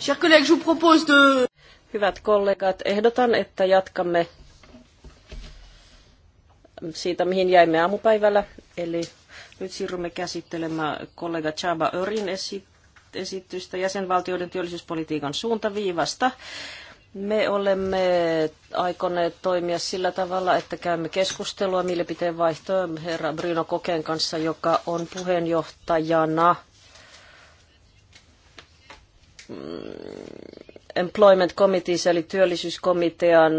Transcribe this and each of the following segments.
Chers collègues, je vous propose de... Hyvät kollegat, ehdotan, että jatkamme siitä, mihin jäimme aamupäivällä. Eli nyt siirrymme käsittelemään kollega Chaba Örin esitystä jäsenvaltioiden työllisyyspolitiikan suuntaviivasta. Me olemme aikoneet toimia sillä tavalla, että käymme keskustelua mielipiteen vaihtoa herra Bruno Koken kanssa, joka on puheenjohtajana Mm, Employment Committees eli työllisyyskomitean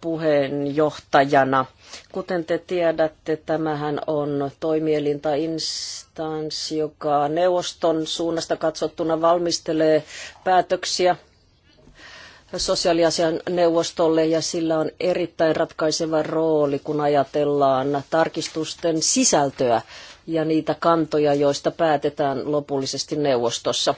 puheenjohtajana. Kuten te tiedätte, tämähän on toimielin tai instanssi, joka neuvoston suunnasta katsottuna valmistelee päätöksiä sosiaaliasian neuvostolle ja sillä on erittäin ratkaiseva rooli, kun ajatellaan tarkistusten sisältöä ja niitä kantoja, joista päätetään lopullisesti neuvostossa.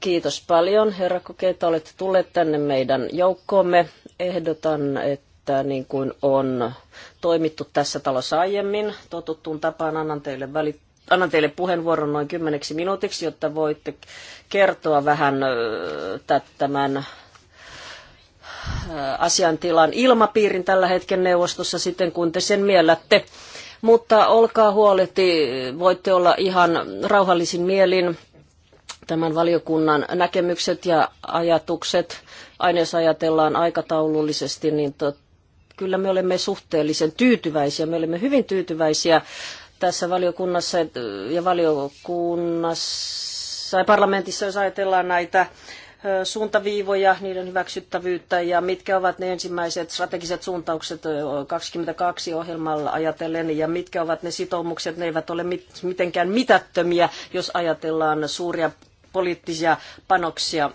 Kiitos paljon, herra Kokeita, olette tulleet tänne meidän joukkoomme. Ehdotan, että niin kuin on toimittu tässä talossa aiemmin, totuttuun tapaan annan teille välittää annan teille puheenvuoron noin kymmeneksi minuutiksi, jotta voitte kertoa vähän tämän asiantilan ilmapiirin tällä hetken neuvostossa sitten, kun te sen miellätte. Mutta olkaa huoletti, voitte olla ihan rauhallisin mielin tämän valiokunnan näkemykset ja ajatukset. Aina jos ajatellaan aikataulullisesti, niin to, kyllä me olemme suhteellisen tyytyväisiä. Me olemme hyvin tyytyväisiä tässä valiokunnassa ja valiokunnassa ja parlamentissa, jos ajatellaan näitä suuntaviivoja, niiden hyväksyttävyyttä ja mitkä ovat ne ensimmäiset strategiset suuntaukset 22 ohjelmalla ajatellen ja mitkä ovat ne sitoumukset. Ne eivät ole mitenkään mitättömiä, jos ajatellaan suuria poliittisia panoksia.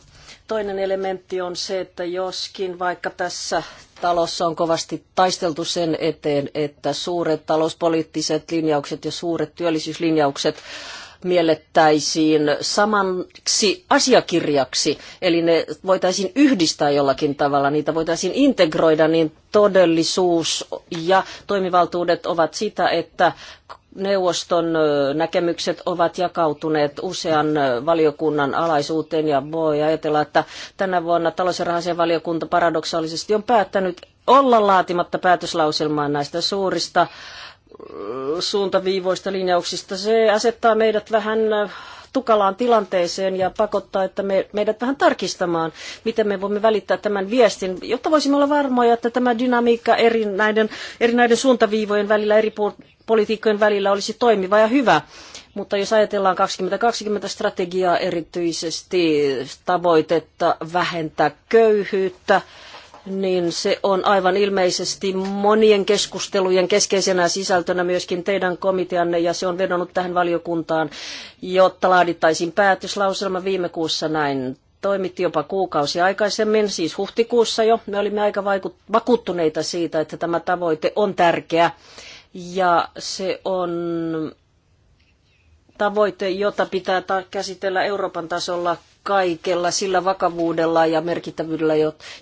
Toinen elementti on se, että joskin vaikka tässä talossa on kovasti taisteltu sen eteen, että suuret talouspoliittiset linjaukset ja suuret työllisyyslinjaukset miellettäisiin samaksi asiakirjaksi, eli ne voitaisiin yhdistää jollakin tavalla, niitä voitaisiin integroida, niin todellisuus ja toimivaltuudet ovat sitä, että neuvoston näkemykset ovat jakautuneet usean valiokunnan alaisuuteen ja voi ajatella, että tänä vuonna talous- ja valiokunta paradoksaalisesti on päättänyt olla laatimatta päätöslauselmaa näistä suurista suuntaviivoista linjauksista. Se asettaa meidät vähän äh, tukalaan tilanteeseen ja pakottaa että me, meidät vähän tarkistamaan, miten me voimme välittää tämän viestin, jotta voisimme olla varmoja, että tämä dynamiikka eri näiden, eri näiden suuntaviivojen välillä, eri politiikkojen välillä olisi toimiva ja hyvä. Mutta jos ajatellaan 2020 strategiaa erityisesti tavoitetta vähentää köyhyyttä, niin se on aivan ilmeisesti monien keskustelujen keskeisenä sisältönä myöskin teidän komiteanne, ja se on vedonnut tähän valiokuntaan, jotta laadittaisiin päätöslauselma viime kuussa näin toimitti jopa kuukausi aikaisemmin, siis huhtikuussa jo. Me olimme aika vaikut- vakuuttuneita siitä, että tämä tavoite on tärkeä ja se on tavoite, jota pitää käsitellä Euroopan tasolla kaikella sillä vakavuudella ja merkittävyydellä,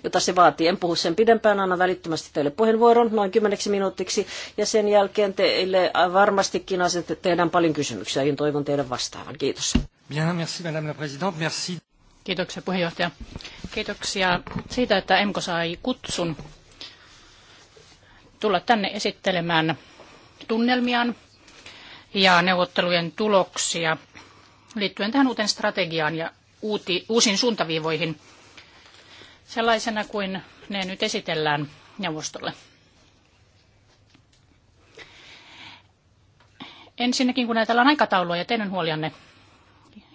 jota se vaatii. En puhu sen pidempään, aina välittömästi teille puheenvuoron noin kymmeneksi minuutiksi ja sen jälkeen teille varmastikin aset, tehdään paljon kysymyksiä ja toivon teidän vastaavan. Kiitos. Bien, merci, madame la présidente. Merci. Kiitoksia puheenjohtaja. Kiitoksia siitä, että Emko sai kutsun tulla tänne esittelemään tunnelmiaan ja neuvottelujen tuloksia liittyen tähän uuteen strategiaan ja uuti, uusiin suuntaviivoihin sellaisena kuin ne nyt esitellään neuvostolle. Ensinnäkin kun ajatellaan aikataulua ja teidän huolianne,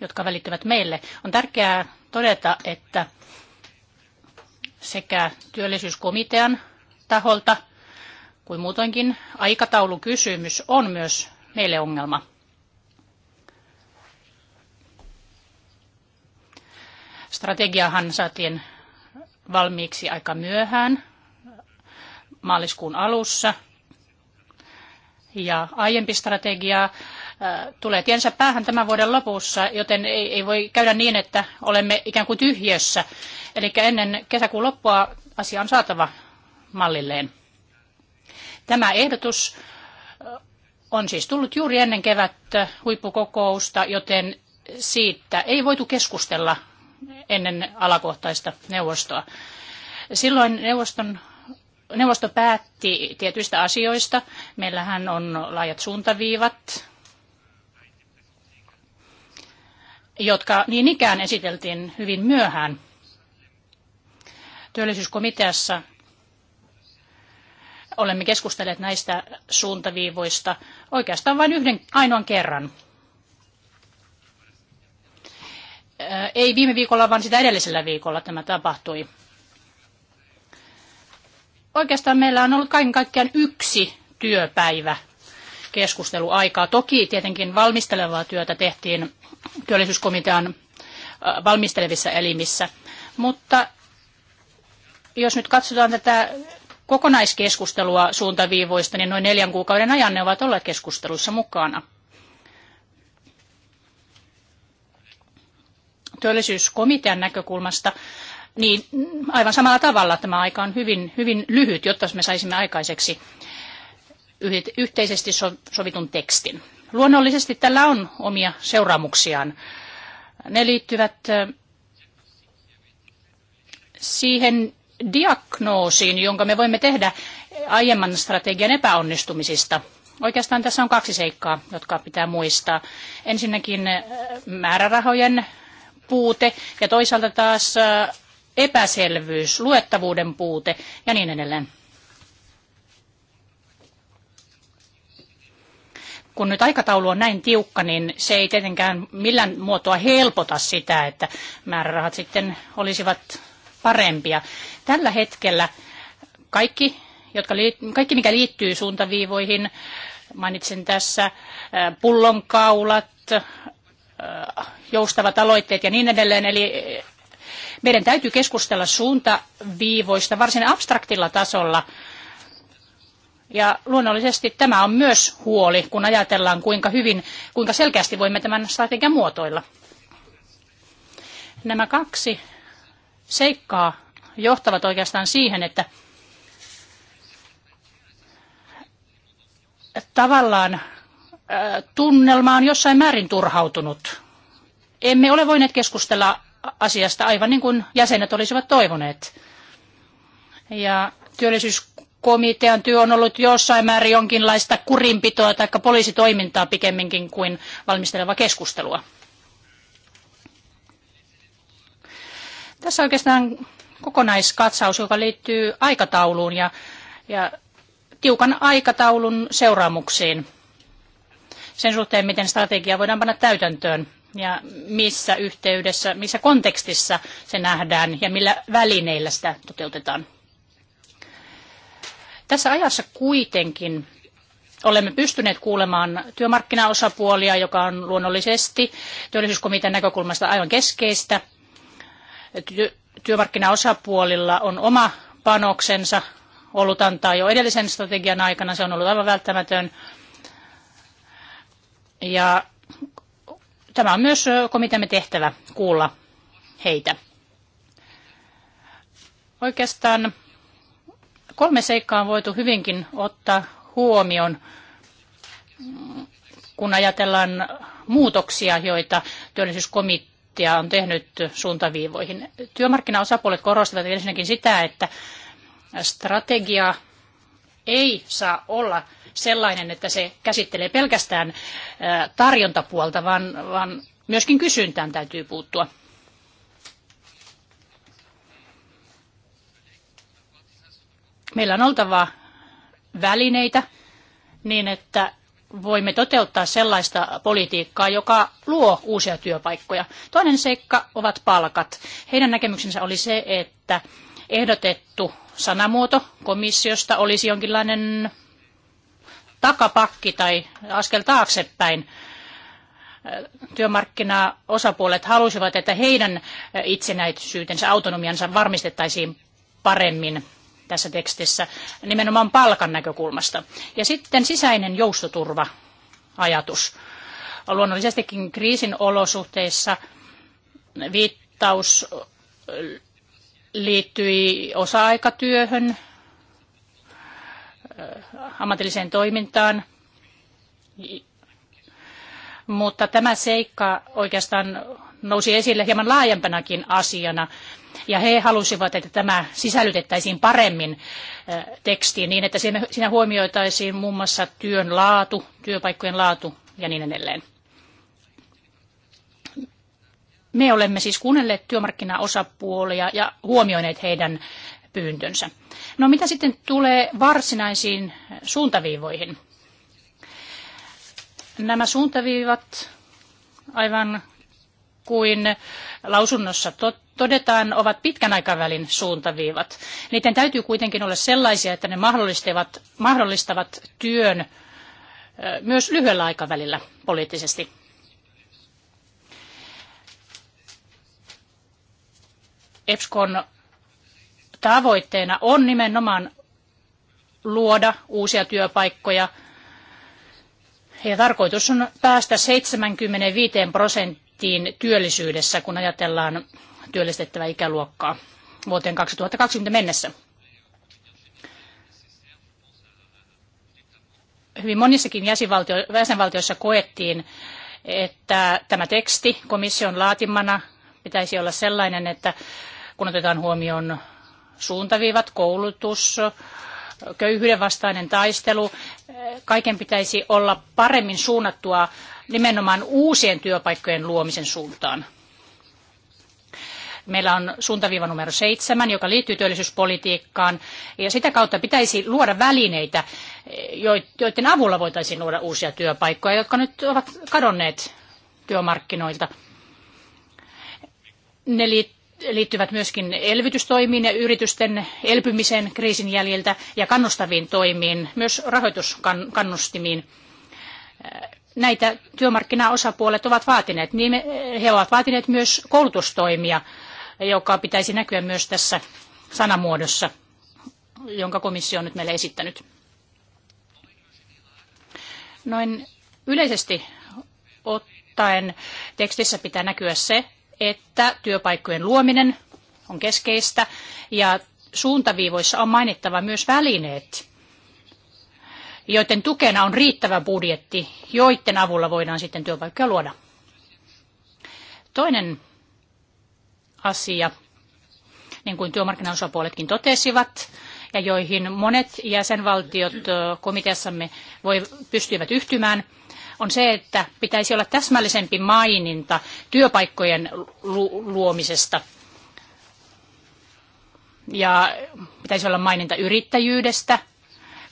jotka välittyvät meille, on tärkeää todeta, että sekä työllisyyskomitean taholta kuin muutoinkin aikataulukysymys on myös meille ongelma. Strategiahan saatiin valmiiksi aika myöhään, maaliskuun alussa. Ja aiempi strategia äh, tulee tiensä päähän tämän vuoden lopussa, joten ei, ei voi käydä niin, että olemme ikään kuin tyhjössä. Eli ennen kesäkuun loppua asia on saatava mallilleen. Tämä ehdotus äh, on siis tullut juuri ennen kevättä huippukokousta, joten siitä ei voitu keskustella ennen alakohtaista neuvostoa. Silloin neuvoston neuvosto päätti tietyistä asioista. Meillähän on laajat suuntaviivat, jotka niin ikään esiteltiin hyvin myöhään. Työllisyyskomiteassa olemme keskustelleet näistä suuntaviivoista oikeastaan vain yhden ainoan kerran. Äh, ei viime viikolla, vaan sitä edellisellä viikolla tämä tapahtui. Oikeastaan meillä on ollut kaiken kaikkiaan yksi työpäivä keskusteluaikaa. Toki tietenkin valmistelevaa työtä tehtiin työllisyyskomitean äh, valmistelevissa elimissä, mutta jos nyt katsotaan tätä kokonaiskeskustelua suuntaviivoista, niin noin neljän kuukauden ajan ne ovat olleet keskustelussa mukana. työllisyyskomitean näkökulmasta, niin aivan samalla tavalla tämä aika on hyvin, hyvin lyhyt, jotta me saisimme aikaiseksi yhteisesti sovitun tekstin. Luonnollisesti tällä on omia seuraamuksiaan. Ne liittyvät siihen diagnoosiin, jonka me voimme tehdä aiemman strategian epäonnistumisista. Oikeastaan tässä on kaksi seikkaa, jotka pitää muistaa. Ensinnäkin määrärahojen puute ja toisaalta taas epäselvyys, luettavuuden puute ja niin edelleen. kun nyt aikataulu on näin tiukka, niin se ei tietenkään millään muotoa helpota sitä, että määrärahat sitten olisivat parempia. Tällä hetkellä kaikki, jotka, kaikki mikä liittyy suuntaviivoihin, mainitsen tässä pullonkaulat, joustavat aloitteet ja niin edelleen. Eli meidän täytyy keskustella suuntaviivoista varsin abstraktilla tasolla. Ja luonnollisesti tämä on myös huoli, kun ajatellaan kuinka hyvin, kuinka selkeästi voimme tämän strategian muotoilla. Nämä kaksi seikkaa johtavat oikeastaan siihen, että tavallaan tunnelma on jossain määrin turhautunut. Emme ole voineet keskustella asiasta aivan niin kuin jäsenet olisivat toivoneet. Ja työllisyyskomitean työ on ollut jossain määrin jonkinlaista kurinpitoa tai poliisitoimintaa pikemminkin kuin valmistelevaa keskustelua. Tässä oikeastaan kokonaiskatsaus, joka liittyy aikatauluun ja, ja tiukan aikataulun seuraamuksiin sen suhteen, miten strategia voidaan panna täytäntöön ja missä yhteydessä, missä kontekstissa se nähdään ja millä välineillä sitä toteutetaan. Tässä ajassa kuitenkin olemme pystyneet kuulemaan työmarkkinaosapuolia, joka on luonnollisesti työllisyyskomitean näkökulmasta aivan keskeistä. työmarkkinaosapuolilla on oma panoksensa ollut antaa jo edellisen strategian aikana, se on ollut aivan välttämätön ja tämä on myös komiteamme tehtävä kuulla heitä. Oikeastaan kolme seikkaa on voitu hyvinkin ottaa huomioon, kun ajatellaan muutoksia, joita työllisyyskomitea on tehnyt suuntaviivoihin. Työmarkkinaosapuolet korostavat ensinnäkin sitä, että strategia ei saa olla sellainen, että se käsittelee pelkästään tarjontapuolta, vaan, vaan myöskin kysyntään täytyy puuttua. Meillä on oltava välineitä niin, että voimme toteuttaa sellaista politiikkaa, joka luo uusia työpaikkoja. Toinen seikka ovat palkat. Heidän näkemyksensä oli se, että ehdotettu sanamuoto komissiosta olisi jonkinlainen takapakki tai askel taaksepäin. Työmarkkinaosapuolet halusivat, että heidän itsenäisyytensä, autonomiansa varmistettaisiin paremmin tässä tekstissä nimenomaan palkan näkökulmasta. Ja sitten sisäinen joustoturva ajatus. Luonnollisestikin kriisin olosuhteissa viittaus liittyi osa-aikatyöhön, ammatilliseen toimintaan. Mutta tämä seikka oikeastaan nousi esille hieman laajempanakin asiana. Ja he halusivat, että tämä sisällytettäisiin paremmin tekstiin niin, että siinä huomioitaisiin muun muassa työn laatu, työpaikkojen laatu ja niin edelleen. Me olemme siis kuunnelleet työmarkkinaosapuolia ja huomioineet heidän pyyntönsä. No mitä sitten tulee varsinaisiin suuntaviivoihin? Nämä suuntaviivat, aivan kuin lausunnossa todetaan, ovat pitkän aikavälin suuntaviivat. Niiden täytyy kuitenkin olla sellaisia, että ne mahdollistavat, mahdollistavat työn myös lyhyellä aikavälillä poliittisesti. EPSCOn tavoitteena on nimenomaan luoda uusia työpaikkoja. Ja tarkoitus on päästä 75 prosenttiin työllisyydessä, kun ajatellaan työllistettävää ikäluokkaa vuoteen 2020 mennessä. Hyvin monissakin jäsenvaltio, jäsenvaltioissa koettiin, että tämä teksti komission laatimana pitäisi olla sellainen, että kun otetaan huomioon suuntaviivat, koulutus, köyhyyden vastainen taistelu, kaiken pitäisi olla paremmin suunnattua nimenomaan uusien työpaikkojen luomisen suuntaan. Meillä on suuntaviiva numero seitsemän, joka liittyy työllisyyspolitiikkaan, ja sitä kautta pitäisi luoda välineitä, joiden avulla voitaisiin luoda uusia työpaikkoja, jotka nyt ovat kadonneet työmarkkinoilta. Ne liittyvät liittyvät myöskin elvytystoimiin ja yritysten elpymiseen kriisin jäljiltä ja kannustaviin toimiin, myös rahoituskannustimiin. Äh, näitä työmarkkinaosapuolet ovat vaatineet. Niin he ovat vaatineet myös koulutustoimia, joka pitäisi näkyä myös tässä sanamuodossa, jonka komissio on nyt meille esittänyt. Noin yleisesti ottaen tekstissä pitää näkyä se, että työpaikkojen luominen on keskeistä ja suuntaviivoissa on mainittava myös välineet, joiden tukena on riittävä budjetti, joiden avulla voidaan sitten työpaikkoja luoda. Toinen asia, niin kuin työmarkkinaosapuoletkin totesivat, ja joihin monet jäsenvaltiot komiteassamme voi, pystyivät yhtymään – on se, että pitäisi olla täsmällisempi maininta työpaikkojen luomisesta. Ja pitäisi olla maininta yrittäjyydestä,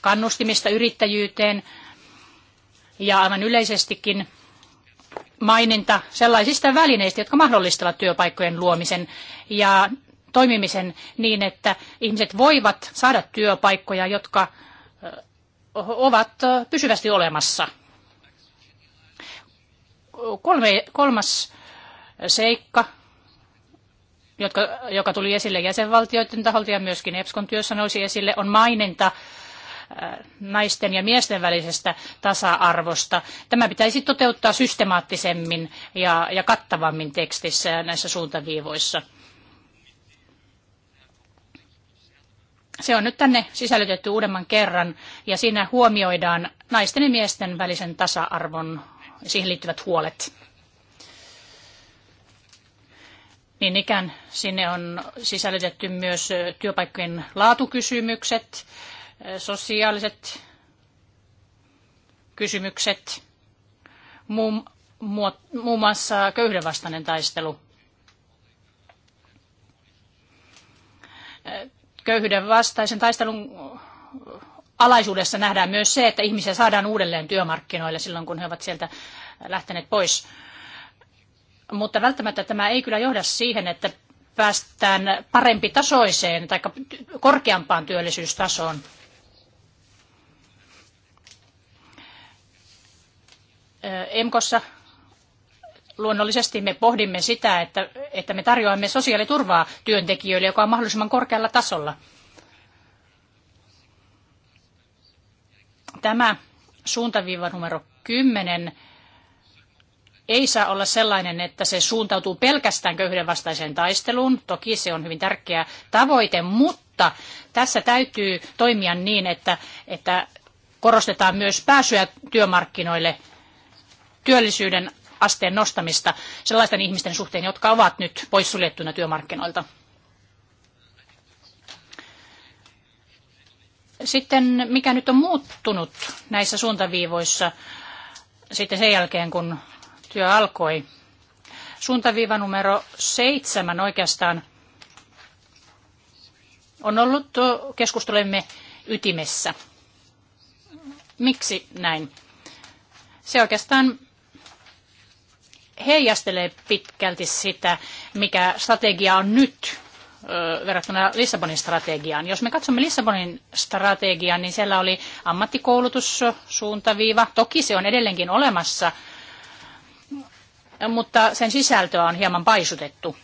kannustimista yrittäjyyteen ja aivan yleisestikin maininta sellaisista välineistä, jotka mahdollistavat työpaikkojen luomisen ja toimimisen niin, että ihmiset voivat saada työpaikkoja, jotka ovat pysyvästi olemassa. Kolme, kolmas seikka, jotka, joka tuli esille jäsenvaltioiden taholta ja myöskin EPSKon työssä nousi esille, on maininta äh, naisten ja miesten välisestä tasa-arvosta. Tämä pitäisi toteuttaa systemaattisemmin ja, ja kattavammin tekstissä ja näissä suuntaviivoissa. Se on nyt tänne sisällytetty uudemman kerran ja siinä huomioidaan naisten ja miesten välisen tasa-arvon siihen liittyvät huolet. Niin ikään sinne on sisällytetty myös työpaikkojen laatukysymykset, sosiaaliset kysymykset, muun, muun muassa köyhdenvastainen taistelu. Köyhyyden vastaisen taistelun alaisuudessa nähdään myös se, että ihmisiä saadaan uudelleen työmarkkinoille silloin, kun he ovat sieltä lähteneet pois. Mutta välttämättä tämä ei kyllä johda siihen, että päästään parempi tasoiseen tai korkeampaan työllisyystasoon. EMKossa luonnollisesti me pohdimme sitä, että, että me tarjoamme sosiaaliturvaa työntekijöille, joka on mahdollisimman korkealla tasolla – tämä suuntaviiva numero 10 ei saa olla sellainen, että se suuntautuu pelkästään köyhyyden vastaiseen taisteluun. Toki se on hyvin tärkeä tavoite, mutta tässä täytyy toimia niin, että, että korostetaan myös pääsyä työmarkkinoille työllisyyden asteen nostamista sellaisten ihmisten suhteen, jotka ovat nyt poissuljettuna työmarkkinoilta. Sitten mikä nyt on muuttunut näissä suuntaviivoissa sitten sen jälkeen, kun työ alkoi? Suuntaviiva numero seitsemän oikeastaan on ollut keskustelemme ytimessä. Miksi näin? Se oikeastaan heijastelee pitkälti sitä, mikä strategia on nyt verrattuna Lissabonin strategiaan. Jos me katsomme Lissabonin strategiaa, niin siellä oli ammattikoulutussuuntaviiva. Toki se on edelleenkin olemassa, mutta sen sisältöä on hieman paisutettu.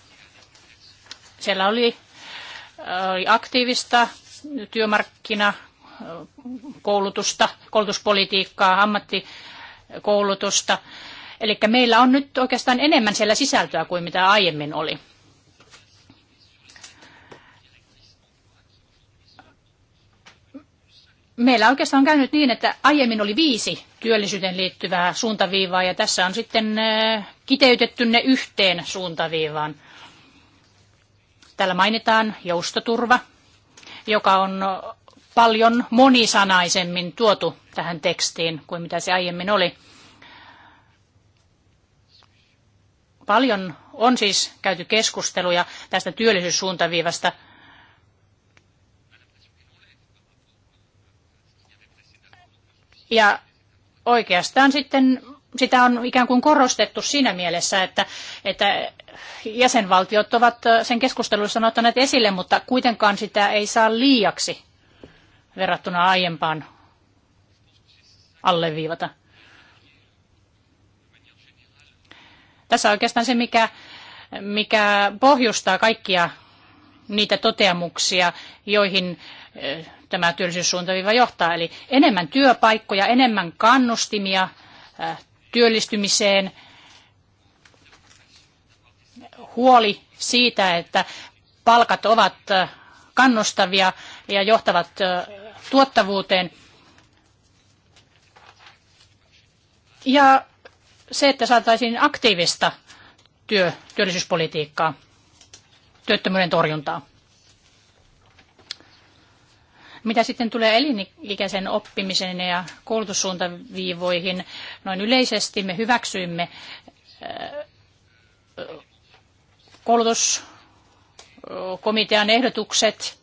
Siellä oli, oli aktiivista työmarkkina koulutusta, koulutuspolitiikkaa, ammattikoulutusta. Eli meillä on nyt oikeastaan enemmän siellä sisältöä kuin mitä aiemmin oli. meillä oikeastaan on käynyt niin, että aiemmin oli viisi työllisyyteen liittyvää suuntaviivaa ja tässä on sitten äh, kiteytetty ne yhteen suuntaviivaan. Täällä mainitaan joustoturva, joka on paljon monisanaisemmin tuotu tähän tekstiin kuin mitä se aiemmin oli. Paljon on siis käyty keskusteluja tästä työllisyyssuuntaviivasta – Ja oikeastaan sitten sitä on ikään kuin korostettu siinä mielessä, että, että jäsenvaltiot ovat sen keskusteluissa ottaneet esille, mutta kuitenkaan sitä ei saa liiaksi verrattuna aiempaan alleviivata. Tässä on oikeastaan se, mikä, mikä pohjustaa kaikkia niitä toteamuksia, joihin tämä työllisyyssuuntaviiva johtaa. Eli enemmän työpaikkoja, enemmän kannustimia työllistymiseen, huoli siitä, että palkat ovat kannustavia ja johtavat tuottavuuteen. Ja se, että saataisiin aktiivista työ, työllisyyspolitiikkaa, työttömyyden torjuntaa. Mitä sitten tulee elinikäisen oppimisen ja koulutussuuntaviivoihin, noin yleisesti me hyväksyimme äh, koulutuskomitean ehdotukset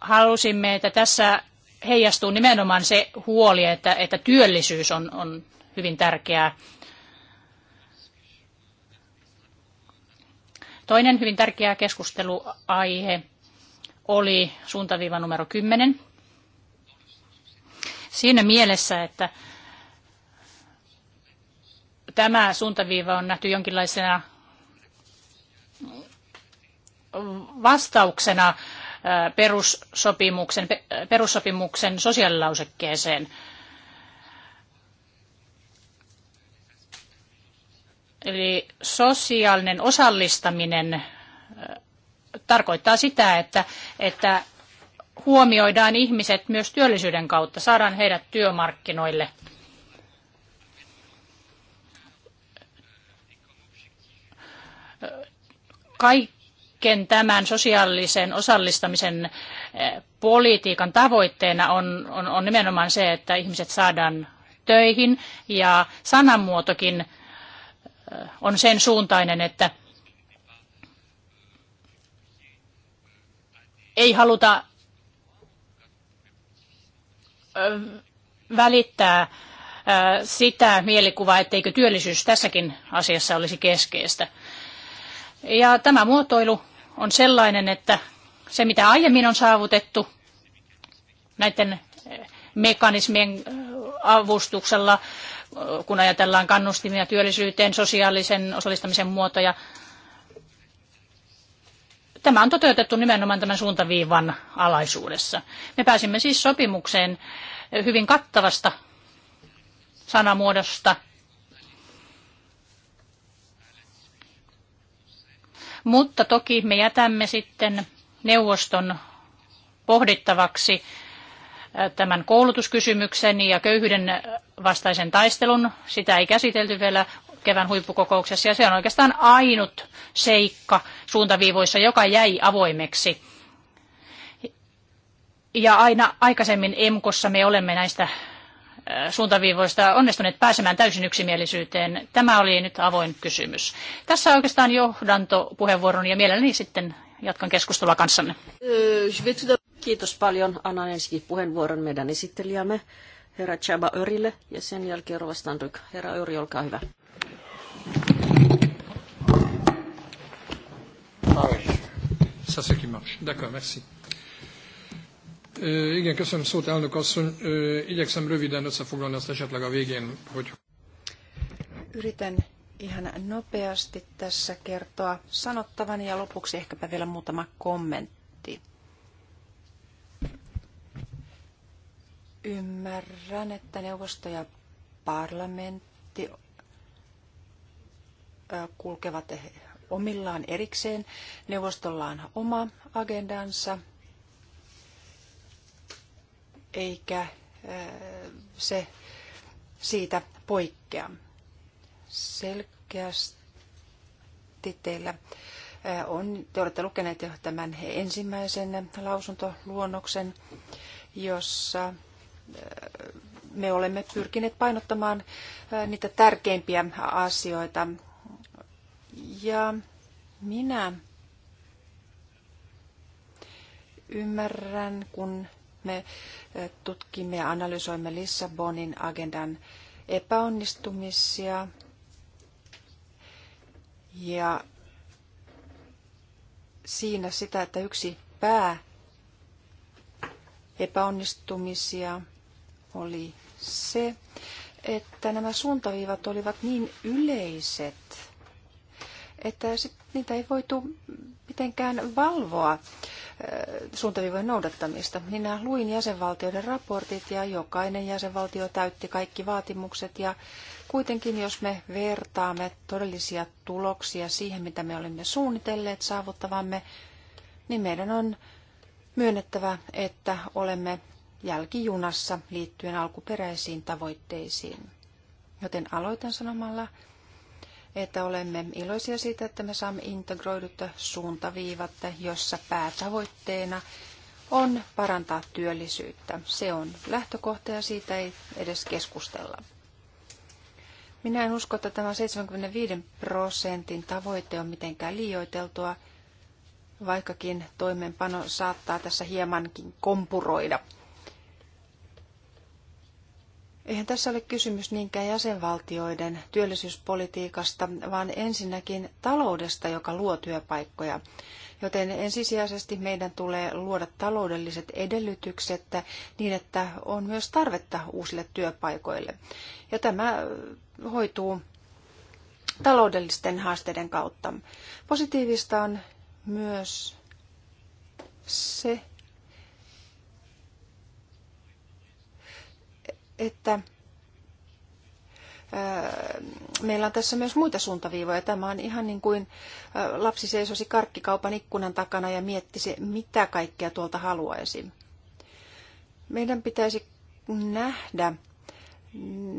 halusimme, että tässä heijastuu nimenomaan se huoli, että, että työllisyys on, on hyvin tärkeää Toinen hyvin tärkeä keskusteluaihe oli suuntaviiva numero 10. Siinä mielessä, että tämä suuntaviiva on nähty jonkinlaisena vastauksena äh, perussopimuksen, perussopimuksen sosiaalilausekkeeseen – Eli sosiaalinen osallistaminen tarkoittaa sitä, että, että huomioidaan ihmiset myös työllisyyden kautta, saadaan heidät työmarkkinoille. Kaiken tämän sosiaalisen osallistamisen politiikan tavoitteena on, on, on nimenomaan se, että ihmiset saadaan töihin ja sanamuotokin on sen suuntainen, että ei haluta välittää sitä mielikuvaa, etteikö työllisyys tässäkin asiassa olisi keskeistä. Ja tämä muotoilu on sellainen, että se mitä aiemmin on saavutettu näiden mekanismien avustuksella kun ajatellaan kannustimia työllisyyteen, sosiaalisen osallistamisen muotoja. Tämä on toteutettu nimenomaan tämän suuntaviivan alaisuudessa. Me pääsimme siis sopimukseen hyvin kattavasta sanamuodosta. Mutta toki me jätämme sitten neuvoston pohdittavaksi tämän koulutuskysymyksen ja köyhyyden vastaisen taistelun. Sitä ei käsitelty vielä kevään huippukokouksessa ja se on oikeastaan ainut seikka suuntaviivoissa, joka jäi avoimeksi. Ja aina aikaisemmin EMKossa me olemme näistä suuntaviivoista onnistuneet pääsemään täysin yksimielisyyteen. Tämä oli nyt avoin kysymys. Tässä oikeastaan johdantopuheenvuoron ja mielelläni sitten jatkan keskustelua kanssanne. Kiitos paljon. Annan ensin puheenvuoron meidän esittelijämme, herra Chaba Örille, ja sen jälkeen Rovastan Ryk. Herra Öri, olkaa hyvä. Ah oui. Ça, c'est qui marche. D'accord, merci. Ö, euh, igen, köszönöm szót, elnök asszony. Ö, euh, igyekszem röviden összefoglalni azt esetleg a végén, hogy... Yritän ihan nopeasti tässä kertoa sanottavani ja lopuksi ehkäpä vielä muutama kommentti. Ymmärrän, että neuvosto ja parlamentti kulkevat omillaan erikseen. Neuvostolla on oma agendansa, eikä se siitä poikkea. Selkeästi teillä on, te olette lukeneet jo tämän ensimmäisen lausuntoluonnoksen, jossa me olemme pyrkineet painottamaan niitä tärkeimpiä asioita. Ja minä ymmärrän, kun me tutkimme ja analysoimme Lissabonin agendan epäonnistumisia ja siinä sitä, että yksi pää epäonnistumisia – oli se, että nämä suuntaviivat olivat niin yleiset, että sit niitä ei voitu mitenkään valvoa äh, suuntaviivojen noudattamista. Minä luin jäsenvaltioiden raportit ja jokainen jäsenvaltio täytti kaikki vaatimukset ja kuitenkin jos me vertaamme todellisia tuloksia siihen, mitä me olimme suunnitelleet saavuttavamme, niin meidän on myönnettävä, että olemme jälkijunassa liittyen alkuperäisiin tavoitteisiin. Joten aloitan sanomalla, että olemme iloisia siitä, että me saamme integroidut suuntaviivat, jossa päätavoitteena on parantaa työllisyyttä. Se on lähtökohta ja siitä ei edes keskustella. Minä en usko, että tämä 75 prosentin tavoite on mitenkään liioiteltua, vaikkakin toimenpano saattaa tässä hiemankin kompuroida – Eihän tässä ole kysymys niinkään jäsenvaltioiden työllisyyspolitiikasta, vaan ensinnäkin taloudesta, joka luo työpaikkoja. Joten ensisijaisesti meidän tulee luoda taloudelliset edellytykset niin, että on myös tarvetta uusille työpaikoille. Ja tämä hoituu taloudellisten haasteiden kautta. Positiivista on myös se, että meillä on tässä myös muita suuntaviivoja. Tämä on ihan niin kuin lapsi seisosi karkkikaupan ikkunan takana ja miettisi, mitä kaikkea tuolta haluaisi. Meidän pitäisi nähdä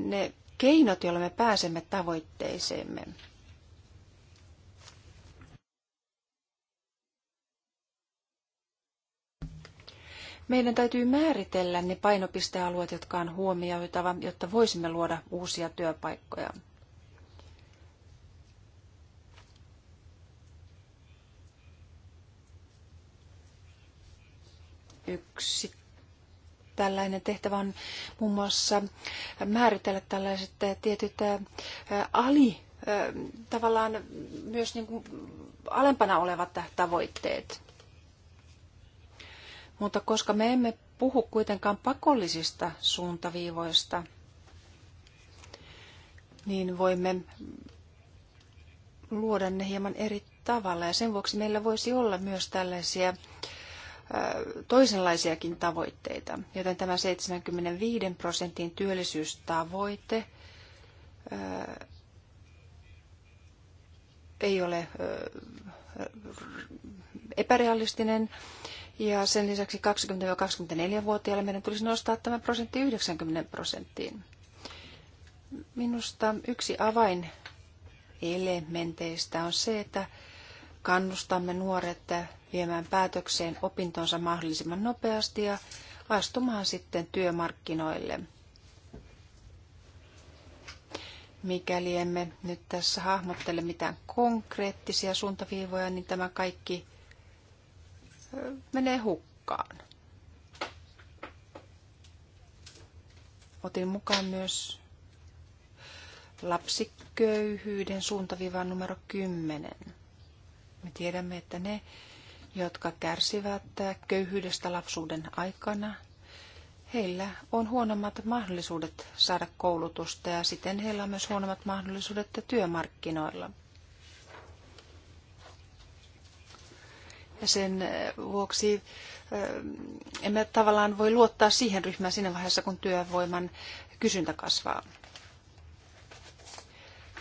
ne keinot, joilla me pääsemme tavoitteeseemme. Meidän täytyy määritellä ne painopistealueet, jotka on huomioitava, jotta voisimme luoda uusia työpaikkoja. Yksi tällainen tehtävä on muun muassa määritellä tällaiset tietyt ali, tavallaan myös niin kuin alempana olevat tavoitteet. Mutta koska me emme puhu kuitenkaan pakollisista suuntaviivoista, niin voimme luoda ne hieman eri tavalla. Ja sen vuoksi meillä voisi olla myös tällaisia toisenlaisiakin tavoitteita. Joten tämä 75 prosentin työllisyystavoite ei ole epärealistinen ja sen lisäksi 20-24-vuotiaille meidän tulisi nostaa tämä prosentti 90 prosenttiin. Minusta yksi avain elementeistä on se, että kannustamme nuoret viemään päätökseen opintonsa mahdollisimman nopeasti ja astumaan sitten työmarkkinoille. Mikäli emme nyt tässä hahmottele mitään konkreettisia suuntaviivoja, niin tämä kaikki – menee hukkaan. Otin mukaan myös lapsiköyhyyden suuntaviivan numero 10. Me tiedämme, että ne, jotka kärsivät köyhyydestä lapsuuden aikana, heillä on huonommat mahdollisuudet saada koulutusta ja siten heillä on myös huonommat mahdollisuudet työmarkkinoilla – Ja sen vuoksi emme tavallaan voi luottaa siihen ryhmään siinä vaiheessa, kun työvoiman kysyntä kasvaa.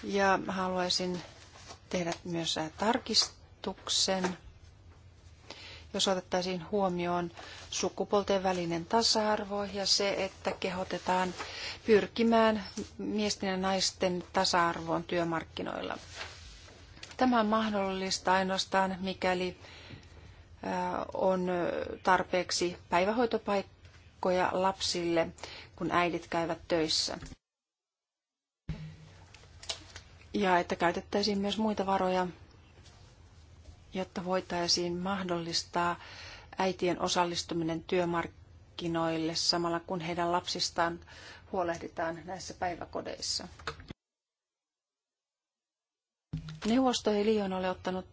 Ja haluaisin tehdä myös tarkistuksen, jos otettaisiin huomioon sukupuolten välinen tasa-arvo ja se, että kehotetaan pyrkimään miesten ja naisten tasa-arvoon työmarkkinoilla. Tämä on mahdollista ainoastaan, mikäli on tarpeeksi päivähoitopaikkoja lapsille, kun äidit käyvät töissä. Ja että käytettäisiin myös muita varoja, jotta voitaisiin mahdollistaa äitien osallistuminen työmarkkinoille samalla kun heidän lapsistaan huolehditaan näissä päiväkodeissa. Neuvosto ei liian ole ottanut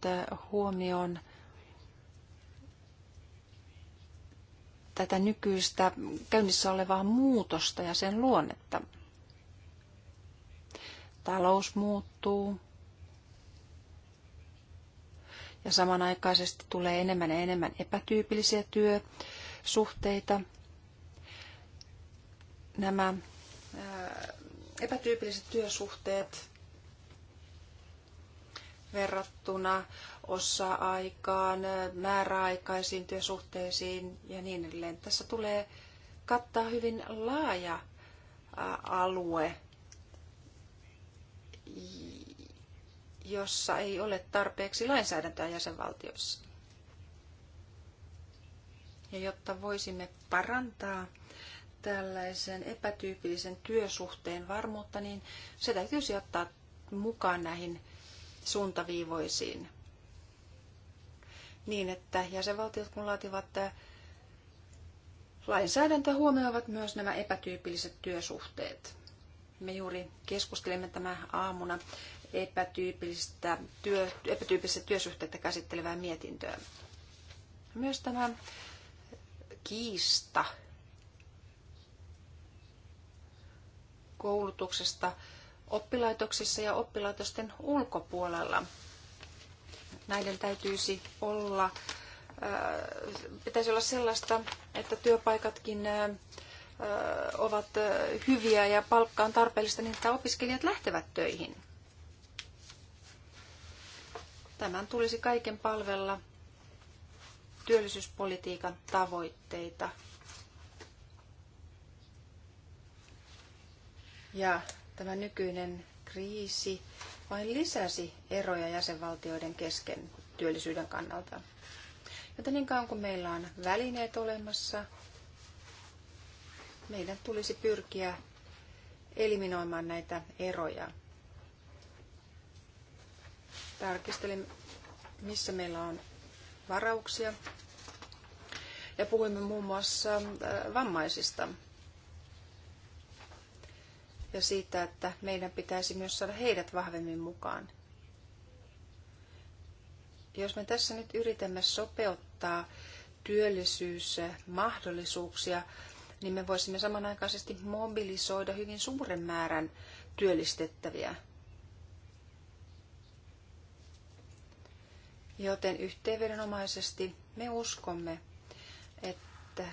huomioon tätä nykyistä käynnissä olevaa muutosta ja sen luonnetta. Talous muuttuu ja samanaikaisesti tulee enemmän ja enemmän epätyypillisiä työsuhteita. Nämä epätyypilliset työsuhteet verrattuna osa-aikaan, määräaikaisiin työsuhteisiin ja niin edelleen. Tässä tulee kattaa hyvin laaja alue, jossa ei ole tarpeeksi lainsäädäntöä jäsenvaltioissa. Ja jotta voisimme parantaa tällaisen epätyypillisen työsuhteen varmuutta, niin se täytyisi ottaa mukaan näihin suuntaviivoisiin niin, että jäsenvaltiot kun laativat äh, lainsäädäntöä, huomioivat myös nämä epätyypilliset työsuhteet. Me juuri keskustelimme tämä aamuna epätyypillistä työ, epätyypillistä työsuhteita käsittelevää mietintöä. Myös tämä kiista koulutuksesta oppilaitoksissa ja oppilaitosten ulkopuolella. Näiden täytyisi olla, äh, pitäisi olla sellaista, että työpaikatkin äh, äh, ovat hyviä ja palkka on tarpeellista, niin että opiskelijat lähtevät töihin. Tämän tulisi kaiken palvella työllisyyspolitiikan tavoitteita. Ja Tämä nykyinen kriisi vain lisäsi eroja jäsenvaltioiden kesken työllisyyden kannalta. Joten niin kauan kuin meillä on välineet olemassa, meidän tulisi pyrkiä eliminoimaan näitä eroja. Tarkistelin, missä meillä on varauksia. Ja puhuimme muun muassa äh, vammaisista ja siitä, että meidän pitäisi myös saada heidät vahvemmin mukaan. Jos me tässä nyt yritämme sopeuttaa työllisyysmahdollisuuksia, niin me voisimme samanaikaisesti mobilisoida hyvin suuren määrän työllistettäviä. Joten yhteenvedonomaisesti me uskomme, että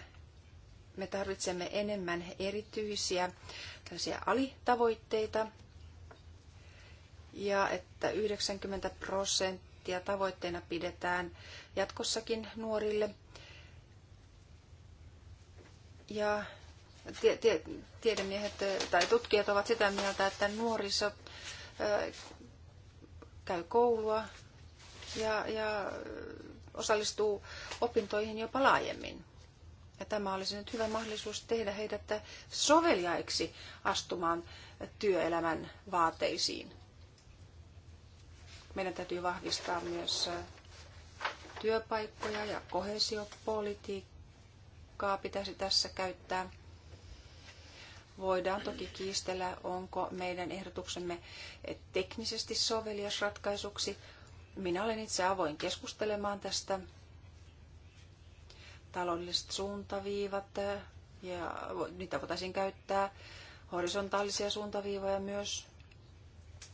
me tarvitsemme enemmän erityisiä tällaisia alitavoitteita ja että 90 prosenttia tavoitteena pidetään jatkossakin nuorille. Ja tie, tie, tiedemiehet eh, tai tutkijat ovat sitä mieltä, että nuoriso eh, käy koulua ja, ja eh, osallistuu opintoihin jopa laajemmin. Ja tämä olisi nyt hyvä mahdollisuus tehdä heidät soveljaiksi astumaan työelämän vaateisiin. Meidän täytyy vahvistaa myös työpaikkoja ja kohesiopolitiikkaa pitäisi tässä käyttää. Voidaan toki kiistellä, onko meidän ehdotuksemme teknisesti sovelias ratkaisuksi. Minä olen itse avoin keskustelemaan tästä taloudelliset suuntaviivat eh, ja niitä voitaisiin käyttää, horisontaalisia suuntaviivoja myös,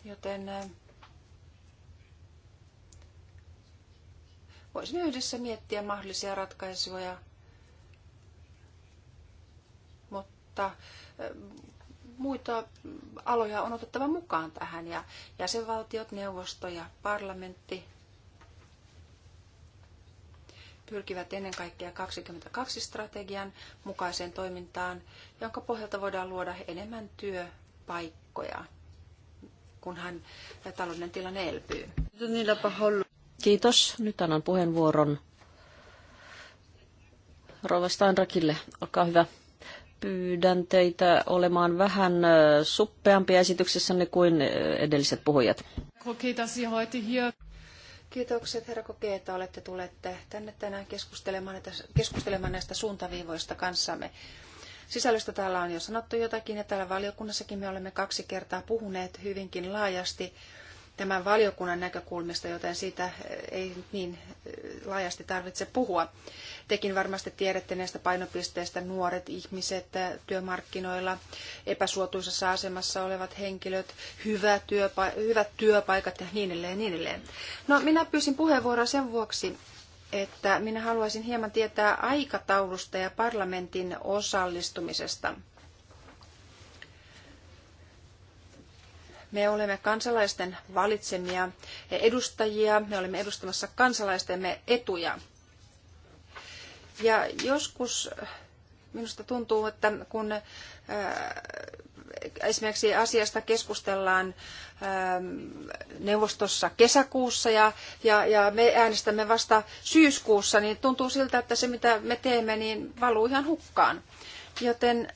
joten eh, voisimme yhdessä miettiä mahdollisia ratkaisuja, mutta eh, muita aloja on otettava mukaan tähän ja jäsenvaltiot, neuvosto ja parlamentti pyrkivät ennen kaikkea 22-strategian mukaiseen toimintaan, jonka pohjalta voidaan luoda enemmän työpaikkoja, kunhan talouden tilanne elpyy. Kiitos. Nyt annan puheenvuoron Rova Steinrakille. Olkaa hyvä. Pyydän teitä olemaan vähän suppeampia esityksessänne kuin edelliset puhujat. Kiitokset herra Kokee, että olette tulette tänne tänään keskustelemaan, keskustelemaan näistä suuntaviivoista kanssamme. Sisällöstä täällä on jo sanottu jotakin ja täällä valiokunnassakin me olemme kaksi kertaa puhuneet hyvinkin laajasti tämän valiokunnan näkökulmista, joten siitä eh, ei niin eh, laajasti tarvitse puhua. Tekin varmasti tiedätte näistä painopisteistä nuoret ihmiset äh, työmarkkinoilla, epäsuotuisessa asemassa olevat henkilöt, hyvä työpa- hyvät työpaikat ja niin edelleen, niin edelleen. No, minä pyysin puheenvuoroa sen vuoksi, että minä haluaisin hieman tietää aikataulusta ja parlamentin osallistumisesta. Me olemme kansalaisten valitsemia edustajia, me olemme edustamassa kansalaistemme etuja. Ja joskus minusta tuntuu, että kun äh, esimerkiksi asiasta keskustellaan ähm, neuvostossa kesäkuussa ja, ja, ja me äänestämme vasta syyskuussa, niin tuntuu siltä, että se mitä me teemme, niin valuu ihan hukkaan. Joten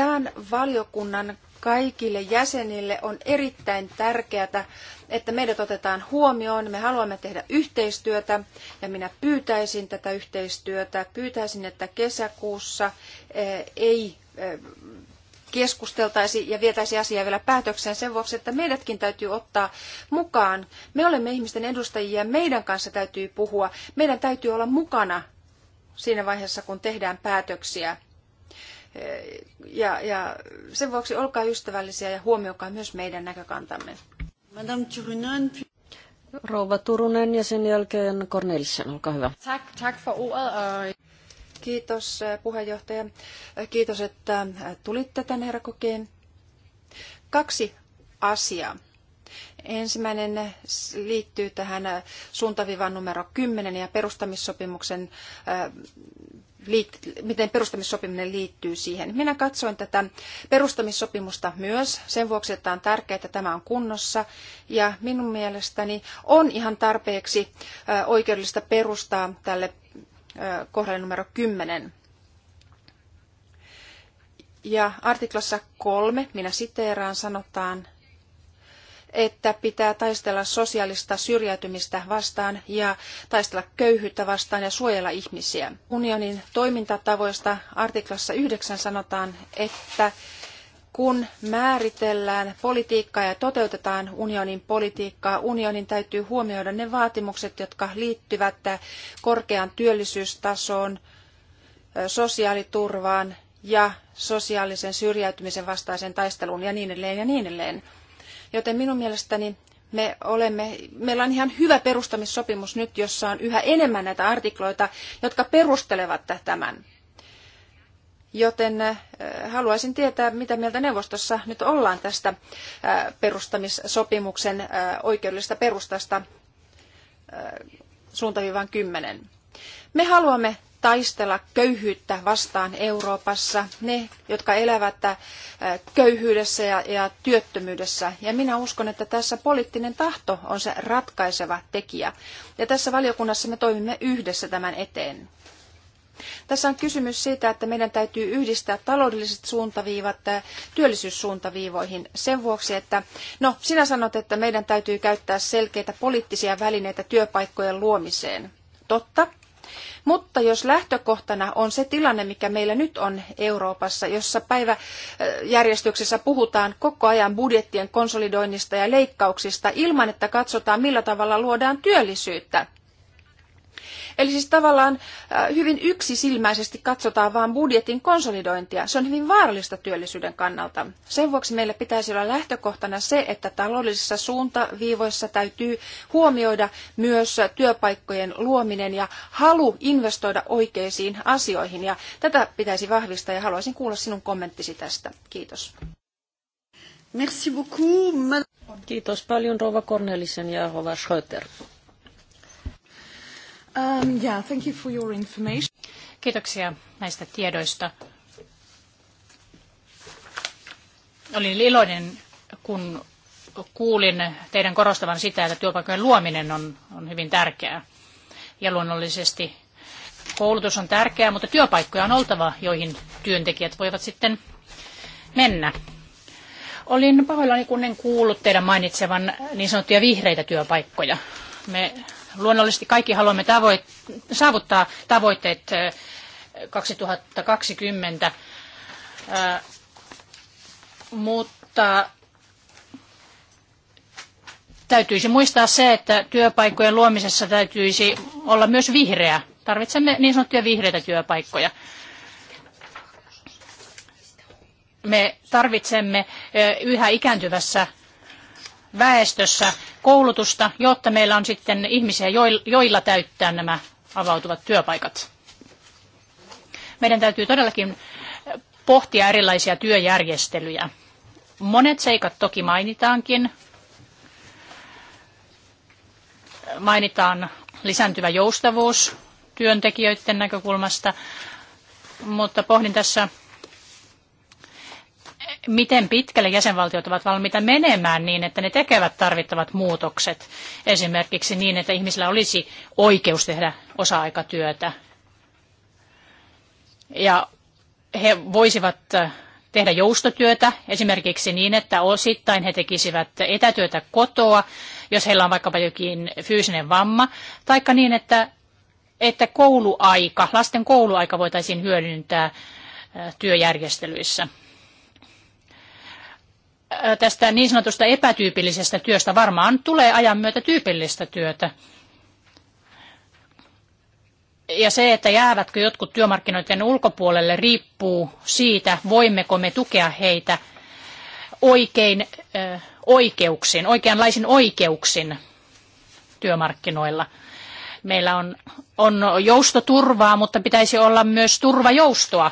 tämän valiokunnan kaikille jäsenille on erittäin tärkeää, että meidät otetaan huomioon. Me haluamme tehdä yhteistyötä ja minä pyytäisin tätä yhteistyötä. Pyytäisin, että kesäkuussa eh, ei eh, keskusteltaisi ja vietäisi asiaa vielä päätökseen sen vuoksi, että meidätkin täytyy ottaa mukaan. Me olemme ihmisten edustajia, meidän kanssa täytyy puhua, meidän täytyy olla mukana siinä vaiheessa, kun tehdään päätöksiä ja, ja sen vuoksi olkaa ystävällisiä ja huomioikaa myös meidän näkökantamme. Madame Turunen. Rouva Turunen ja sen jälkeen Cornelissen, olkaa hyvä. Tack, tack för ordet. Kiitos eh, puheenjohtaja. Eh, kiitos, että eh, tulitte tänne herra kokeen. Kaksi asiaa. Ensimmäinen liittyy tähän suuntavivan numero 10 ja perustamissopimuksen miten perustamissopiminen liittyy siihen. Minä katsoin tätä perustamissopimusta myös sen vuoksi, että on tärkeää, että tämä on kunnossa. Ja minun mielestäni on ihan tarpeeksi oikeudellista perustaa tälle kohdalle numero 10. Ja artiklassa kolme, minä siteeraan, sanotaan, että pitää taistella sosiaalista syrjäytymistä vastaan ja taistella köyhyyttä vastaan ja suojella ihmisiä. Unionin toimintatavoista artiklassa 9 sanotaan, että kun määritellään politiikkaa ja toteutetaan unionin politiikkaa, unionin täytyy huomioida ne vaatimukset, jotka liittyvät korkeaan työllisyystasoon, sosiaaliturvaan ja sosiaalisen syrjäytymisen vastaiseen taisteluun ja niin edelleen ja niin edelleen. Joten minun mielestäni me olemme, meillä on ihan hyvä perustamissopimus nyt, jossa on yhä enemmän näitä artikloita, jotka perustelevat tämän. Joten äh, haluaisin tietää, mitä mieltä neuvostossa nyt ollaan tästä äh, perustamissopimuksen äh, oikeudellisesta perustasta suuntaviivan 10. Me haluamme taistella köyhyyttä vastaan Euroopassa, ne, jotka elävät äh, köyhyydessä ja, ja työttömyydessä. Ja minä uskon, että tässä poliittinen tahto on se ratkaiseva tekijä. Ja tässä valiokunnassa me toimimme yhdessä tämän eteen. Tässä on kysymys siitä, että meidän täytyy yhdistää taloudelliset suuntaviivat äh, työllisyyssuuntaviivoihin sen vuoksi, että no sinä sanot, että meidän täytyy käyttää selkeitä poliittisia välineitä työpaikkojen luomiseen. Totta, mutta jos lähtökohtana on se tilanne, mikä meillä nyt on Euroopassa, jossa päiväjärjestyksessä äh, puhutaan koko ajan budjettien konsolidoinnista ja leikkauksista ilman, että katsotaan millä tavalla luodaan työllisyyttä, Eli siis tavallaan äh, hyvin yksisilmäisesti katsotaan vain budjetin konsolidointia. Se on hyvin vaarallista työllisyyden kannalta. Sen vuoksi meillä pitäisi olla lähtökohtana se, että taloudellisissa suuntaviivoissa täytyy huomioida myös työpaikkojen luominen ja halu investoida oikeisiin asioihin. Ja tätä pitäisi vahvistaa ja haluaisin kuulla sinun kommenttisi tästä. Kiitos. Merci beaucoup. Kiitos paljon Rova Cornelisen ja Rova Schröter. Um, yeah, thank you for your information. Kiitoksia näistä tiedoista. Olin iloinen, kun kuulin teidän korostavan sitä, että työpaikkojen luominen on, on hyvin tärkeää. Ja luonnollisesti koulutus on tärkeää, mutta työpaikkoja on oltava, joihin työntekijät voivat sitten mennä. Olin pahoillani, kun en kuullut teidän mainitsevan niin sanottuja vihreitä työpaikkoja. Me Luonnollisesti kaikki haluamme tavoit- saavuttaa tavoitteet 2020, mutta täytyisi muistaa se, että työpaikkojen luomisessa täytyisi olla myös vihreä. Tarvitsemme niin sanottuja vihreitä työpaikkoja. Me tarvitsemme yhä ikääntyvässä väestössä koulutusta, jotta meillä on sitten ihmisiä, joilla täyttää nämä avautuvat työpaikat. Meidän täytyy todellakin pohtia erilaisia työjärjestelyjä. Monet seikat toki mainitaankin. Mainitaan lisääntyvä joustavuus työntekijöiden näkökulmasta, mutta pohdin tässä miten pitkälle jäsenvaltiot ovat valmiita menemään niin, että ne tekevät tarvittavat muutokset. Esimerkiksi niin, että ihmisillä olisi oikeus tehdä osa-aikatyötä. Ja he voisivat tehdä joustotyötä esimerkiksi niin, että osittain he tekisivät etätyötä kotoa, jos heillä on vaikkapa jokin fyysinen vamma, taikka niin, että, että kouluaika, lasten kouluaika voitaisiin hyödyntää työjärjestelyissä tästä niin sanotusta epätyypillisestä työstä. Varmaan tulee ajan myötä tyypillistä työtä. Ja se, että jäävätkö jotkut työmarkkinoiden ulkopuolelle, riippuu siitä, voimmeko me tukea heitä oikein äh, oikeuksin, oikeanlaisin oikeuksin työmarkkinoilla. Meillä on, on joustoturvaa, mutta pitäisi olla myös turvajoustoa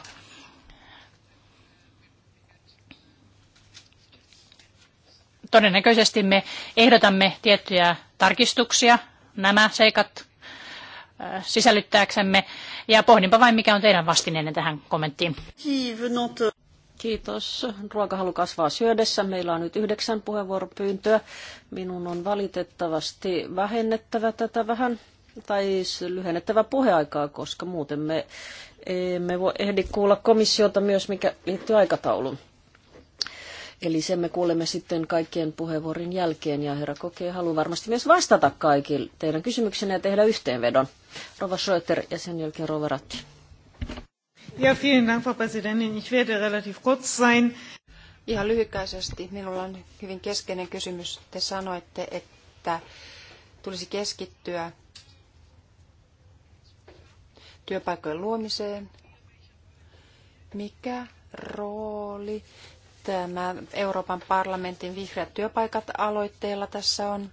todennäköisesti me ehdotamme tiettyjä tarkistuksia, nämä seikat äh, sisällyttääksemme. Ja pohdinpa vain, mikä on teidän vastineenne tähän kommenttiin. Kiitos. Ruokahalu kasvaa syödessä. Meillä on nyt yhdeksän puheenvuoropyyntöä. Minun on valitettavasti vähennettävä tätä vähän tai lyhennettävä puheaikaa, koska muuten me emme voi ehdi kuulla komissiota myös, mikä liittyy aikatauluun. Eli sen me kuulemme sitten kaikkien puheenvuorin jälkeen ja herra kokee haluaa varmasti myös vastata kaikille teidän kysymyksenne ja tehdä yhteenvedon. Rova Schröter ja sen jälkeen Rova Ratti. Ja, vielen Dank, Frau Präsidentin. Ich werde relativ kurz sein. Ihan lyhykäisesti. Minulla on hyvin keskeinen kysymys. Te sanoitte, että tulisi keskittyä työpaikkojen luomiseen. Mikä rooli tämä Euroopan parlamentin vihreät työpaikat aloitteella tässä on.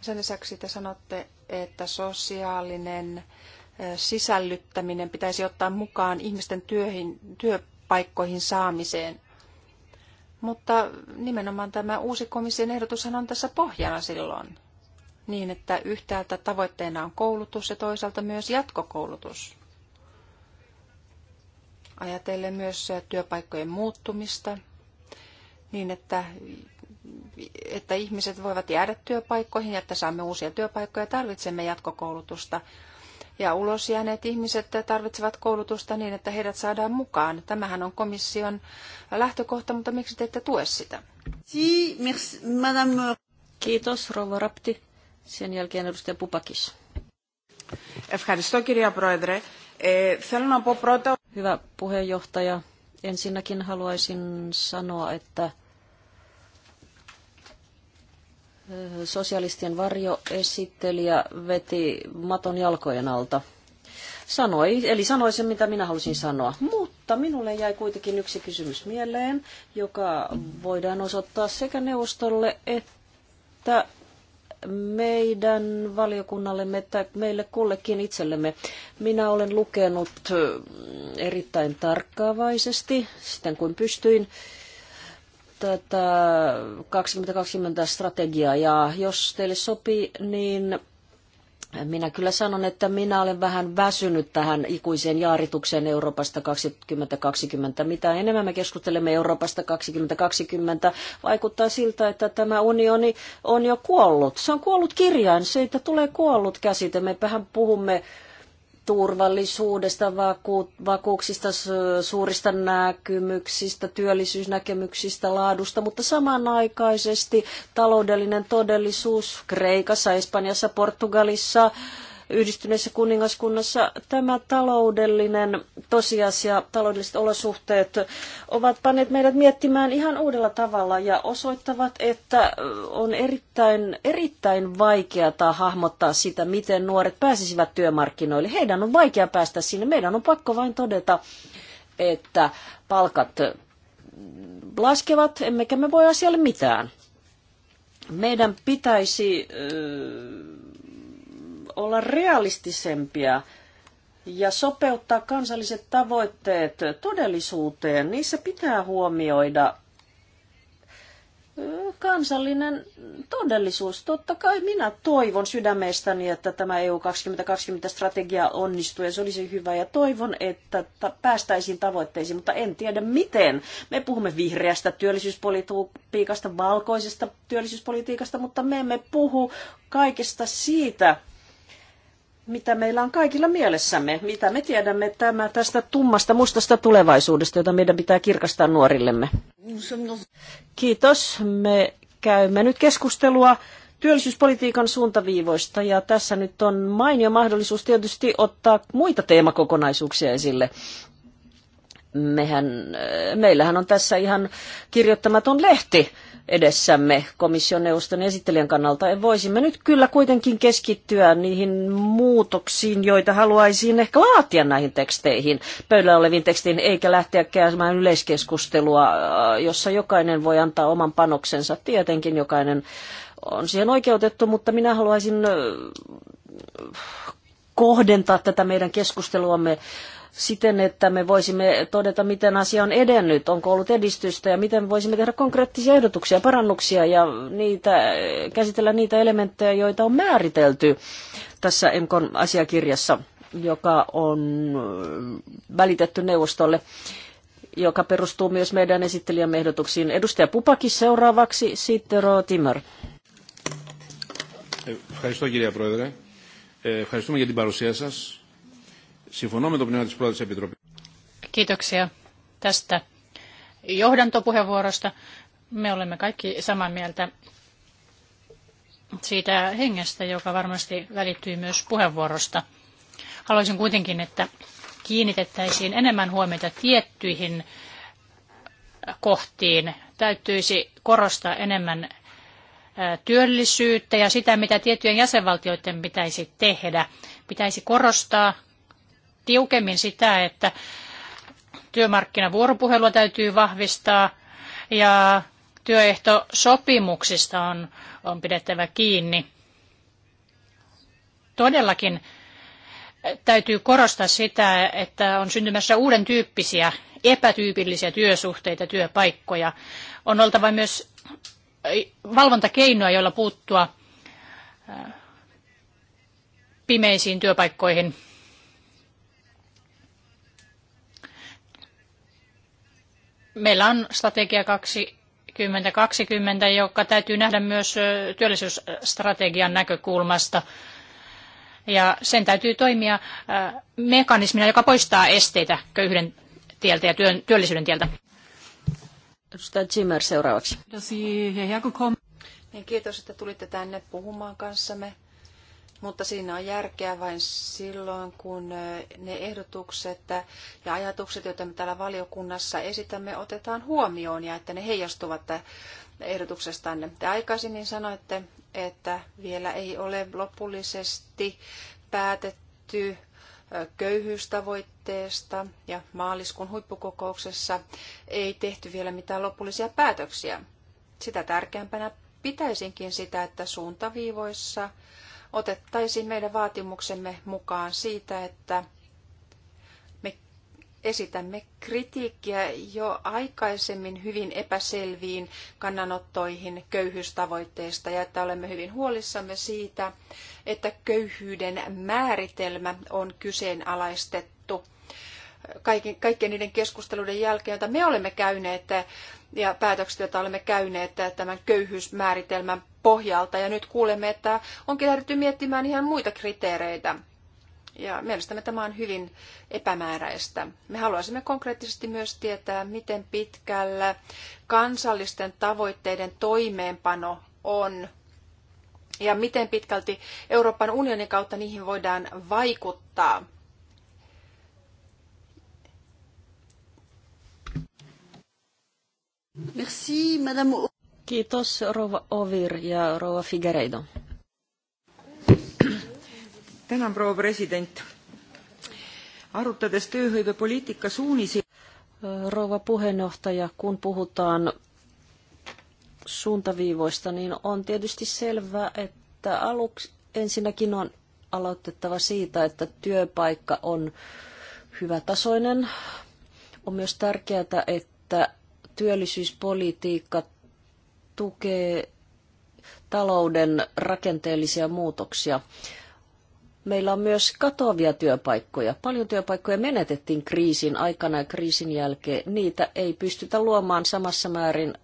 Sen lisäksi te sanotte, että sosiaalinen sisällyttäminen pitäisi ottaa mukaan ihmisten työhin, työpaikkoihin saamiseen. Mutta nimenomaan tämä uusi komission ehdotushan on tässä pohjana silloin, niin että yhtäältä tavoitteena on koulutus ja toisaalta myös jatkokoulutus ajatellen myös työpaikkojen muuttumista niin, että, että ihmiset voivat jäädä työpaikkoihin ja että saamme uusia työpaikkoja. Tarvitsemme jatkokoulutusta. Ja ulos jääneet ihmiset tarvitsevat koulutusta niin, että heidät saadaan mukaan. Tämähän on komission lähtökohta, mutta miksi te ette tue sitä? Kiitos, rouva Rapti. Sen jälkeen edustaja Pupakis. Ευχαριστώ, κυρία Πρόεδρε. Eh, Hyvä puheenjohtaja, ensinnäkin haluaisin sanoa, että eh, sosialistien varjoesittelijä veti maton jalkojen alta. Sanoi, eli sanoi sen, mitä minä halusin sanoa. Mutta minulle jäi kuitenkin yksi kysymys mieleen, joka voidaan osoittaa sekä neuvostolle että meidän valiokunnallemme tai meille kullekin itsellemme. Minä olen lukenut erittäin tarkkaavaisesti, sitten kun pystyin, tätä 2020 strategiaa ja jos teille sopii, niin minä kyllä sanon, että minä olen vähän väsynyt tähän ikuiseen jaaritukseen Euroopasta 2020. Mitä enemmän me keskustelemme Euroopasta 2020, vaikuttaa siltä, että tämä unioni on jo kuollut. Se on kuollut kirjain, siitä tulee kuollut käsite. me vähän puhumme turvallisuudesta, vaku- vakuuksista, suurista näkymyksistä, työllisyysnäkemyksistä, laadusta, mutta samanaikaisesti taloudellinen todellisuus Kreikassa, Espanjassa, Portugalissa, yhdistyneessä kuningaskunnassa tämä taloudellinen tosiasia, taloudelliset olosuhteet ovat panneet meidät miettimään ihan uudella tavalla ja osoittavat, että on erittäin, erittäin vaikeaa hahmottaa sitä, miten nuoret pääsisivät työmarkkinoille. Heidän on vaikea päästä sinne. Meidän on pakko vain todeta, että palkat laskevat, emmekä me voi asialle mitään. Meidän pitäisi olla realistisempia ja sopeuttaa kansalliset tavoitteet todellisuuteen. Niissä pitää huomioida kansallinen todellisuus. Totta kai minä toivon sydämestäni, että tämä EU 2020-strategia onnistuu ja se olisi hyvä ja toivon, että päästäisiin tavoitteisiin, mutta en tiedä miten. Me puhumme vihreästä työllisyyspolitiikasta, valkoisesta työllisyyspolitiikasta, mutta me emme puhu kaikesta siitä, mitä meillä on kaikilla mielessämme, mitä me tiedämme tämä, tästä tummasta mustasta tulevaisuudesta, jota meidän pitää kirkastaa nuorillemme. Kiitos. Me käymme nyt keskustelua työllisyyspolitiikan suuntaviivoista ja tässä nyt on mainio mahdollisuus tietysti ottaa muita teemakokonaisuuksia esille. Mehän, meillähän on tässä ihan kirjoittamaton lehti edessämme komission neuvoston esittelijän kannalta. Voisimme nyt kyllä kuitenkin keskittyä niihin muutoksiin, joita haluaisin ehkä laatia näihin teksteihin, pöydällä oleviin teksteihin, eikä lähteä käymään yleiskeskustelua, äh, jossa jokainen voi antaa oman panoksensa. Tietenkin jokainen on siihen oikeutettu, mutta minä haluaisin äh, kohdentaa tätä meidän keskusteluamme siten, että me voisimme todeta, miten asia on edennyt, onko ollut edistystä ja miten voisimme tehdä konkreettisia ehdotuksia, parannuksia ja niitä, käsitellä niitä elementtejä, joita on määritelty tässä emkon asiakirjassa, joka on välitetty neuvostolle joka perustuu myös meidän esittelijämme ehdotuksiin. Edustaja Pupakis seuraavaksi, sitten Ro Timmer. Kiitos, κυρία Πρόεδρε. Ευχαριστούμε Συμφωνώ με το πνεύμα της Επιτροπής. Kiitoksia tästä johdantopuheenvuorosta. Me olemme kaikki samaa mieltä siitä hengestä, joka varmasti välittyy myös puheenvuorosta. Haluaisin kuitenkin, että kiinnitettäisiin enemmän huomiota tiettyihin kohtiin. Täytyisi korostaa enemmän työllisyyttä ja sitä, mitä tiettyjen jäsenvaltioiden pitäisi tehdä. Pitäisi korostaa tiukemmin sitä, että työmarkkinavuoropuhelua täytyy vahvistaa ja työehtosopimuksista on, on pidettävä kiinni. Todellakin täytyy korostaa sitä, että on syntymässä uuden tyyppisiä epätyypillisiä työsuhteita, työpaikkoja. On oltava myös valvontakeinoja, joilla puuttua pimeisiin työpaikkoihin. Meillä on strategia 2020, joka täytyy nähdä myös työllisyysstrategian näkökulmasta. Ja sen täytyy toimia mekanismina, joka poistaa esteitä köyhyyden tieltä ja työn, työllisyyden tieltä. Edustaja Zimmer seuraavaksi. Kiitos, että tulitte tänne puhumaan kanssamme mutta siinä on järkeä vain silloin, kun ne ehdotukset ja ajatukset, joita me täällä valiokunnassa esitämme, otetaan huomioon ja että ne heijastuvat ehdotuksestanne. Te aikaisemmin sanoitte, että vielä ei ole lopullisesti päätetty köyhyystavoitteesta ja maaliskuun huippukokouksessa ei tehty vielä mitään lopullisia päätöksiä. Sitä tärkeämpänä pitäisinkin sitä, että suuntaviivoissa otettaisiin meidän vaatimuksemme mukaan siitä, että me esitämme kritiikkiä jo aikaisemmin hyvin epäselviin kannanottoihin köyhyystavoitteesta ja että olemme hyvin huolissamme siitä, että köyhyyden määritelmä on kyseenalaistettu kaiken, kaikkien niiden keskusteluiden jälkeen, joita me olemme käyneet ja päätökset, joita olemme käyneet tämän köyhyysmääritelmän pohjalta. Ja nyt kuulemme, että onkin lähdetty miettimään ihan muita kriteereitä. Ja mielestämme tämä on hyvin epämääräistä. Me haluaisimme konkreettisesti myös tietää, miten pitkällä kansallisten tavoitteiden toimeenpano on ja miten pitkälti Euroopan unionin kautta niihin voidaan vaikuttaa. Merci, Madame Kiitos, Rova Ovir ja Rova Figueiredo. Tänan, proua president. Arutades työhõivepoliitika suunisi... Äh, Rouva puheenjohtaja, kun puhutaan suuntaviivoista, niin on tietysti selvää, että aluksi ensinnäkin on aloitettava siitä, että työpaikka on hyvätasoinen. On myös tärkeää, että työllisyyspolitiikka tukee talouden rakenteellisia muutoksia. Meillä on myös katoavia työpaikkoja. Paljon työpaikkoja menetettiin kriisin aikana ja kriisin jälkeen. Niitä ei pystytä luomaan samassa määrin.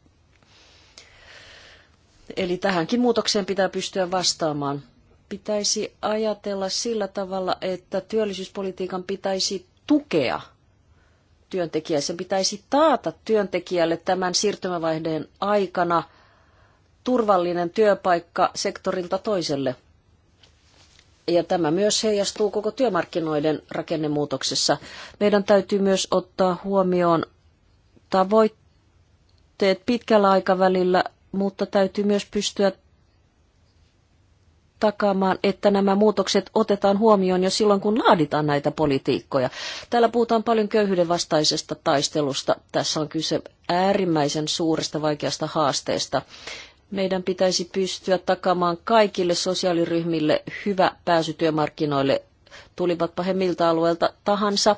Eli tähänkin muutokseen pitää pystyä vastaamaan. Pitäisi ajatella sillä tavalla, että työllisyyspolitiikan pitäisi tukea – työntekijä. Sen pitäisi taata työntekijälle tämän siirtymävaiheen aikana turvallinen työpaikka sektorilta toiselle. Ja tämä myös heijastuu koko työmarkkinoiden rakennemuutoksessa. Meidän täytyy myös ottaa huomioon tavoitteet pitkällä aikavälillä, mutta täytyy myös pystyä takaamaan, että nämä muutokset otetaan huomioon jo silloin, kun laaditaan näitä politiikkoja. Täällä puhutaan paljon köyhyyden vastaisesta taistelusta. Tässä on kyse äärimmäisen suuresta vaikeasta haasteesta. Meidän pitäisi pystyä takaamaan kaikille sosiaaliryhmille hyvä pääsy työmarkkinoille, tulivatpa he miltä alueelta tahansa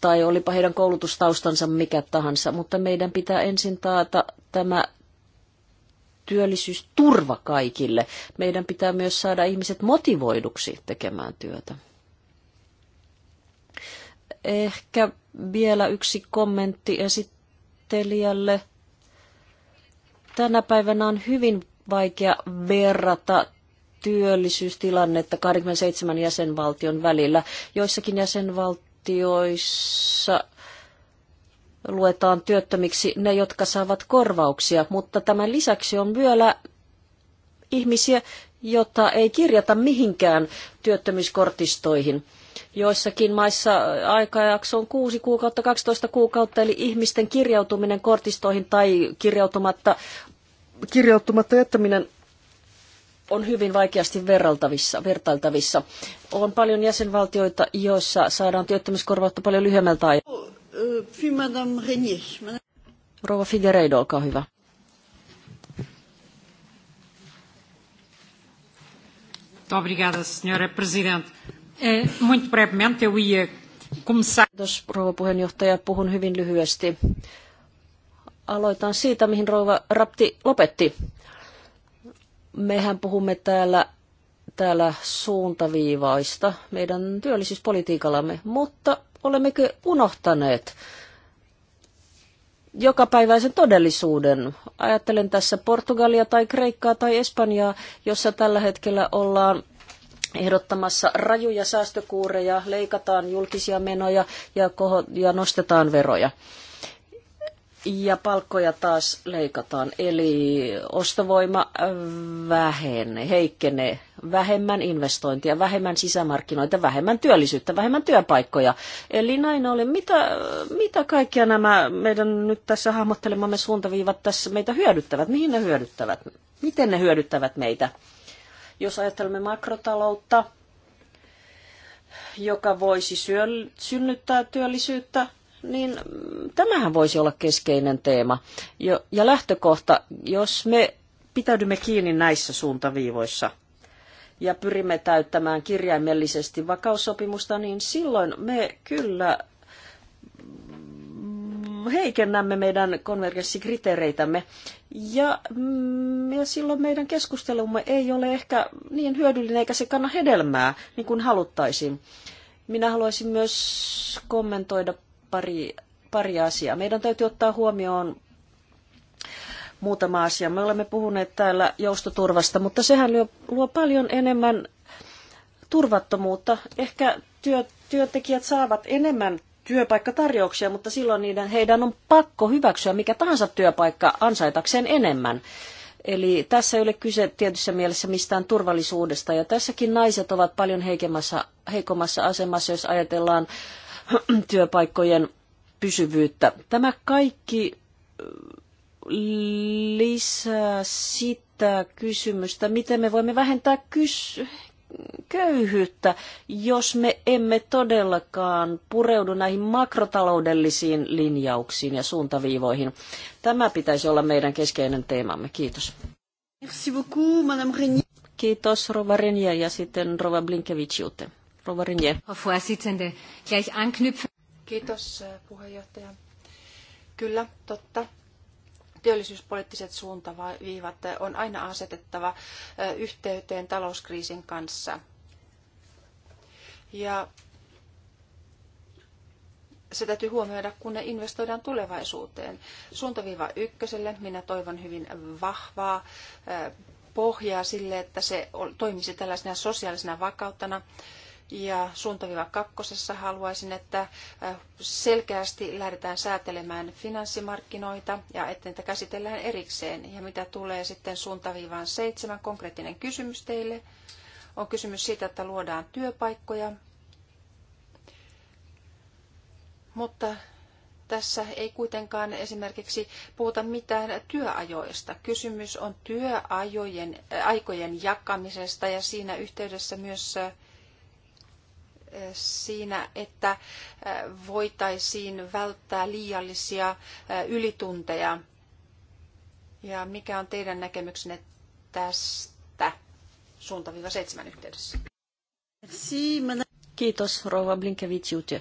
tai olipa heidän koulutustaustansa mikä tahansa, mutta meidän pitää ensin taata tämä työllisyysturva kaikille. Meidän pitää myös saada ihmiset motivoiduksi tekemään työtä. Ehkä vielä yksi kommentti esittelijälle. Tänä päivänä on hyvin vaikea verrata työllisyystilannetta 27 jäsenvaltion välillä. Joissakin jäsenvaltioissa luetaan työttömiksi ne, jotka saavat korvauksia, mutta tämän lisäksi on vielä ihmisiä, jota ei kirjata mihinkään työttömyyskortistoihin. Joissakin maissa aikajakso on 6 kuukautta, 12 kuukautta, eli ihmisten kirjautuminen kortistoihin tai kirjautumatta, kirjautumatta jättäminen on hyvin vaikeasti vertailtavissa. On paljon jäsenvaltioita, joissa saadaan työttömyyskorvausta paljon lyhyemmältä ajalta. Euh, puis Madame Renier. Rouva Figueiredo, olkaa hyvä. Obrigada, senhora Presidente. Eh, muito brevemente, eu ia começar... Kiitos, rouva puheenjohtaja. Puhun hyvin lyhyesti. Aloitan siitä, mihin rouva Rapti lopetti. Mehän puhumme täällä täällä suuntaviivaista meidän työllisyyspolitiikallamme, mutta olemmeko unohtaneet jokapäiväisen todellisuuden. Ajattelen tässä Portugalia tai Kreikkaa tai Espanjaa, jossa tällä hetkellä ollaan ehdottamassa rajuja säästökuureja, leikataan julkisia menoja ja, koho- ja nostetaan veroja. Ja palkkoja taas leikataan, eli ostovoima äh, vähenee, heikkenee vähemmän investointia, vähemmän sisämarkkinoita, vähemmän työllisyyttä, vähemmän työpaikkoja. Eli näin ollen, mitä, mitä kaikkia nämä meidän nyt tässä hahmottelemamme suuntaviivat tässä meitä hyödyttävät? Mihin ne hyödyttävät? Miten ne hyödyttävät meitä? Jos ajattelemme makrotaloutta, joka voisi syö, synnyttää työllisyyttä, niin tämähän voisi olla keskeinen teema. Ja lähtökohta, jos me pitäydymme kiinni näissä suuntaviivoissa, ja pyrimme täyttämään kirjaimellisesti vakaussopimusta, niin silloin me kyllä heikennämme meidän konvergenssikriteereitämme. Ja, mm, ja silloin meidän keskustelumme ei ole ehkä niin hyödyllinen eikä se kanna hedelmää, niin kuin haluttaisiin. Minä haluaisin myös kommentoida pari, pari asiaa. Meidän täytyy ottaa huomioon muutama asia. Me olemme puhuneet täällä joustoturvasta, mutta sehän luo, luo paljon enemmän turvattomuutta. Ehkä työ, työntekijät saavat enemmän työpaikkatarjouksia, mutta silloin niiden, heidän on pakko hyväksyä mikä tahansa työpaikka ansaitakseen enemmän. Eli tässä ei ole kyse tietyssä mielessä mistään turvallisuudesta, ja tässäkin naiset ovat paljon heikommassa, heikommassa asemassa, jos ajatellaan työpaikkojen pysyvyyttä. Tämä kaikki lisää sitä kysymystä, miten me voimme vähentää kys- köyhyyttä, jos me emme todellakaan pureudu näihin makrotaloudellisiin linjauksiin ja suuntaviivoihin. Tämä pitäisi olla meidän keskeinen teemamme. Kiitos. Merci beaucoup, Madame Renier. Kiitos, Rova Renier ja sitten Rova Blinkevichiute. Rova Renier. Kiitos, äh, puheenjohtaja. Kyllä, totta työllisyyspoliittiset suuntaviivat on aina asetettava yhteyteen talouskriisin kanssa. Ja se täytyy huomioida, kun ne investoidaan tulevaisuuteen. Suuntaviiva ykköselle minä toivon hyvin vahvaa pohjaa sille, että se toimisi tällaisena sosiaalisena vakauttana ja suuntaviiva kakkosessa haluaisin, että äh, selkeästi lähdetään säätelemään finanssimarkkinoita ja että niitä käsitellään erikseen. Ja mitä tulee sitten suuntaviivaan seitsemän, konkreettinen kysymys teille. On kysymys siitä, että luodaan työpaikkoja, mutta tässä ei kuitenkaan esimerkiksi puhuta mitään työajoista. Kysymys on työajojen, äh, aikojen jakamisesta ja siinä yhteydessä myös äh, siinä, että äh, voitaisiin välttää liiallisia äh, ylitunteja. Ja mikä on teidän näkemyksenne tästä suuntaviiva seitsemän yhteydessä? Kiitos, rouva Blinkevičiūtė.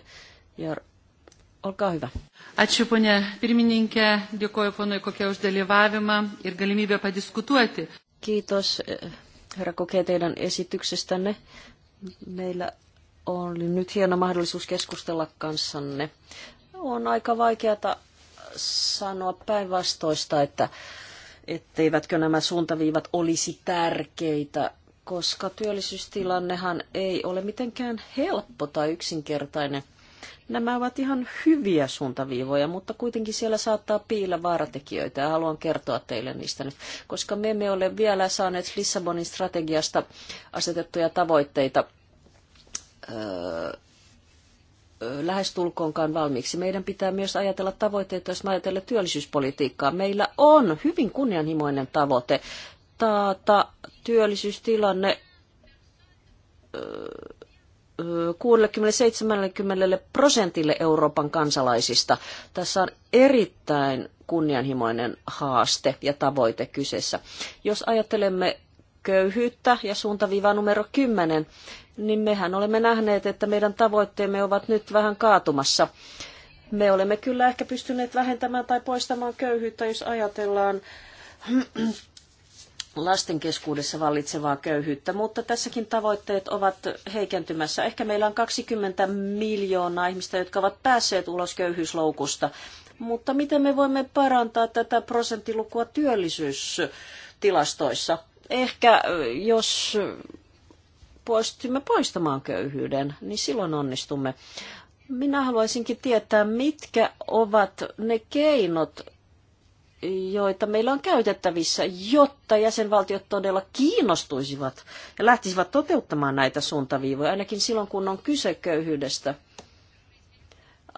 Ja olkaa hyvä. Ačiū, ponia pirmininkė. Dėkoju ponui kokia už dalyvavimą ir galimybę padiskutuoti. Kiitos, e, herra kokee teidän esityksestänne. Meillä oli nyt hieno mahdollisuus keskustella kanssanne. On aika vaikeata sanoa päinvastoista, että etteivätkö nämä suuntaviivat olisi tärkeitä, koska työllisyystilannehan ei ole mitenkään helppo tai yksinkertainen. Nämä ovat ihan hyviä suuntaviivoja, mutta kuitenkin siellä saattaa piillä vaaratekijöitä ja haluan kertoa teille niistä nyt, koska me emme ole vielä saaneet Lissabonin strategiasta asetettuja tavoitteita – lähestulkoonkaan valmiiksi. Meidän pitää myös ajatella tavoitteita, jos me ajatellaan työllisyyspolitiikkaa. Meillä on hyvin kunnianhimoinen tavoite taata työllisyystilanne 60-70 prosentille Euroopan kansalaisista. Tässä on erittäin kunnianhimoinen haaste ja tavoite kyseessä. Jos ajattelemme köyhyyttä ja suuntaviiva numero 10, niin mehän olemme nähneet, että meidän tavoitteemme ovat nyt vähän kaatumassa. Me olemme kyllä ehkä pystyneet vähentämään tai poistamaan köyhyyttä, jos ajatellaan lasten keskuudessa vallitsevaa köyhyyttä, mutta tässäkin tavoitteet ovat heikentymässä. Ehkä meillä on 20 miljoonaa ihmistä, jotka ovat päässeet ulos köyhyysloukusta, mutta miten me voimme parantaa tätä prosenttilukua työllisyystilastoissa? Ehkä eh, jos pystymme poistamaan köyhyyden, niin silloin onnistumme. Minä haluaisinkin tietää, mitkä ovat ne keinot, joita meillä on käytettävissä, jotta jäsenvaltiot todella kiinnostuisivat ja lähtisivät toteuttamaan näitä suuntaviivoja, ainakin silloin kun on kyse köyhyydestä.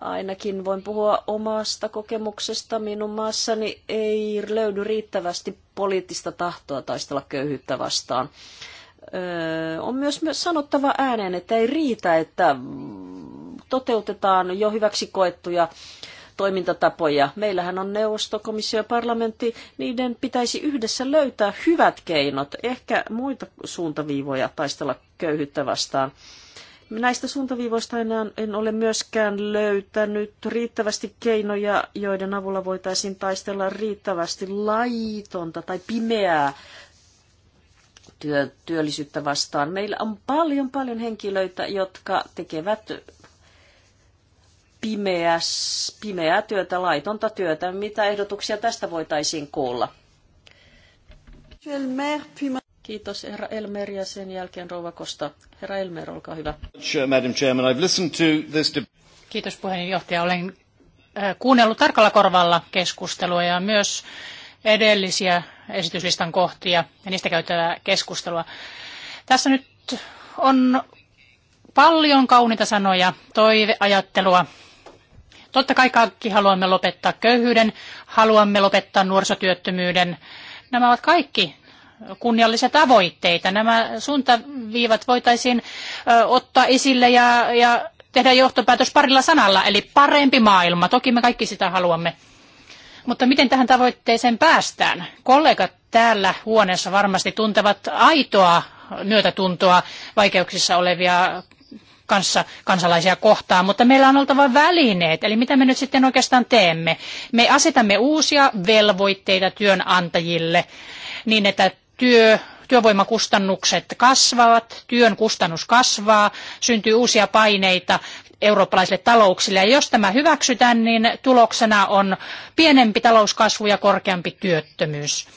Ainakin voin puhua omasta kokemuksesta. Minun maassani ei löydy riittävästi poliittista tahtoa taistella köyhyyttä vastaan on myös sanottava ääneen, että ei riitä, että toteutetaan jo hyväksi koettuja toimintatapoja. Meillähän on neuvosto, komissio ja parlamentti. Niiden pitäisi yhdessä löytää hyvät keinot, ehkä muita suuntaviivoja taistella köyhyyttä vastaan. Näistä suuntaviivoista enää en ole myöskään löytänyt riittävästi keinoja, joiden avulla voitaisiin taistella riittävästi laitonta tai pimeää työ, työllisyyttä vastaan. Meillä on paljon paljon henkilöitä, jotka tekevät pimeäs, pimeää työtä, laitonta työtä. Mitä ehdotuksia tästä voitaisiin kuulla? Kiitos herra Elmer ja sen jälkeen rouva Kosta. Herra Elmer, olkaa hyvä. Madam Chairman, I've listened to this Kiitos puheenjohtaja. Olen äh, kuunnellut tarkalla korvalla keskustelua ja myös edellisiä esityslistan kohtia ja niistä käytävää keskustelua. Tässä nyt on paljon kauniita sanoja, toiveajattelua. Totta kai kaikki haluamme lopettaa köyhyyden, haluamme lopettaa nuorisotyöttömyyden. Nämä ovat kaikki kunniallisia tavoitteita. Nämä suuntaviivat voitaisiin ottaa esille ja, ja tehdä johtopäätös parilla sanalla, eli parempi maailma. Toki me kaikki sitä haluamme. Mutta miten tähän tavoitteeseen päästään? Kollegat täällä huoneessa varmasti tuntevat aitoa myötätuntoa vaikeuksissa olevia kanssa kansalaisia kohtaan, mutta meillä on oltava välineet. Eli mitä me nyt sitten oikeastaan teemme? Me asetamme uusia velvoitteita työnantajille niin, että työ työvoimakustannukset kasvavat, työn kustannus kasvaa, syntyy uusia paineita eurooppalaisille talouksille. Ja jos tämä hyväksytään, niin tuloksena on pienempi talouskasvu ja korkeampi työttömyys.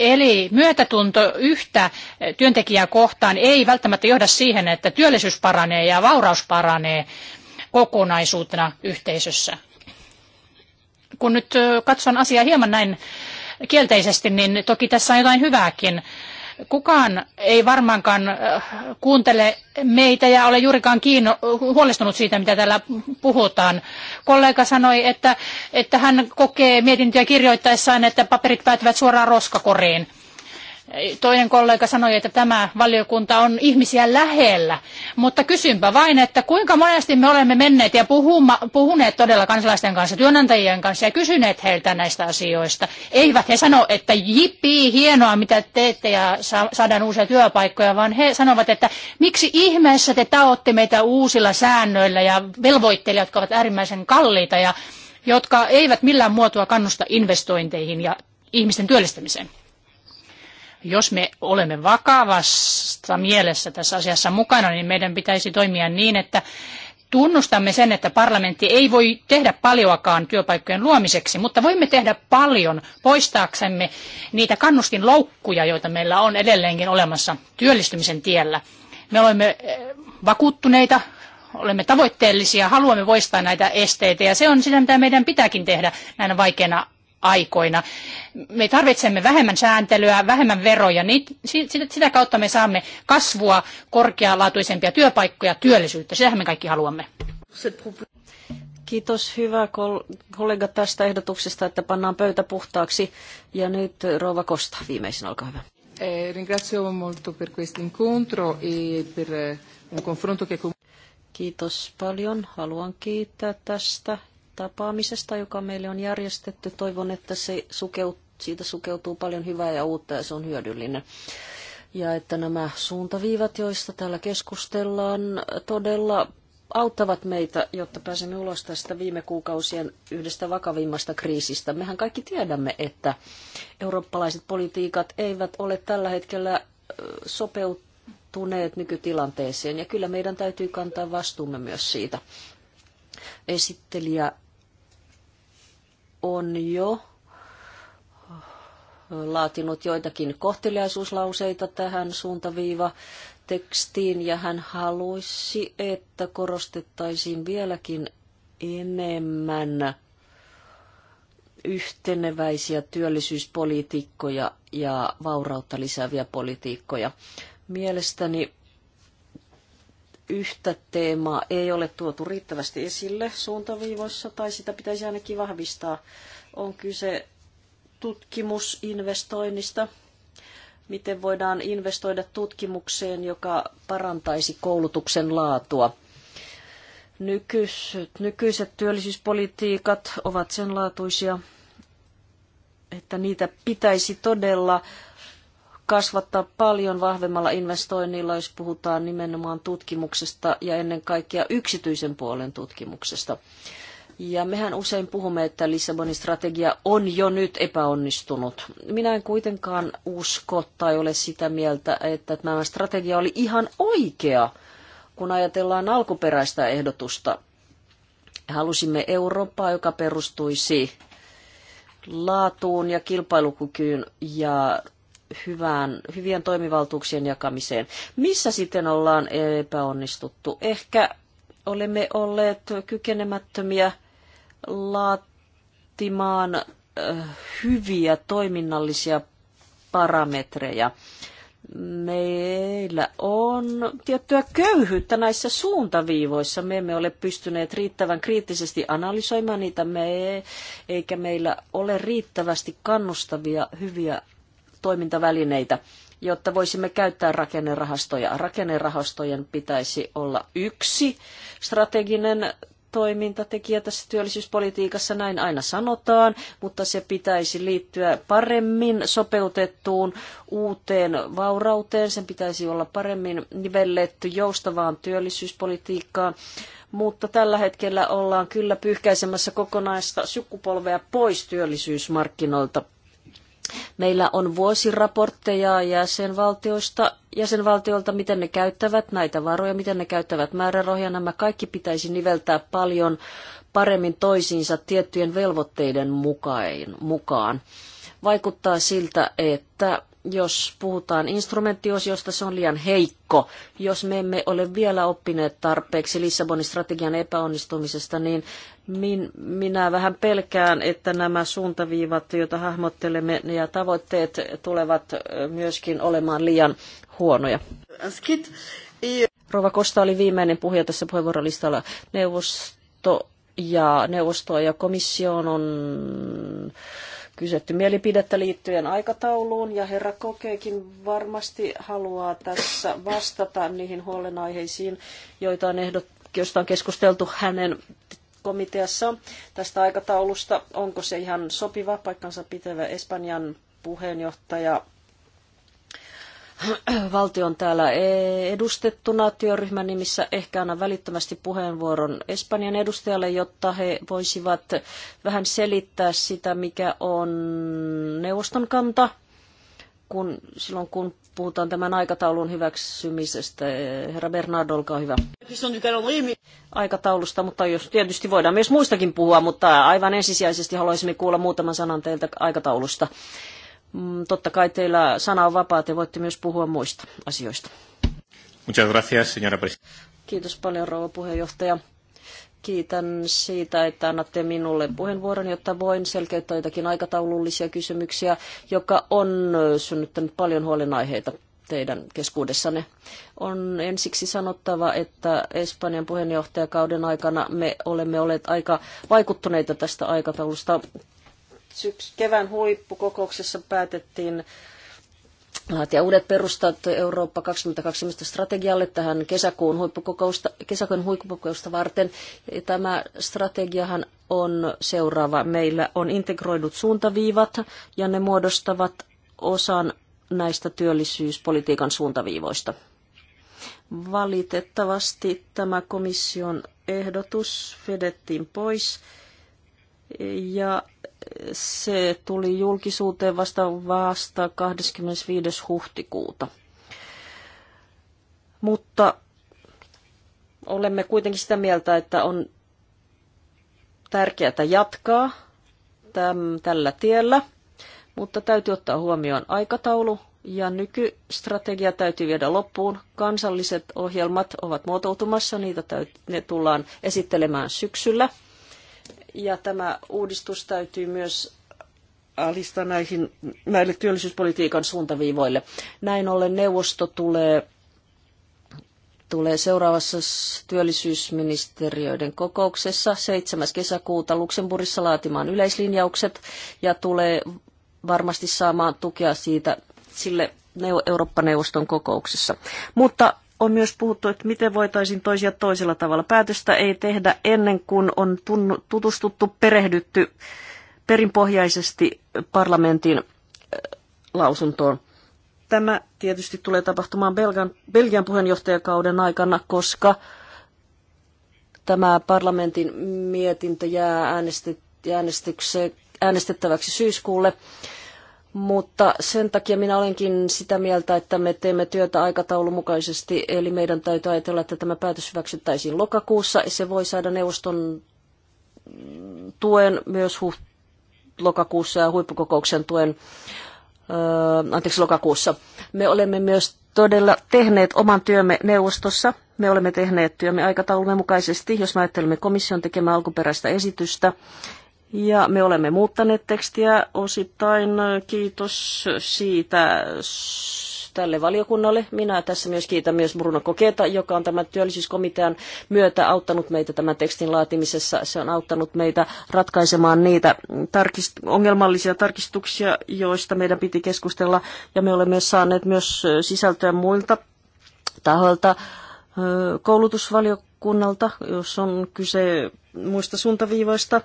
Eli myötätunto yhtä työntekijää kohtaan ei välttämättä johda siihen, että työllisyys paranee ja vauraus paranee kokonaisuutena yhteisössä. Kun nyt katson asiaa hieman näin kielteisesti, niin toki tässä on jotain hyvääkin. Kukaan ei varmaankaan äh, kuuntele meitä ja ole juurikaan kiinno, huolestunut siitä, mitä täällä puhutaan. Kollega sanoi, että, että hän kokee mietintöjä kirjoittaessaan, että paperit päätyvät suoraan roskakoriin. Toinen kollega sanoi, että tämä valiokunta on ihmisiä lähellä, mutta kysynpä vain, että kuinka monesti me olemme menneet ja puhuma, puhuneet todella kansalaisten kanssa, työnantajien kanssa ja kysyneet heiltä näistä asioista. Eivät he sano, että jippii, hienoa mitä teette ja saadaan uusia työpaikkoja, vaan he sanovat, että miksi ihmeessä te taotte meitä uusilla säännöillä ja velvoitteilla, jotka ovat äärimmäisen kalliita ja jotka eivät millään muotoa kannusta investointeihin ja ihmisten työllistämiseen. Jos me olemme vakavasta mielessä tässä asiassa mukana, niin meidän pitäisi toimia niin, että tunnustamme sen, että parlamentti ei voi tehdä paljoakaan työpaikkojen luomiseksi, mutta voimme tehdä paljon poistaaksemme niitä kannustinloukkuja, joita meillä on edelleenkin olemassa työllistymisen tiellä. Me olemme eh, vakuuttuneita, olemme tavoitteellisia, haluamme poistaa näitä esteitä ja se on sitä, mitä meidän pitääkin tehdä näinä vaikeina aikoina. Me tarvitsemme vähemmän sääntelyä, vähemmän veroja. niin sitä kautta me saamme kasvua, korkealaatuisempia työpaikkoja, työllisyyttä. Sitähän me kaikki haluamme. Kiitos hyvä kollega tästä ehdotuksesta, että pannaan pöytä puhtaaksi. Ja nyt Rova Kosta viimeisin, olkaa hyvä. Eh, molto per questo incontro e per eh, un confronto che... Kiitos paljon. Haluan kiittää tästä tapaamisesta, joka meille on järjestetty. Toivon, että se sukeut, siitä sukeutuu paljon hyvää ja uutta ja se on hyödyllinen. Ja että nämä suuntaviivat, joista täällä keskustellaan, todella auttavat meitä, jotta pääsemme ulos tästä viime kuukausien yhdestä vakavimmasta kriisistä. Mehän kaikki tiedämme, että eurooppalaiset politiikat eivät ole tällä hetkellä sopeutuneet nykytilanteeseen, ja kyllä meidän täytyy kantaa vastuumme myös siitä esittelijä on jo laatinut joitakin kohteliaisuuslauseita tähän suuntaviiva tekstiin ja hän haluaisi, että korostettaisiin vieläkin enemmän yhteneväisiä työllisyyspolitiikkoja ja vaurautta lisääviä politiikkoja. Mielestäni yhtä teemaa ei ole tuotu riittävästi esille suuntaviivoissa, tai sitä pitäisi ainakin vahvistaa. On kyse tutkimusinvestoinnista, miten voidaan investoida tutkimukseen, joka parantaisi koulutuksen laatua. Nykyiset, nykyiset työllisyyspolitiikat ovat sen laatuisia, että niitä pitäisi todella kasvattaa paljon vahvemmalla investoinnilla, jos puhutaan nimenomaan tutkimuksesta ja ennen kaikkea yksityisen puolen tutkimuksesta. Ja mehän usein puhumme, että Lissabonin strategia on jo nyt epäonnistunut. Minä en kuitenkaan usko tai ole sitä mieltä, että tämä strategia oli ihan oikea, kun ajatellaan alkuperäistä ehdotusta. Halusimme Eurooppaa, joka perustuisi laatuun ja kilpailukykyyn ja hyvään, hyvien toimivaltuuksien jakamiseen. Missä sitten ollaan epäonnistuttu? Ehkä olemme olleet kykenemättömiä laatimaan äh, hyviä toiminnallisia parametreja. Meillä on tiettyä köyhyyttä näissä suuntaviivoissa. Me emme ole pystyneet riittävän kriittisesti analysoimaan niitä, me, eikä meillä ole riittävästi kannustavia hyviä toimintavälineitä, jotta voisimme käyttää rakennerahastoja. Rakennerahastojen pitäisi olla yksi strateginen toimintatekijä tässä työllisyyspolitiikassa, näin aina sanotaan, mutta se pitäisi liittyä paremmin sopeutettuun uuteen vaurauteen, sen pitäisi olla paremmin nivelletty joustavaan työllisyyspolitiikkaan, mutta tällä hetkellä ollaan kyllä pyyhkäisemässä kokonaista sukupolvea pois työllisyysmarkkinoilta Meillä on vuosiraportteja jäsenvaltioista, jäsenvaltioilta, miten ne käyttävät näitä varoja, miten ne käyttävät määrärahoja. Nämä kaikki pitäisi niveltää paljon paremmin toisiinsa tiettyjen velvoitteiden mukaan. Vaikuttaa siltä, että jos puhutaan instrumenttiosiosta, se on liian heikko. Jos me emme ole vielä oppineet tarpeeksi Lissabonin strategian epäonnistumisesta, niin min, minä vähän pelkään, että nämä suuntaviivat, joita hahmottelemme ja tavoitteet tulevat myöskin olemaan liian huonoja. Rova Kosta oli viimeinen puhuja tässä puheenvuorolistalla. Neuvosto ja neuvosto ja komission on kysytty mielipidettä liittyen aikatauluun ja herra Kokeekin varmasti haluaa tässä vastata niihin huolenaiheisiin, joita on ehdot, joista on keskusteltu hänen komiteassa tästä aikataulusta. Onko se ihan sopiva paikkansa pitävä Espanjan puheenjohtaja valtion täällä edustettuna työryhmän nimissä. Ehkä annan välittömästi puheenvuoron Espanjan edustajalle, jotta he voisivat vähän selittää sitä, mikä on neuvoston kanta, kun, silloin kun puhutaan tämän aikataulun hyväksymisestä. Herra Bernardo, olkaa hyvä. Aikataulusta, mutta jos tietysti voidaan myös muistakin puhua, mutta aivan ensisijaisesti haluaisimme kuulla muutaman sanan teiltä aikataulusta. Mm, totta kai teillä sana on vapaa, te voitte myös puhua muista asioista. Muchas gracias, señora Kiitos paljon, rouva puheenjohtaja. Kiitän siitä, että annatte minulle puheenvuoron, jotta voin selkeyttää jotakin aikataulullisia kysymyksiä, joka on synnyttänyt paljon huolenaiheita teidän keskuudessanne. On ensiksi sanottava, että Espanjan puheenjohtajakauden aikana me olemme olleet aika vaikuttuneita tästä aikataulusta syks, kevään huippukokouksessa päätettiin laatia uudet perustat Eurooppa 2020 strategialle tähän kesäkuun huippukokousta, kesäkuun huippukokousta varten. Tämä strategiahan on seuraava. Meillä on integroidut suuntaviivat ja ne muodostavat osan näistä työllisyyspolitiikan suuntaviivoista. Valitettavasti tämä komission ehdotus vedettiin pois ja se tuli julkisuuteen vasta vasta 25. huhtikuuta. Mutta olemme kuitenkin sitä mieltä, että on tärkeää jatkaa täm, tällä tiellä, mutta täytyy ottaa huomioon aikataulu ja nykystrategia täytyy viedä loppuun. Kansalliset ohjelmat ovat muotoutumassa, niitä täytyy, ne tullaan esittelemään syksyllä ja tämä uudistus täytyy myös alistaa näihin, näille työllisyyspolitiikan suuntaviivoille. Näin ollen neuvosto tulee, tulee seuraavassa työllisyysministeriöiden kokouksessa 7. kesäkuuta Luxemburgissa laatimaan yleislinjaukset ja tulee varmasti saamaan tukea siitä sille Eurooppa-neuvoston kokouksessa. Mutta on myös puhuttu, että miten voitaisiin toisia toisella tavalla. Päätöstä ei tehdä ennen kuin on tutustuttu, perehdytty perinpohjaisesti parlamentin lausuntoon. Tämä tietysti tulee tapahtumaan Belgian, Belgian puheenjohtajakauden aikana, koska tämä parlamentin mietintö jää äänestet, äänestykseen äänestettäväksi syyskuulle. Mutta sen takia minä olenkin sitä mieltä, että me teemme työtä aikataulun mukaisesti, eli meidän täytyy ajatella, että tämä päätös hyväksyttäisiin lokakuussa, ja se voi saada neuvoston tuen myös huht- lokakuussa ja huippukokouksen tuen, öö, anteeksi, lokakuussa. Me olemme myös todella tehneet oman työmme neuvostossa. Me olemme tehneet työmme aikataulumme mukaisesti, jos me ajattelemme komission tekemää alkuperäistä esitystä, ja me olemme muuttaneet tekstiä osittain. Kiitos siitä tälle valiokunnalle. Minä tässä myös kiitän myös Bruno Koketa, joka on tämän työllisyyskomitean myötä auttanut meitä tämän tekstin laatimisessa. Se on auttanut meitä ratkaisemaan niitä tarkist- ongelmallisia tarkistuksia, joista meidän piti keskustella. Ja me olemme saaneet myös sisältöä muilta tahoilta koulutusvaliokunnalta, jos on kyse muista suuntaviivoista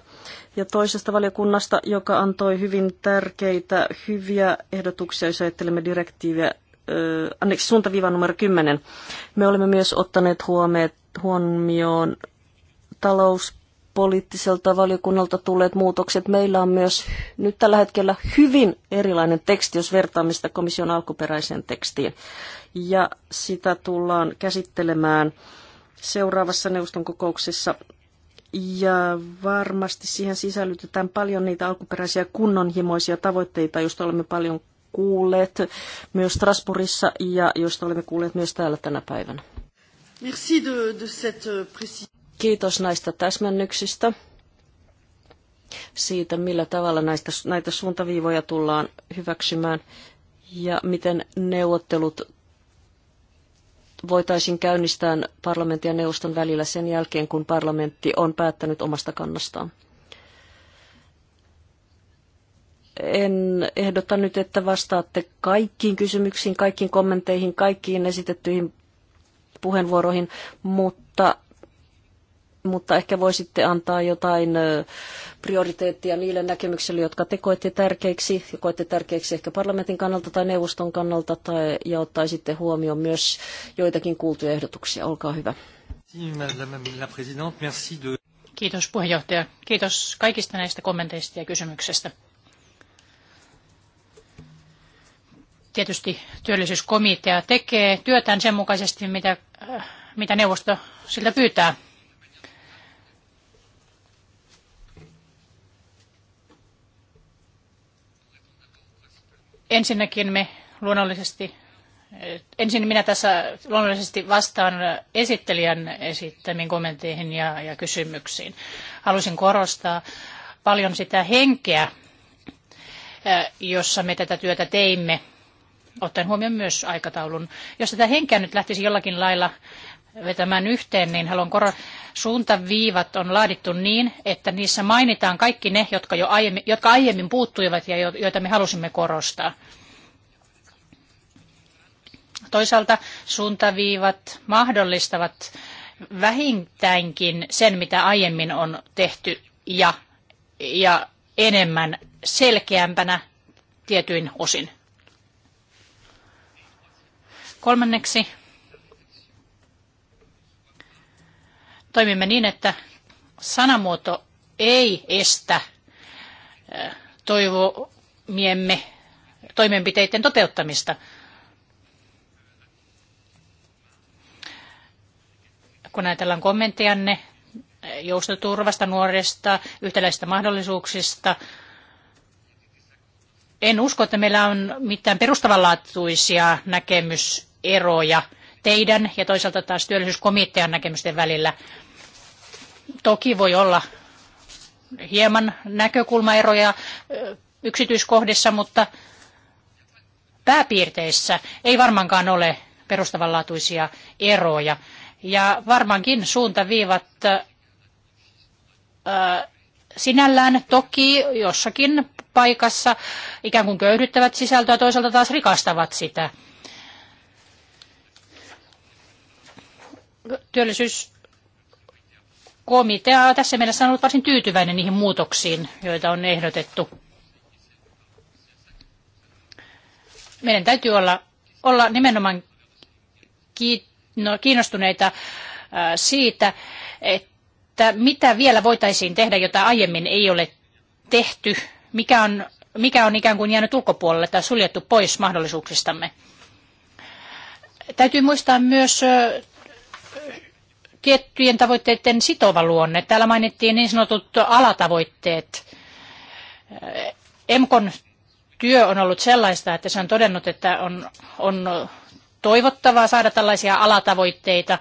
ja toisesta valiokunnasta, joka antoi hyvin tärkeitä, hyviä ehdotuksia, jos ajattelemme direktiiviä, anneeksi suuntaviiva numero 10. Me olemme myös ottaneet huomioon, huomioon talouspoliittiselta valiokunnalta tulleet muutokset. Meillä on myös nyt tällä hetkellä hyvin erilainen teksti, jos vertaamista komission alkuperäiseen tekstiin. Ja sitä tullaan käsittelemään seuraavassa neuvoston kokouksessa ja varmasti siihen sisällytetään paljon niitä alkuperäisiä kunnonhimoisia tavoitteita, joista olemme paljon kuulleet myös Strasbourgissa ja joista olemme kuulleet myös täällä tänä päivänä. Merci de, de cette euh, Kiitos näistä täsmennyksistä siitä, millä tavalla näistä, näitä suuntaviivoja tullaan hyväksymään ja miten neuvottelut voitaisiin käynnistää parlamentin ja neuvoston välillä sen jälkeen, kun parlamentti on päättänyt omasta kannastaan. En ehdota nyt, että vastaatte kaikkiin kysymyksiin, kaikkiin kommentteihin, kaikkiin esitettyihin puheenvuoroihin, mutta, mutta ehkä voisitte antaa jotain prioriteettia niille näkemyksille, jotka te koette tärkeiksi, ja koette tärkeiksi ehkä parlamentin kannalta tai neuvoston kannalta, tai, ja ottaisitte huomioon myös joitakin kuultuja ehdotuksia. Olkaa hyvä. Kiitos puheenjohtaja. Kiitos kaikista näistä kommenteista ja kysymyksistä. Tietysti työllisyyskomitea tekee työtään sen mukaisesti, mitä, äh, mitä neuvosto siltä pyytää. Ensinnäkin me luonnollisesti Ensin minä tässä luonnollisesti vastaan esittelijän esittämiin kommentteihin ja, ja kysymyksiin. Halusin korostaa paljon sitä henkeä, jossa me tätä työtä teimme, ottaen huomioon myös aikataulun. Jos tätä henkeä nyt lähtisi jollakin lailla vetämään yhteen, niin haluan koro suuntaviivat on laadittu niin, että niissä mainitaan kaikki ne, jotka, jo aiemmin, jotka aiemmin puuttuivat ja joita me halusimme korostaa. Toisaalta suuntaviivat mahdollistavat vähintäänkin sen, mitä aiemmin on tehty ja, ja enemmän selkeämpänä tietyin osin. Kolmanneksi toimimme niin, että sanamuoto ei estä toivomiemme toimenpiteiden toteuttamista. Kun ajatellaan kommenttianne joustoturvasta, nuorista, yhtäläisistä mahdollisuuksista, en usko, että meillä on mitään perustavanlaatuisia näkemyseroja teidän ja toisaalta taas työllisyyskomitean näkemysten välillä. Toki voi olla hieman näkökulmaeroja yksityiskohdissa, mutta pääpiirteissä ei varmaankaan ole perustavanlaatuisia eroja. Ja varmaankin suuntaviivat sinällään toki jossakin paikassa ikään kuin köyhdyttävät sisältöä, toisaalta taas rikastavat sitä. Työllisyys komitea tässä mielessä on ollut varsin tyytyväinen niihin muutoksiin, joita on ehdotettu. Meidän täytyy olla, olla nimenomaan no, kiinnostuneita äh, siitä, että mitä vielä voitaisiin tehdä, jota aiemmin ei ole tehty, mikä on, mikä on ikään kuin jäänyt ulkopuolelle tai suljettu pois mahdollisuuksistamme. Täytyy muistaa myös äh, tiettyjen tavoitteiden sitova luonne. Täällä mainittiin niin sanotut alatavoitteet. EMKON työ on ollut sellaista, että se on todennut, että on, on toivottavaa saada tällaisia alatavoitteita,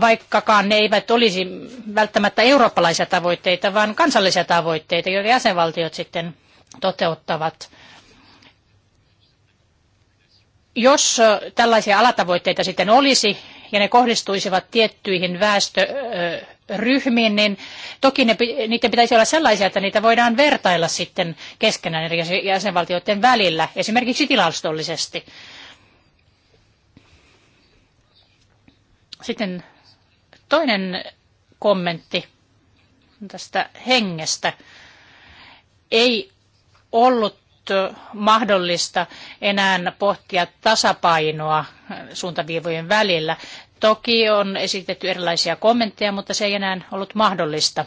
vaikkakaan ne eivät olisi välttämättä eurooppalaisia tavoitteita, vaan kansallisia tavoitteita, joita jäsenvaltiot sitten toteuttavat. Jos tällaisia alatavoitteita sitten olisi, ja ne kohdistuisivat tiettyihin väestöryhmiin, niin toki ne, niiden pitäisi olla sellaisia, että niitä voidaan vertailla sitten keskenään eri jäsenvaltioiden välillä, esimerkiksi tilastollisesti. Sitten toinen kommentti tästä hengestä. Ei ollut mahdollista enää pohtia tasapainoa suuntaviivojen välillä. Toki on esitetty erilaisia kommentteja, mutta se ei enää ollut mahdollista.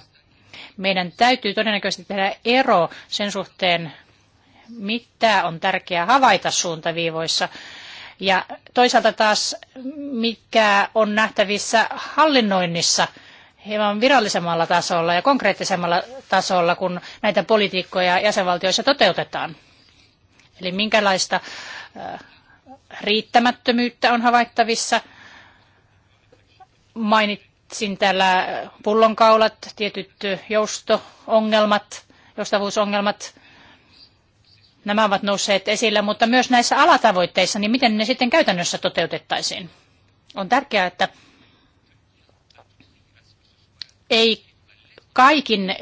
Meidän täytyy todennäköisesti tehdä ero sen suhteen, mitä on tärkeää havaita suuntaviivoissa ja toisaalta taas, mikä on nähtävissä hallinnoinnissa – hieman virallisemmalla tasolla ja konkreettisemmalla tasolla, kun näitä politiikkoja jäsenvaltioissa toteutetaan. Eli minkälaista äh, riittämättömyyttä on havaittavissa. Mainitsin täällä pullonkaulat, tietyt jousto joustavuusongelmat. Nämä ovat nousseet esille, mutta myös näissä alatavoitteissa, niin miten ne sitten käytännössä toteutettaisiin? On tärkeää, että ei kaikin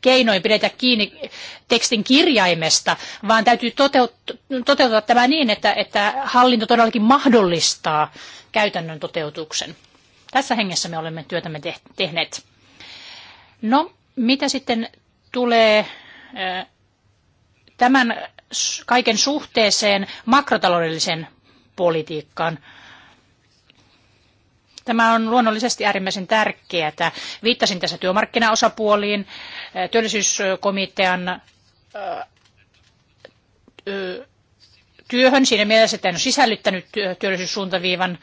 keinoin pidetä kiinni tekstin kirjaimesta, vaan täytyy toteuttaa, toteuttaa tämä niin, että, että hallinto todellakin mahdollistaa käytännön toteutuksen. Tässä hengessä me olemme työtämme tehneet. No, mitä sitten tulee tämän kaiken suhteeseen makrotaloudellisen politiikkaan? Tämä on luonnollisesti äärimmäisen tärkeää. Viittasin tässä työmarkkinaosapuoliin, eh, työllisyyskomitean eh, eh, työhön siinä mielessä, että en ole sisällyttänyt työllisyyssuuntaviivan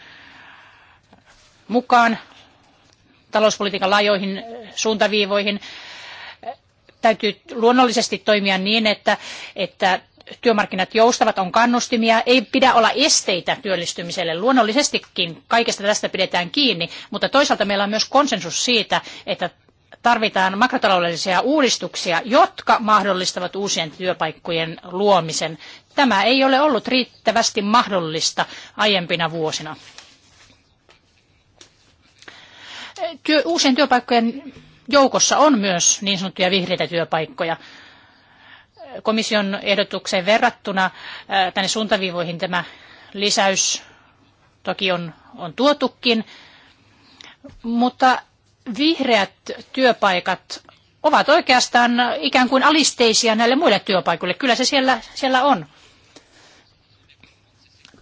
mukaan talouspolitiikan laajoihin suuntaviivoihin. Täytyy luonnollisesti toimia niin, että, että työmarkkinat joustavat, on kannustimia, ei pidä olla esteitä työllistymiselle. Luonnollisestikin kaikesta tästä pidetään kiinni, mutta toisaalta meillä on myös konsensus siitä, että tarvitaan makrotaloudellisia uudistuksia, jotka mahdollistavat uusien työpaikkojen luomisen. Tämä ei ole ollut riittävästi mahdollista aiempina vuosina. Työ, uusien työpaikkojen joukossa on myös niin sanottuja vihreitä työpaikkoja – komission ehdotukseen verrattuna äh, tänne suuntaviivoihin tämä lisäys toki on, on tuotukin, mutta vihreät työpaikat ovat oikeastaan ikään kuin alisteisia näille muille työpaikoille. Kyllä se siellä, siellä on.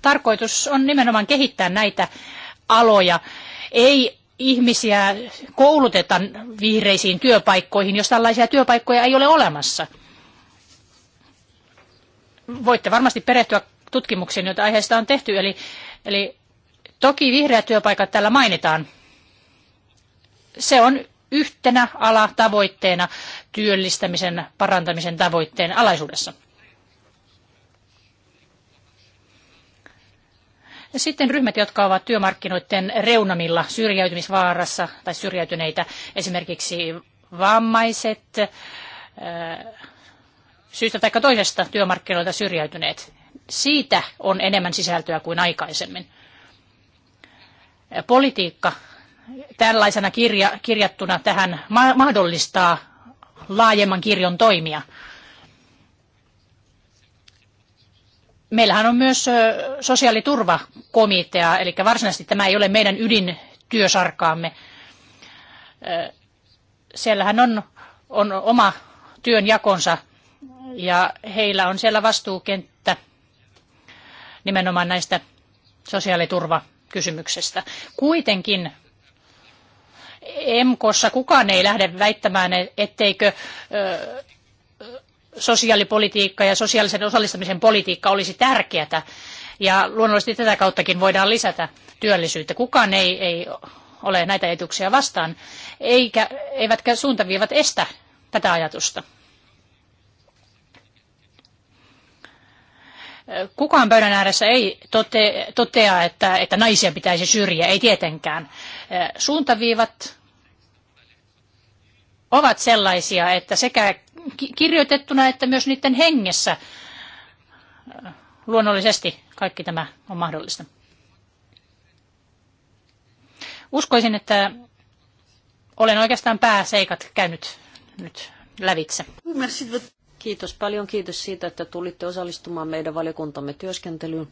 Tarkoitus on nimenomaan kehittää näitä aloja. Ei ihmisiä kouluteta vihreisiin työpaikkoihin, jos tällaisia työpaikkoja ei ole olemassa voitte varmasti perehtyä tutkimuksiin, joita aiheesta on tehty. Eli, eli toki vihreät työpaikat täällä mainitaan. Se on yhtenä ala tavoitteena työllistämisen parantamisen tavoitteen alaisuudessa. Sitten ryhmät, jotka ovat työmarkkinoiden reunamilla syrjäytymisvaarassa tai syrjäytyneitä, esimerkiksi vammaiset, syystä tai toisesta työmarkkinoilta syrjäytyneet. Siitä on enemmän sisältöä kuin aikaisemmin. Politiikka tällaisena kirja, kirjattuna tähän ma- mahdollistaa laajemman kirjon toimia. Meillähän on myös sosiaaliturvakomitea, eli varsinaisesti tämä ei ole meidän ydintyösarkaamme. Siellähän on, on oma työnjakonsa ja heillä on siellä vastuukenttä nimenomaan näistä sosiaaliturvakysymyksestä. Kuitenkin EMKossa kukaan ei lähde väittämään, etteikö sosiaalipolitiikka ja sosiaalisen osallistamisen politiikka olisi tärkeätä. Ja luonnollisesti tätä kauttakin voidaan lisätä työllisyyttä. Kukaan ei, ei ole näitä etuksia vastaan, eikä, eivätkä suuntaviivat estä tätä ajatusta. Kukaan pöydän ääressä ei tote, totea, että, että naisia pitäisi syrjiä, ei tietenkään. Suuntaviivat ovat sellaisia, että sekä kirjoitettuna että myös niiden hengessä luonnollisesti kaikki tämä on mahdollista. Uskoisin, että olen oikeastaan pääseikat käynyt nyt lävitse. Kiitos paljon. Kiitos siitä, että tulitte osallistumaan meidän valiokuntamme työskentelyyn.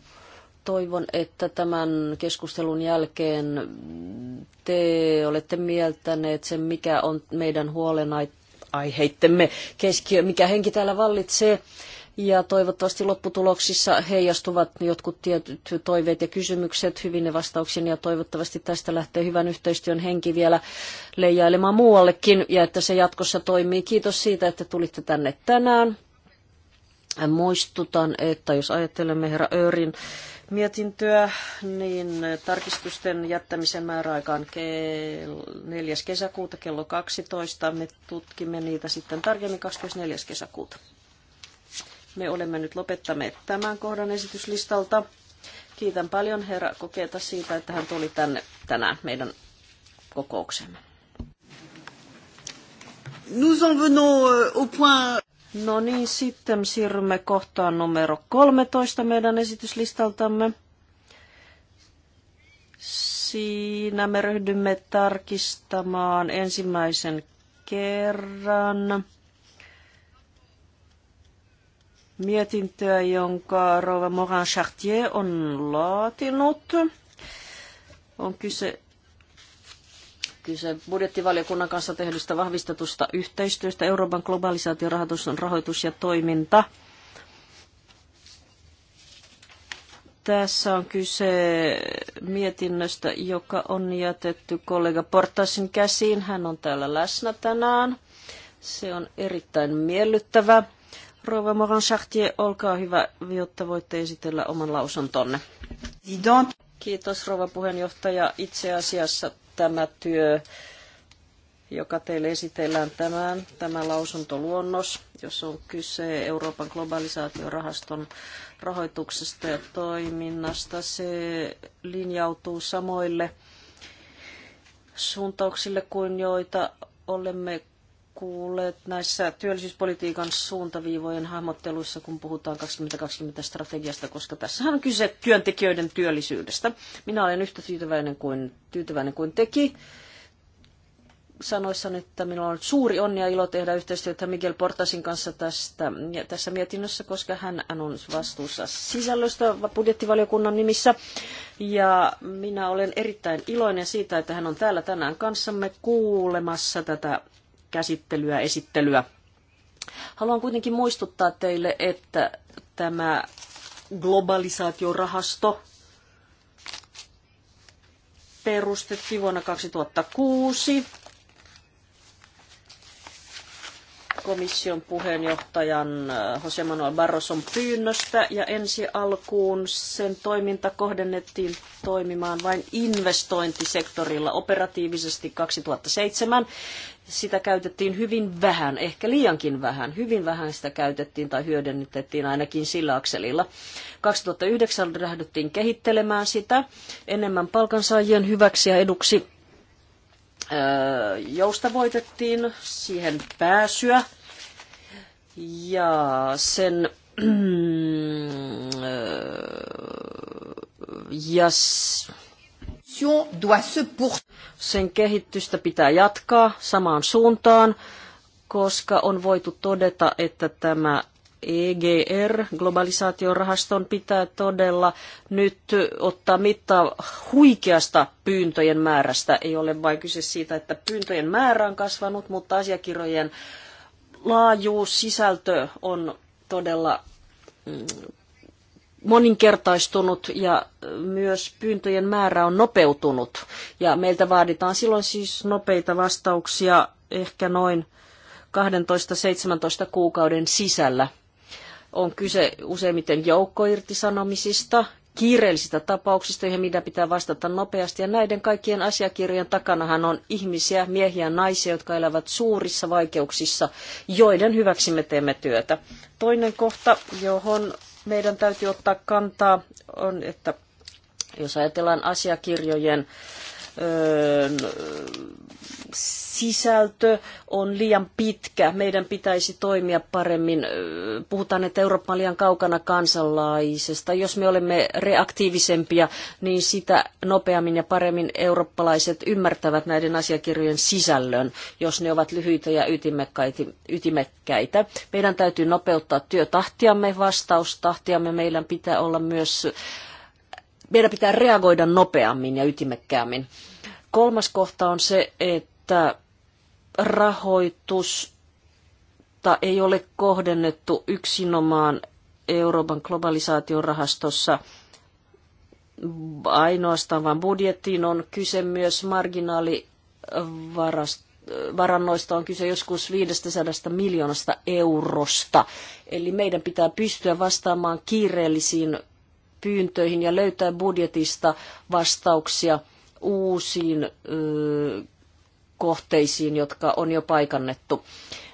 Toivon, että tämän keskustelun jälkeen te olette mieltäneet sen, mikä on meidän huolenaiheittemme keskiö, mikä henki täällä vallitsee ja toivottavasti lopputuloksissa heijastuvat jotkut tietyt toiveet ja kysymykset hyvin vastauksen ja toivottavasti tästä lähtee hyvän yhteistyön henki vielä leijailemaan muuallekin ja että se jatkossa toimii. Kiitos siitä, että tulitte tänne tänään. Muistutan, että jos ajattelemme herra Örin mietintöä, niin tarkistusten jättämisen määräaikaan 4. kesäkuuta kello 12. Me tutkimme niitä sitten tarkemmin 24. kesäkuuta. Me olemme nyt lopettaneet tämän kohdan esityslistalta. Kiitän paljon herra Kokeeta siitä, että hän tuli tänne tänään meidän kokouksemme. Nous en venons euh, au point... No niin, sitten siirrymme kohtaan numero 13 meidän esityslistaltamme. Siinä me ryhdymme tarkistamaan ensimmäisen kerran mietintöä, jonka Rova Moran Chartier on laatinut. On kyse, kyse budjettivaliokunnan kanssa tehdystä vahvistetusta yhteistyöstä Euroopan globalisaatiorahoituksen rahoitus ja toiminta. Tässä on kyse mietinnöstä, joka on jätetty kollega Portasin käsiin. Hän on täällä läsnä tänään. Se on erittäin miellyttävä Rouva Moran Chartier, olkaa hyvä, jotta voitte esitellä oman lausuntonne. Kiitos puheenjohtaja. Itse asiassa tämä työ, joka teille esitellään tämän, tämä lausuntoluonnos, jos on kyse Euroopan globalisaatiorahaston rahoituksesta ja toiminnasta, se linjautuu samoille suuntauksille kuin joita olemme kuulleet näissä työllisyyspolitiikan suuntaviivojen hahmotteluissa, kun puhutaan 2020 strategiasta, koska tässä on kyse työntekijöiden työllisyydestä. Minä olen yhtä tyytyväinen kuin, tyytyväinen kuin teki. Sanoissa, että minulla on suuri onnia ja ilo tehdä yhteistyötä Miguel Portasin kanssa tästä, ja tässä mietinnössä, koska hän on vastuussa sisällöstä budjettivaliokunnan nimissä. Ja minä olen erittäin iloinen siitä, että hän on täällä tänään kanssamme kuulemassa tätä käsittelyä, esittelyä. Haluan kuitenkin muistuttaa teille, että tämä globalisaatiorahasto perustettiin vuonna 2006 komission puheenjohtajan äh, Jose Manuel Barroson pyynnöstä ja ensi alkuun sen toiminta kohdennettiin toimimaan vain investointisektorilla operatiivisesti 2007. Sitä käytettiin hyvin vähän, ehkä liiankin vähän. Hyvin vähän sitä käytettiin tai hyödynnettiin ainakin sillä akselilla. 2009 lähdettiin kehittelemään sitä enemmän palkansaajien hyväksi ja eduksi öö, joustavoitettiin siihen pääsyä ja sen yes. Äh, sen kehitystä pitää jatkaa samaan suuntaan, koska on voitu todeta, että tämä EGR, globalisaatiorahaston, pitää todella nyt ottaa mittaa huikeasta pyyntöjen määrästä. Ei ole vain kyse siitä, että pyyntöjen määrä on kasvanut, mutta asiakirjojen äh, laajuus, sisältö on todella mm, moninkertaistunut ja mm, myös pyyntöjen määrä on nopeutunut. Ja meiltä vaaditaan silloin siis nopeita vastauksia ehkä noin 12-17 kuukauden sisällä. On kyse useimmiten joukkoirtisanomisista, kiireellisistä tapauksista, joihin meidän pitää vastata nopeasti. Ja näiden kaikkien asiakirjojen takanahan on ihmisiä, miehiä ja naisia, jotka elävät suurissa vaikeuksissa, joiden hyväksi me teemme työtä. Toinen kohta, johon meidän täytyy ottaa kantaa, on, että jos ajatellaan asiakirjojen äh, Öö, sisältö on liian pitkä. Meidän pitäisi toimia paremmin. Öö, puhutaan, että Eurooppa on liian kaukana kansalaisesta. Jos me olemme reaktiivisempia, niin sitä nopeammin ja paremmin eurooppalaiset ymmärtävät näiden asiakirjojen sisällön, jos ne ovat lyhyitä ja ytimekkäitä. Meidän täytyy nopeuttaa työtahtiamme, vastaustahtiamme. Meillä pitää olla myös meidän pitää reagoida nopeammin ja ytimekkäämmin. Kolmas kohta on se, että rahoitusta ei ole kohdennettu yksinomaan Euroopan globalisaation rahastossa ainoastaan, vaan budjettiin on kyse myös varannoista on kyse joskus 500 miljoonasta eurosta. Eli meidän pitää pystyä vastaamaan kiireellisiin pyyntöihin ja löytää budjetista vastauksia uusiin ö, kohteisiin, jotka on jo paikannettu.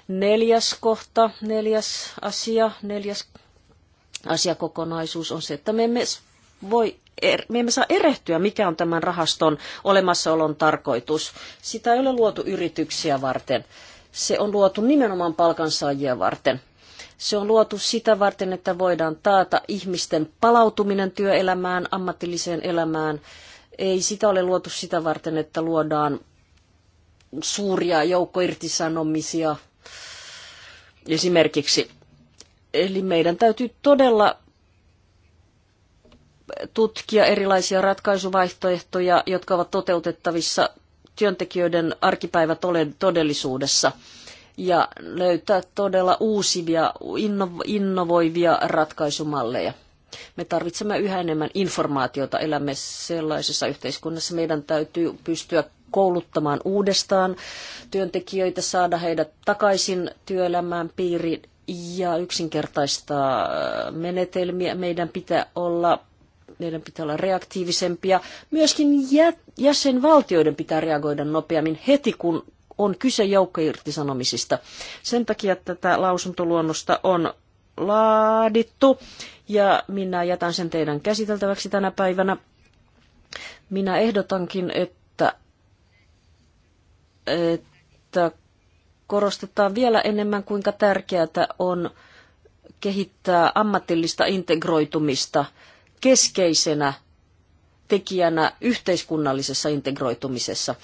Neljäs kohta, neljäs asia, neljäs asiakokonaisuus on se, että me emme voi er-, me emme saa erehtyä, mikä on tämän rahaston olemassaolon tarkoitus. Sitä ei ole luotu yrityksiä varten. Se on luotu nimenomaan palkansaajia varten. Se on luotu sitä varten, että voidaan taata ihmisten palautuminen työelämään, ammatilliseen elämään. Ei sitä ole luotu sitä varten, että luodaan suuria joukkoirtisanomisia esimerkiksi. Eli meidän täytyy todella tutkia erilaisia ratkaisuvaihtoehtoja, jotka ovat toteutettavissa työntekijöiden arkipäivä todellisuudessa ja löytää todella uusivia, innovoivia ratkaisumalleja. Me tarvitsemme yhä enemmän informaatiota. Elämme sellaisessa yhteiskunnassa. Meidän täytyy pystyä kouluttamaan uudestaan työntekijöitä, saada heidät takaisin työelämään piiriin ja yksinkertaistaa menetelmiä. Meidän pitää olla meidän pitää olla reaktiivisempia. Myöskin jäsenvaltioiden pitää reagoida nopeammin heti, kun on kyse joukkoirtisanomisista. Sen takia tätä lausuntoluonnosta on laadittu ja minä jätän sen teidän käsiteltäväksi tänä päivänä. Minä ehdotankin, että, että korostetaan vielä enemmän, kuinka tärkeää on kehittää ammatillista integroitumista keskeisenä tekijänä yhteiskunnallisessa integroitumisessa.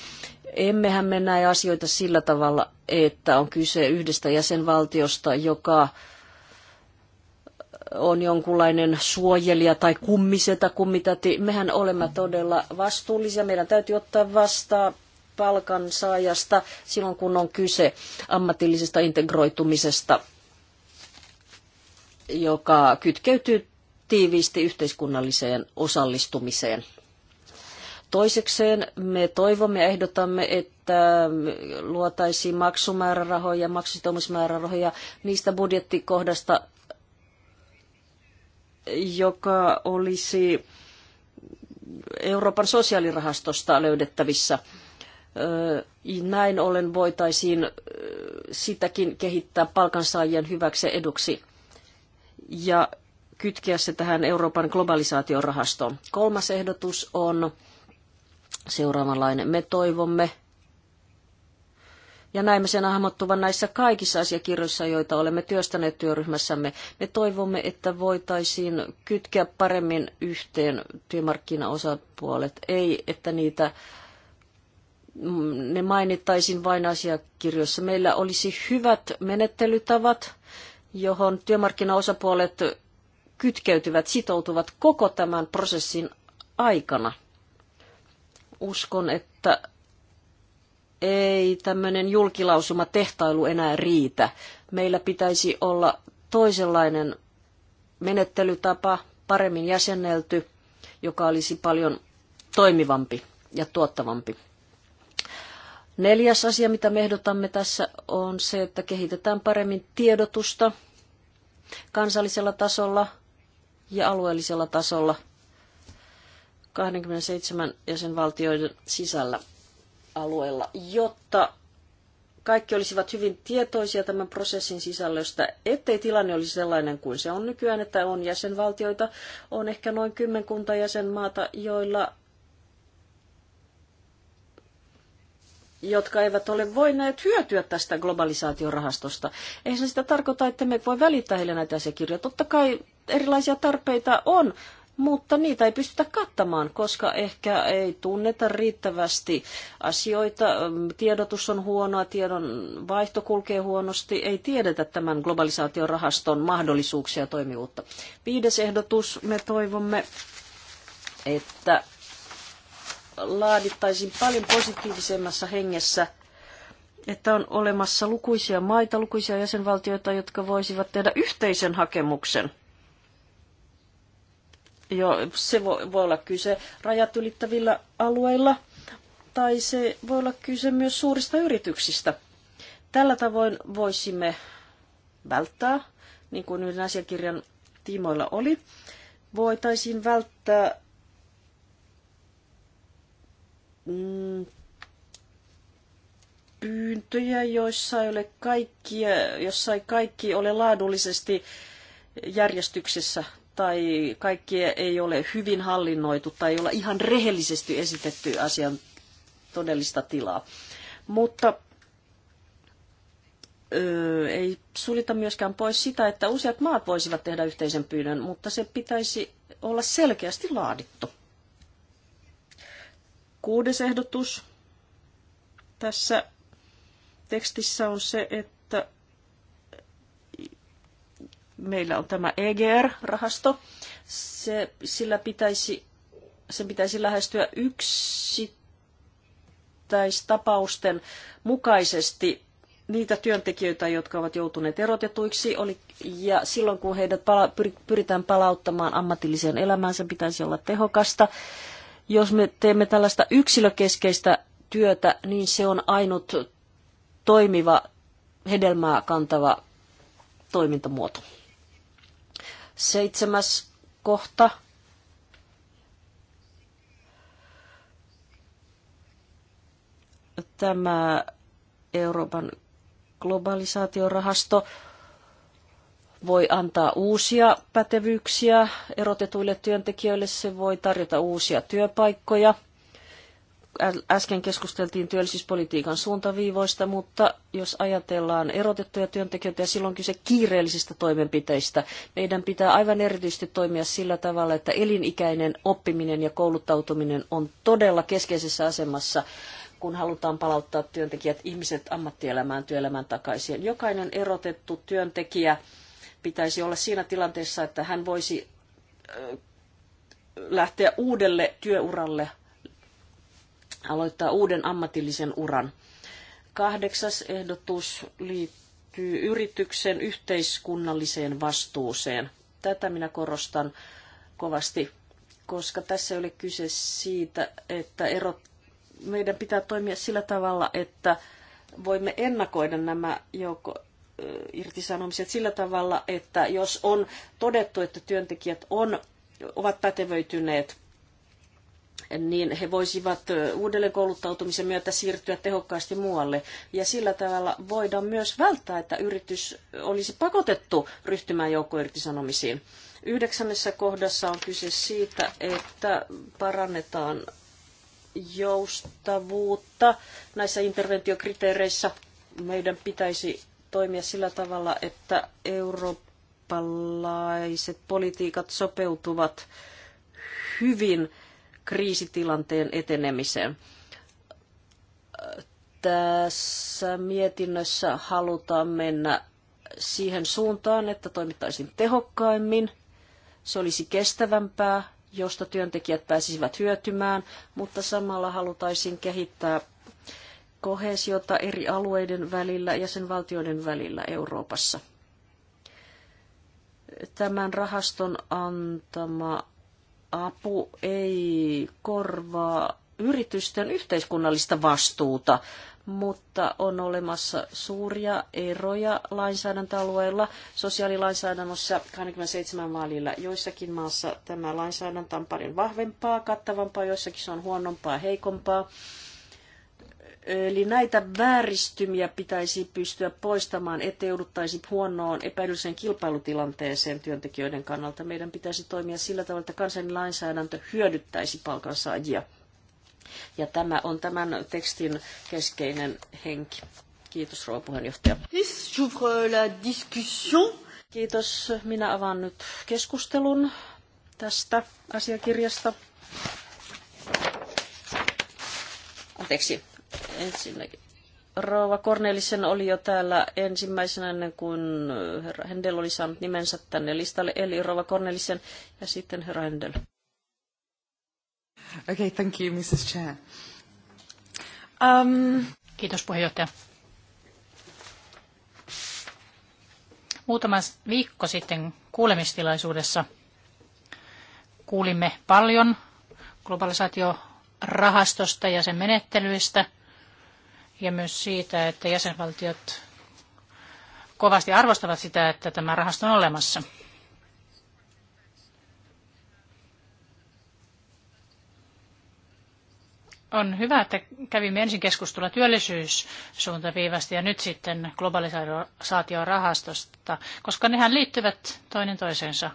Emmehän me näe asioita sillä tavalla, että on kyse yhdestä jäsenvaltiosta, joka on jonkunlainen suojelija tai kummiseta kummitati. Mehän olemme todella vastuullisia. Meidän täytyy ottaa vastaan palkansaajasta silloin, kun on kyse ammatillisesta integroitumisesta, joka kytkeytyy tiiviisti yhteiskunnalliseen osallistumiseen. Toisekseen me toivomme ja ehdotamme, että luotaisiin maksumäärärahoja, maksusitoumusmäärärahoja niistä budjettikohdasta, joka olisi Euroopan sosiaalirahastosta löydettävissä. Näin ollen voitaisiin sitäkin kehittää palkansaajien hyväksi eduksi ja kytkeä se tähän Euroopan globalisaatiorahastoon. Kolmas ehdotus on seuraavanlainen. Me toivomme ja näemme sen hahmottuvan näissä kaikissa asiakirjoissa, joita olemme työstäneet työryhmässämme. Me toivomme, että voitaisiin kytkeä paremmin yhteen työmarkkinaosapuolet, ei että niitä ne mainittaisiin vain asiakirjoissa. Meillä olisi hyvät menettelytavat, johon työmarkkinaosapuolet kytkeytyvät, sitoutuvat koko tämän prosessin aikana – uskon, että ei tämmöinen julkilausuma tehtailu enää riitä. Meillä pitäisi olla toisenlainen menettelytapa, paremmin jäsennelty, joka olisi paljon toimivampi ja tuottavampi. Neljäs asia, mitä me ehdotamme tässä, on se, että kehitetään paremmin tiedotusta kansallisella tasolla ja alueellisella tasolla – 27 jäsenvaltioiden sisällä alueella, jotta kaikki olisivat hyvin tietoisia tämän prosessin sisällöstä, ettei tilanne olisi sellainen kuin se on nykyään, että on jäsenvaltioita, on ehkä noin kymmenkunta jäsenmaata, joilla jotka eivät ole voineet hyötyä tästä globalisaatiorahastosta. Eihän se sitä tarkoita, että me voi välittää heille näitä asiakirjoja. Totta kai erilaisia tarpeita on, mutta niitä ei pystytä kattamaan, koska ehkä ei tunneta riittävästi asioita. Tiedotus on huonoa, tiedon vaihto kulkee huonosti, ei tiedetä tämän globalisaatiorahaston mahdollisuuksia ja toimivuutta. Viides ehdotus, me toivomme, että laadittaisiin paljon positiivisemmassa hengessä että on olemassa lukuisia maita, lukuisia jäsenvaltioita, jotka voisivat tehdä yhteisen hakemuksen Joo, se voi, voi olla kyse rajat ylittävillä alueilla tai se voi olla kyse myös suurista yrityksistä. Tällä tavoin voisimme välttää, niin kuin yhden asiakirjan tiimoilla oli, voitaisiin välttää mm, pyyntöjä, joissa ei ole kaikki, jossa ei kaikki ole laadullisesti järjestyksessä tai kaikki ei ole hyvin hallinnoitu tai ei ole ihan rehellisesti esitetty asian todellista tilaa. Mutta öö, ei sulita myöskään pois sitä, että useat maat voisivat tehdä yhteisen pyynnön, mutta se pitäisi olla selkeästi laadittu. Kuudes ehdotus tässä tekstissä on se, että meillä on tämä EGR-rahasto. Se, sillä pitäisi, sen pitäisi lähestyä yksittäistapausten mukaisesti niitä työntekijöitä, jotka ovat joutuneet erotetuiksi, oli, ja silloin kun heidät pala- pyritään palauttamaan ammatilliseen elämään, sen pitäisi olla tehokasta. Jos me teemme tällaista yksilökeskeistä työtä, niin se on ainut toimiva, hedelmää kantava toimintamuoto. Seitsemäs kohta. Tämä Euroopan globalisaatiorahasto voi antaa uusia pätevyyksiä erotetuille työntekijöille, se voi tarjota uusia työpaikkoja – äsken keskusteltiin työllisyyspolitiikan suuntaviivoista, mutta jos ajatellaan erotettuja työntekijöitä ja silloin kyse kiireellisistä toimenpiteistä, meidän pitää aivan erityisesti toimia sillä tavalla, että elinikäinen oppiminen ja kouluttautuminen on todella keskeisessä asemassa kun halutaan palauttaa työntekijät, ihmiset ammattielämään, työelämään takaisin. Jokainen erotettu työntekijä pitäisi olla siinä tilanteessa, että hän voisi lähteä uudelle työuralle aloittaa uuden ammatillisen uran. Kahdeksas ehdotus liittyy yrityksen yhteiskunnalliseen vastuuseen. Tätä minä korostan kovasti, koska tässä ei ole kyse siitä, että erot, meidän pitää toimia sillä tavalla, että voimme ennakoida nämä joukko irtisanomiset sillä tavalla, että jos on todettu, että työntekijät on, ovat pätevöityneet niin he voisivat uudelleen kouluttautumisen myötä siirtyä tehokkaasti muualle. Ja sillä tavalla voidaan myös välttää, että yritys olisi pakotettu ryhtymään joukkoirtisanomisiin. Yhdeksännessä kohdassa on kyse siitä, että parannetaan joustavuutta näissä interventiokriteereissä. Meidän pitäisi toimia sillä tavalla, että eurooppalaiset politiikat sopeutuvat hyvin kriisitilanteen etenemiseen. Tässä mietinnössä halutaan mennä siihen suuntaan, että toimittaisiin tehokkaimmin, se olisi kestävämpää, josta työntekijät pääsisivät hyötymään, mutta samalla halutaisiin kehittää kohesiota eri alueiden välillä ja sen valtioiden välillä Euroopassa. Tämän rahaston antama apu ei korvaa yritysten yhteiskunnallista vastuuta, mutta on olemassa suuria eroja lainsäädäntöalueilla sosiaalilainsäädännössä 27 maalilla. Joissakin maassa tämä lainsäädäntö on paljon vahvempaa, kattavampaa, joissakin se on huonompaa, heikompaa. Eli näitä vääristymiä pitäisi pystyä poistamaan, ettei jouduttaisi huonoon epäilyseen kilpailutilanteeseen työntekijöiden kannalta. Meidän pitäisi toimia sillä tavalla, että kansallinen lainsäädäntö hyödyttäisi palkansaajia. Ja tämä on tämän tekstin keskeinen henki. Kiitos, rouva puheenjohtaja. Kiitos. Minä avaan nyt keskustelun tästä asiakirjasta. Anteeksi, Ensinnäkin Rouva Cornelissen oli jo täällä ensimmäisenä ennen kuin herra Hendel oli saanut nimensä tänne listalle, eli Rouva Cornelissen ja sitten herra Hendel. Okay, thank you, Mrs. Chair. Um... Kiitos puheenjohtaja. Muutama viikko sitten kuulemistilaisuudessa kuulimme paljon globalisaatiorahastosta ja sen menettelyistä – ja myös siitä, että jäsenvaltiot kovasti arvostavat sitä, että tämä rahasto on olemassa. On hyvä, että kävimme ensin keskustella työllisyyssuuntaviivasta ja nyt sitten globalisaatiorahastosta, koska nehän liittyvät toinen toiseensa.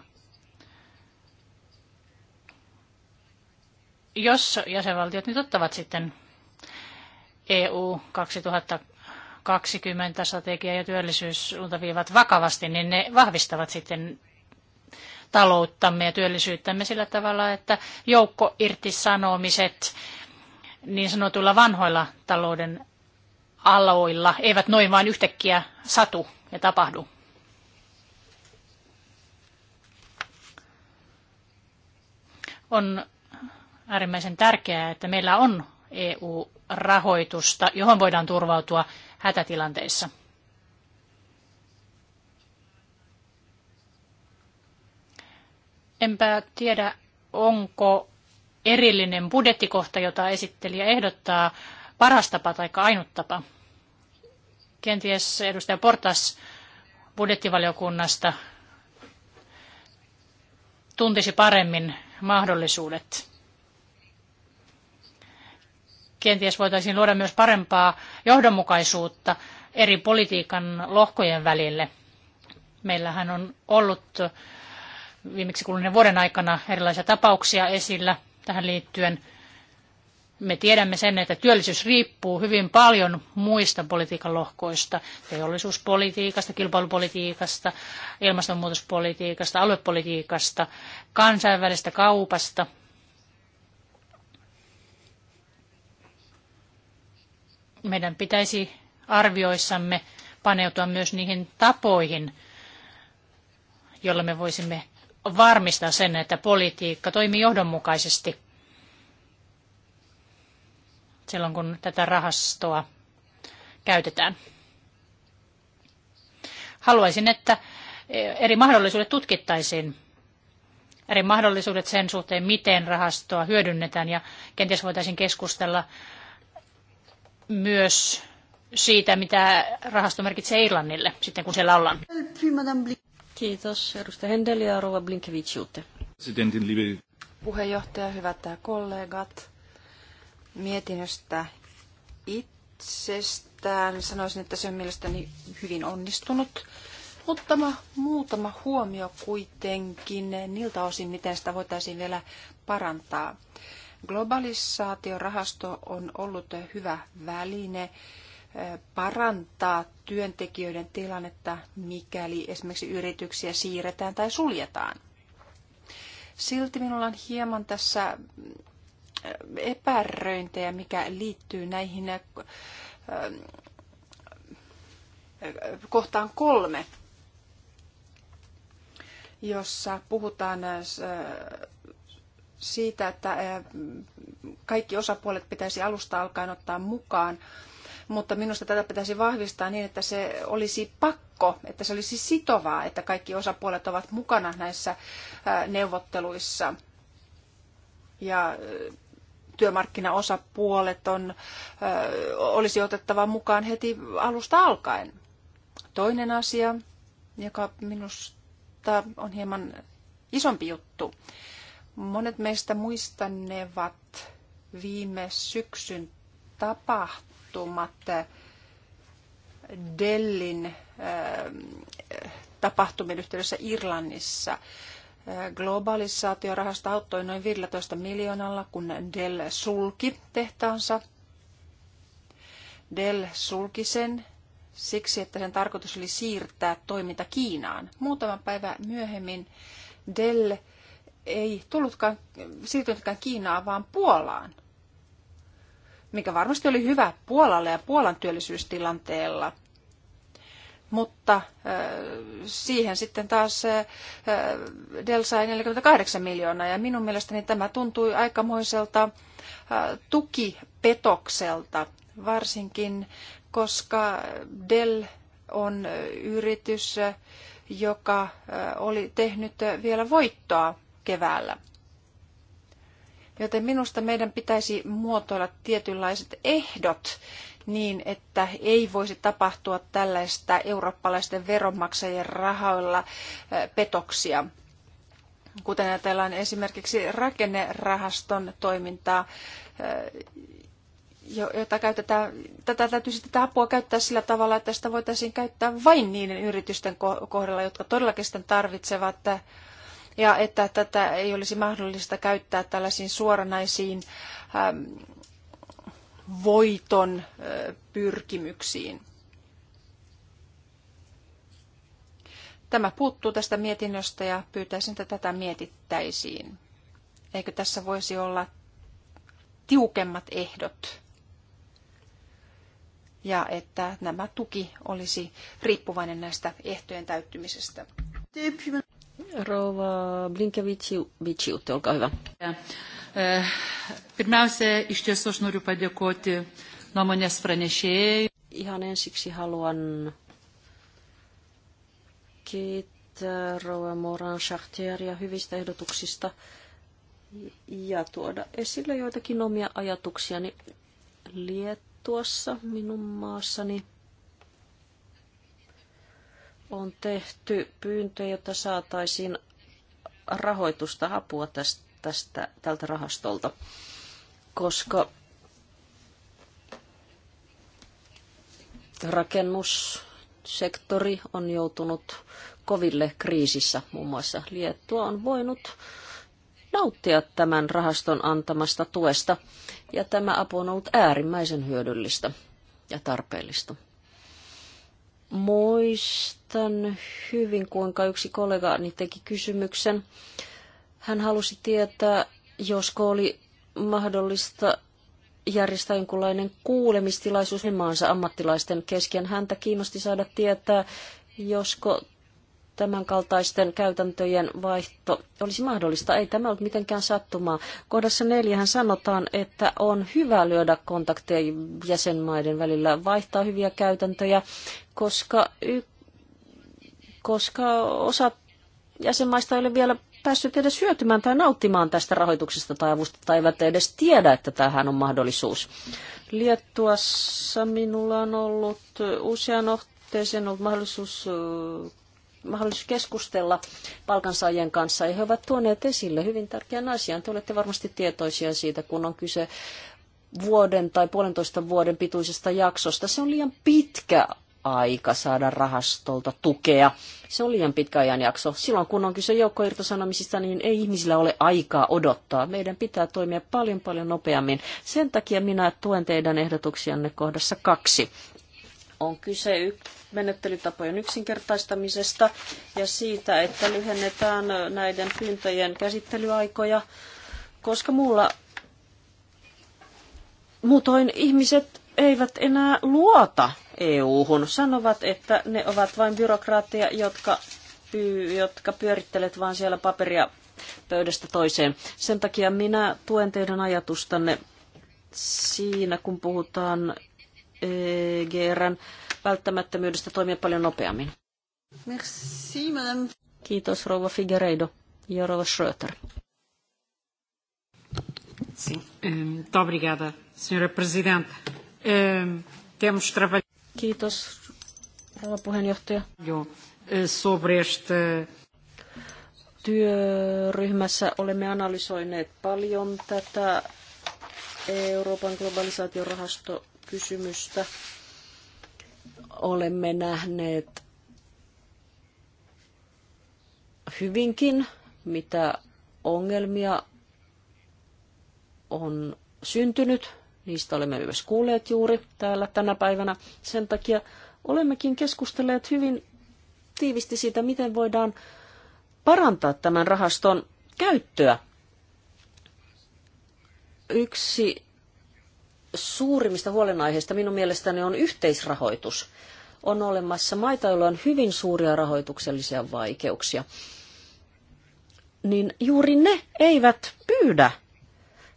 Jos jäsenvaltiot nyt ottavat sitten EU 2020 strategia ja työllisyyssuuntaviivat vakavasti, niin ne vahvistavat sitten talouttamme ja työllisyyttämme sillä tavalla, että joukko irtisanomiset niin sanotuilla vanhoilla talouden aloilla eivät noin vain yhtäkkiä satu ja tapahdu. On äärimmäisen tärkeää, että meillä on EU rahoitusta, johon voidaan turvautua hätätilanteissa. Enpä tiedä, onko erillinen budjettikohta, jota esittelijä ehdottaa, paras tapa tai ainut tapa. Kenties edustaja Portas budjettivaliokunnasta tuntisi paremmin mahdollisuudet kenties voitaisiin luoda myös parempaa johdonmukaisuutta eri politiikan lohkojen välille. Meillähän on ollut viimeksi kuluneen vuoden aikana erilaisia tapauksia esillä tähän liittyen. Me tiedämme sen, että työllisyys riippuu hyvin paljon muista politiikan lohkoista, teollisuuspolitiikasta, kilpailupolitiikasta, ilmastonmuutospolitiikasta, aluepolitiikasta, kansainvälistä kaupasta – meidän pitäisi arvioissamme paneutua myös niihin tapoihin, joilla me voisimme varmistaa sen, että politiikka toimii johdonmukaisesti silloin, kun tätä rahastoa käytetään. Haluaisin, että eri mahdollisuudet tutkittaisiin eri mahdollisuudet sen suhteen, miten rahastoa hyödynnetään ja kenties voitaisiin keskustella myös siitä, mitä rahasto merkitsee Irlannille, sitten kun siellä ollaan. Kiitos. Edustaja Hendel ja Rova Puheenjohtaja, hyvät kollegat. Mietinnöstä itsestään sanoisin, että se on mielestäni hyvin onnistunut. Mutta muutama huomio kuitenkin niiltä osin, miten sitä voitaisiin vielä parantaa. Globalisaatiorahasto on ollut hyvä väline eh, parantaa työntekijöiden tilannetta, mikäli esimerkiksi yrityksiä siirretään tai suljetaan. Silti minulla on hieman tässä eh, epäröintejä, mikä liittyy näihin eh, kohtaan kolme, jossa puhutaan siitä, että eh, kaikki osapuolet pitäisi alusta alkaen ottaa mukaan, mutta minusta tätä pitäisi vahvistaa niin, että se olisi pakko, että se olisi sitovaa, että kaikki osapuolet ovat mukana näissä eh, neuvotteluissa. Ja eh, työmarkkinaosapuolet on, olisi otettava mukaan heti alusta alkaen. Toinen asia, joka minusta on hieman isompi juttu, Monet meistä muistanevat viime syksyn tapahtumat Dellin äh, tapahtumien yhteydessä Irlannissa. Äh, globalisaatiorahasto auttoi noin 15 miljoonalla, kun Dell sulki tehtaansa. Dell sulki sen siksi, että sen tarkoitus oli siirtää toiminta Kiinaan. Muutama päivä myöhemmin Dell ei tullutkaan, siirtynytkään Kiinaan, vaan Puolaan, mikä varmasti oli hyvä Puolalle ja Puolan työllisyystilanteella. Mutta siihen sitten taas Del sai 48 miljoonaa ja minun mielestäni tämä tuntui aikamoiselta tukipetokselta, varsinkin koska Dell on yritys, joka oli tehnyt vielä voittoa keväällä. Joten minusta meidän pitäisi muotoilla tietynlaiset ehdot niin, että ei voisi tapahtua tällaista eurooppalaisten veronmaksajien rahoilla petoksia. Kuten ajatellaan esimerkiksi rakennerahaston toimintaa, jota käytetään, tätä täytyisi tätä apua käyttää sillä tavalla, että sitä voitaisiin käyttää vain niiden yritysten kohdalla, jotka todellakin sitten tarvitsevat ja että tätä ei olisi mahdollista käyttää tällaisiin suoranaisiin ähm, voiton äh, pyrkimyksiin. Tämä puuttuu tästä mietinnöstä ja pyytäisin, että tätä mietittäisiin. Eikö tässä voisi olla tiukemmat ehdot? Ja että nämä tuki olisi riippuvainen näistä ehtojen täyttymisestä. Rouva Blinkevičiūtė, olkaa hyvä. E, e, pirmiausia, iš tiesų aš noriu padėkoti nuomonės pranešėjai. Ihan ensiksi haluan kiittää Rouva Moran Schachteria hyvistä ehdotuksista ja tuoda esille joitakin omia ajatuksiani Liettuassa minun maassani on tehty pyyntö, jotta saataisiin rahoitusta, apua tästä, tästä, tältä rahastolta, koska rakennussektori on joutunut koville kriisissä. Muun muassa Liettua on voinut nauttia tämän rahaston antamasta tuesta, ja tämä apu on ollut äärimmäisen hyödyllistä ja tarpeellista. Muistan hyvin, kuinka yksi kollegaani teki kysymyksen. Hän halusi tietää, josko oli mahdollista järjestää jonkunlainen kuulemistilaisuus maansa ammattilaisten kesken. Häntä kiinnosti saada tietää, josko tämänkaltaisten käytäntöjen vaihto olisi mahdollista. Ei tämä ollut mitenkään sattumaa. Kohdassa neljähän sanotaan, että on hyvä lyödä kontakteja jäsenmaiden välillä, vaihtaa hyviä käytäntöjä, koska, y- koska osa jäsenmaista ei ole vielä päässyt edes hyötymään tai nauttimaan tästä rahoituksesta tai avusta, tai eivät edes tiedä, että tähän on mahdollisuus. Liettuassa minulla on ollut usean otteeseen ollut mahdollisuus mahdollisuus keskustella palkansaajien kanssa. Ja he ovat tuoneet esille hyvin tärkeän asian. Te olette varmasti tietoisia siitä, kun on kyse vuoden tai puolentoista vuoden pituisesta jaksosta. Se on liian pitkä aika saada rahastolta tukea. Se on liian pitkä ajanjakso. Silloin kun on kyse joukkoirtosanomisista, niin ei ihmisillä ole aikaa odottaa. Meidän pitää toimia paljon paljon nopeammin. Sen takia minä tuen teidän ehdotuksianne kohdassa kaksi. On kyse menettelytapojen yksinkertaistamisesta ja siitä, että lyhennetään näiden pyyntöjen käsittelyaikoja, koska muulla muutoin ihmiset eivät enää luota EU-hun. Sanovat, että ne ovat vain byrokraatteja, jotka, pyy, jotka pyörittelet vain siellä paperia pöydästä toiseen. Sen takia minä tuen teidän ajatustanne siinä, kun puhutaan e GRn välttämättömyydestä toimia paljon nopeammin. Merci, madame. Kiitos rouva Figueiredo ja rouva Schröter. Eh, eh, Kiitos, rouva puheenjohtaja. Eh, työryhmässä olemme analysoineet paljon tätä Euroopan globalisaatiorahastokysymystä. kysymystä olemme nähneet hyvinkin, mitä ongelmia on syntynyt. Niistä olemme myös kuulleet juuri täällä tänä päivänä. Sen takia olemmekin keskustelleet hyvin tiivisti siitä, miten voidaan parantaa tämän rahaston käyttöä. Yksi suurimmista huolenaiheista minun mielestäni on yhteisrahoitus. On olemassa maita, joilla on hyvin suuria rahoituksellisia vaikeuksia. Niin juuri ne eivät pyydä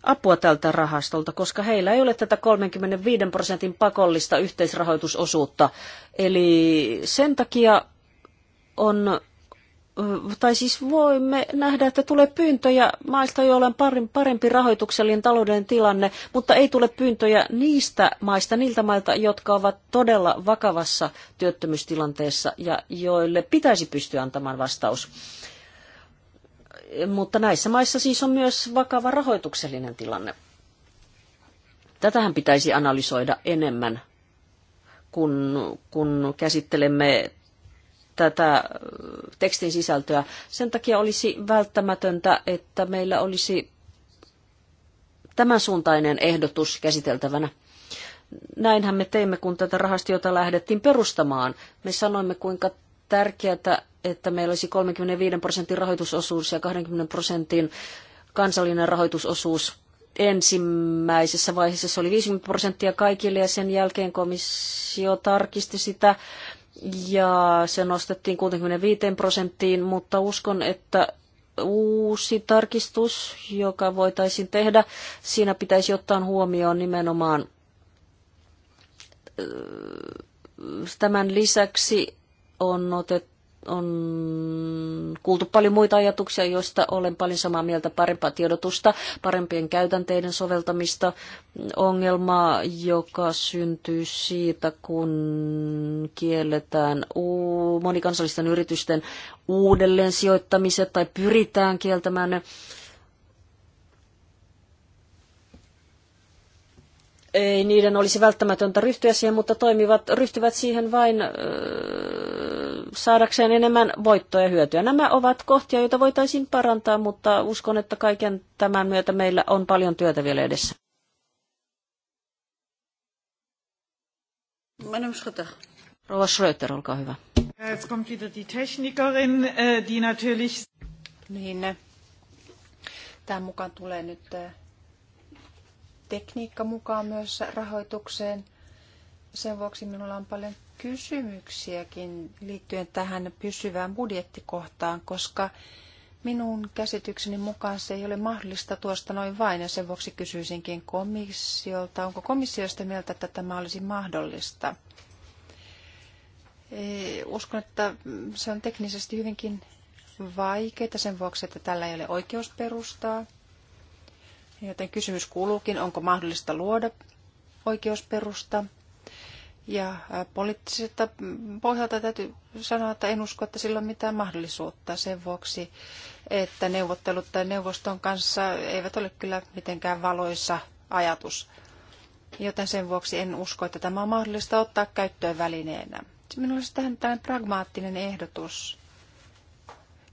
apua tältä rahastolta, koska heillä ei ole tätä 35 prosentin pakollista yhteisrahoitusosuutta. Eli sen takia on tai siis voimme nähdä, että tulee pyyntöjä maista, joilla on parempi rahoituksellinen taloudellinen tilanne, mutta ei tule pyyntöjä niistä maista, niiltä mailta, jotka ovat todella vakavassa työttömyystilanteessa ja joille pitäisi pystyä antamaan vastaus. Mutta näissä maissa siis on myös vakava rahoituksellinen tilanne. Tätähän pitäisi analysoida enemmän, kun, kun käsittelemme tätä tekstin sisältöä. Sen takia olisi välttämätöntä, että meillä olisi tämän suuntainen ehdotus käsiteltävänä. Näinhän me teimme, kun tätä rahastiota lähdettiin perustamaan. Me sanoimme, kuinka tärkeää, että meillä olisi 35 prosentin rahoitusosuus ja 20 prosentin kansallinen rahoitusosuus. Ensimmäisessä vaiheessa se oli 50 prosenttia kaikille ja sen jälkeen komissio tarkisti sitä ja se nostettiin 65 prosenttiin, mutta uskon, että uusi tarkistus, joka voitaisiin tehdä, siinä pitäisi ottaa huomioon nimenomaan tämän lisäksi on otettu on kuultu paljon muita ajatuksia, joista olen paljon samaa mieltä, parempaa tiedotusta, parempien käytänteiden soveltamista, ongelmaa, joka syntyy siitä, kun kielletään monikansallisten yritysten uudelleen sijoittamiset tai pyritään kieltämään ne. Ei niiden olisi välttämätöntä ryhtyä siihen, mutta toimivat, ryhtyvät siihen vain saadakseen enemmän voittoja ja hyötyä. Nämä ovat kohtia, joita voitaisiin parantaa, mutta uskon, että kaiken tämän myötä meillä on paljon työtä vielä edessä. Madame Schröter. Rouva Schröter, olkaa hyvä. Äh, niin, tämän mukaan tulee nyt äh, tekniikka mukaan myös rahoitukseen. Sen vuoksi minulla on paljon kysymyksiäkin liittyen tähän pysyvään budjettikohtaan, koska minun käsitykseni mukaan se ei ole mahdollista tuosta noin vain, ja sen vuoksi kysyisinkin komissiolta, onko komissiosta mieltä, että tämä olisi mahdollista. E, uskon, että se on teknisesti hyvinkin vaikeaa sen vuoksi, että tällä ei ole oikeusperustaa. Joten kysymys kuuluukin, onko mahdollista luoda oikeusperusta ja poliittiselta pohjalta täytyy sanoa, että en usko, että sillä on mitään mahdollisuutta sen vuoksi, että neuvottelut tai neuvoston kanssa eivät ole kyllä mitenkään valoisa ajatus. Joten sen vuoksi en usko, että tämä on mahdollista ottaa käyttöön välineenä. Minulla olisi tähän tällainen pragmaattinen ehdotus.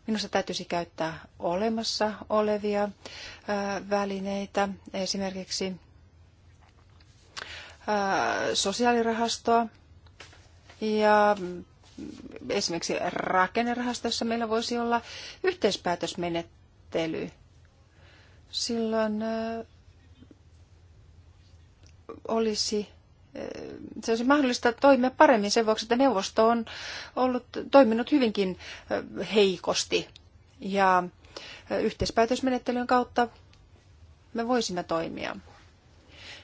Minusta täytyisi käyttää olemassa olevia välineitä, esimerkiksi sosiaalirahastoa. Ja esimerkiksi rakennerahastossa meillä voisi olla yhteispäätösmenettely. Silloin olisi se olisi mahdollista toimia paremmin sen vuoksi, että neuvosto on ollut, toiminut hyvinkin heikosti. Ja yhteispäätösmenettelyn kautta me voisimme toimia.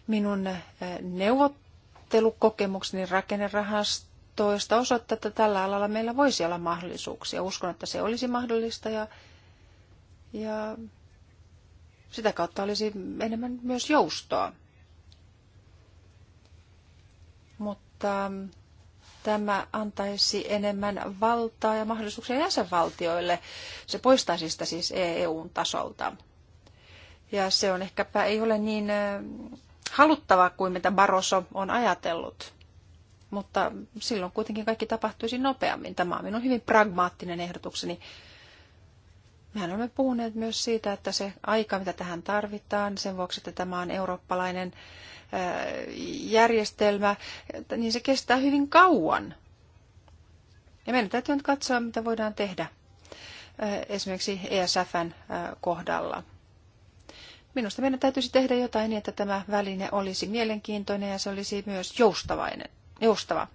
Minun äh, neuvottelukokemukseni rakennerahastoista osoittaa, että tällä alalla meillä voisi olla mahdollisuuksia. Uskon, että se olisi mahdollista ja, ja sitä kautta olisi enemmän myös joustoa. Mutta ähm, tämä antaisi enemmän valtaa ja mahdollisuuksia jäsenvaltioille. Se poistaisi sitä siis EUn tasolta. Ja se on ehkäpä ei ole niin äh, haluttava kuin mitä Barroso on ajatellut. Mutta silloin kuitenkin kaikki tapahtuisi nopeammin. Tämä on minun hyvin pragmaattinen ehdotukseni. Mehän olemme puhuneet myös siitä, että se aika, mitä tähän tarvitaan, sen vuoksi, että tämä on eurooppalainen äh, järjestelmä, niin se kestää hyvin kauan. Ja meidän täytyy nyt katsoa, mitä voidaan tehdä äh, esimerkiksi ESFn äh, kohdalla. Minusta meidän täytyisi tehdä jotain niin, että tämä väline olisi mielenkiintoinen ja se olisi myös joustavainen, joustava.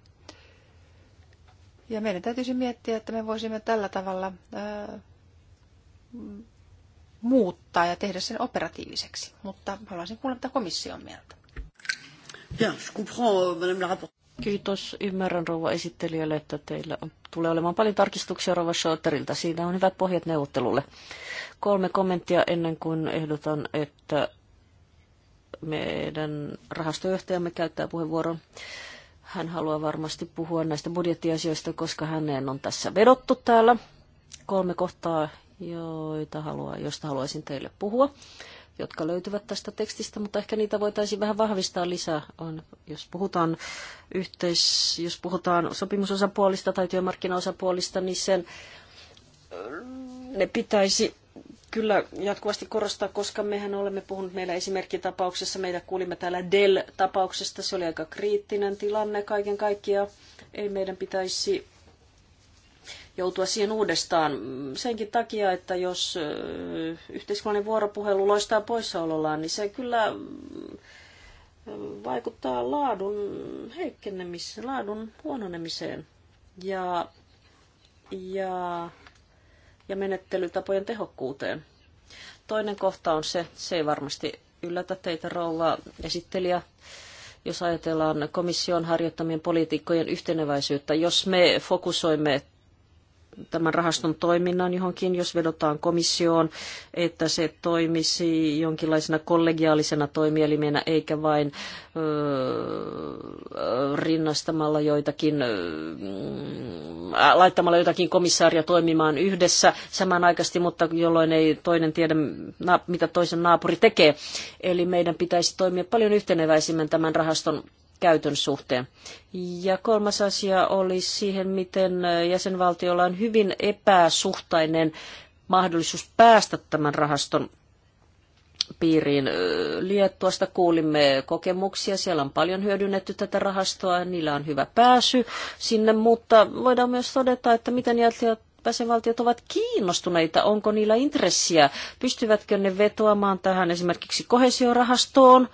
Ja meidän täytyisi miettiä, että me voisimme tällä tavalla ää, muuttaa ja tehdä sen operatiiviseksi. Mutta haluaisin kuulla, mitä komissio mieltä. Bien, je comprends, euh, madame la Kiitos. Ymmärrän rouva esittelijälle, että teillä on, tulee olemaan paljon tarkistuksia rouva Schotterilta. Siinä on hyvät pohjat neuvottelulle. Kolme kommenttia ennen kuin ehdotan, että meidän rahastojohtajamme käyttää puheenvuoron. Hän haluaa varmasti puhua näistä budjettiasioista, koska häneen on tässä vedottu täällä. Kolme kohtaa, joita haluaa, josta haluaisin teille puhua jotka löytyvät tästä tekstistä, mutta ehkä niitä voitaisiin vähän vahvistaa lisää. On, jos, puhutaan yhteis, jos puhutaan sopimusosapuolista tai työmarkkinaosapuolista, niin sen, ne pitäisi kyllä jatkuvasti korostaa, koska mehän olemme puhuneet meillä esimerkkitapauksessa, meitä kuulimme täällä Dell-tapauksesta, se oli aika kriittinen tilanne kaiken kaikkiaan. Ei meidän pitäisi joutua siihen uudestaan senkin takia, että jos yhteiskunnallinen vuoropuhelu loistaa poissaolollaan, niin se kyllä vaikuttaa laadun heikkenemiseen, laadun huononemiseen ja, ja, ja menettelytapojen tehokkuuteen. Toinen kohta on se, se ei varmasti yllätä teitä rouva esittelijä, jos ajatellaan komission harjoittamien poliitikkojen yhteneväisyyttä. Jos me fokusoimme tämän rahaston toiminnan johonkin, jos vedotaan komissioon, että se toimisi jonkinlaisena kollegiaalisena toimielimenä, eikä vain rinnastamalla joitakin, mm, laittamalla jotakin komissaaria toimimaan yhdessä samanaikaisesti, mutta jolloin ei toinen tiedä, mitä toisen naapuri tekee. Eli meidän pitäisi toimia paljon yhteneväisimmän tämän rahaston käytön suhteen. Ja kolmas asia oli siihen, miten jäsenvaltiolla on hyvin epäsuhtainen mahdollisuus päästä tämän rahaston piiriin. Liettuasta kuulimme kokemuksia, siellä on paljon hyödynnetty tätä rahastoa, niillä on hyvä pääsy sinne, mutta voidaan myös todeta, että miten jäsenvaltiot jäsenvaltiot ovat kiinnostuneita, onko niillä intressiä, pystyvätkö ne vetoamaan tähän esimerkiksi kohesiorahastoon,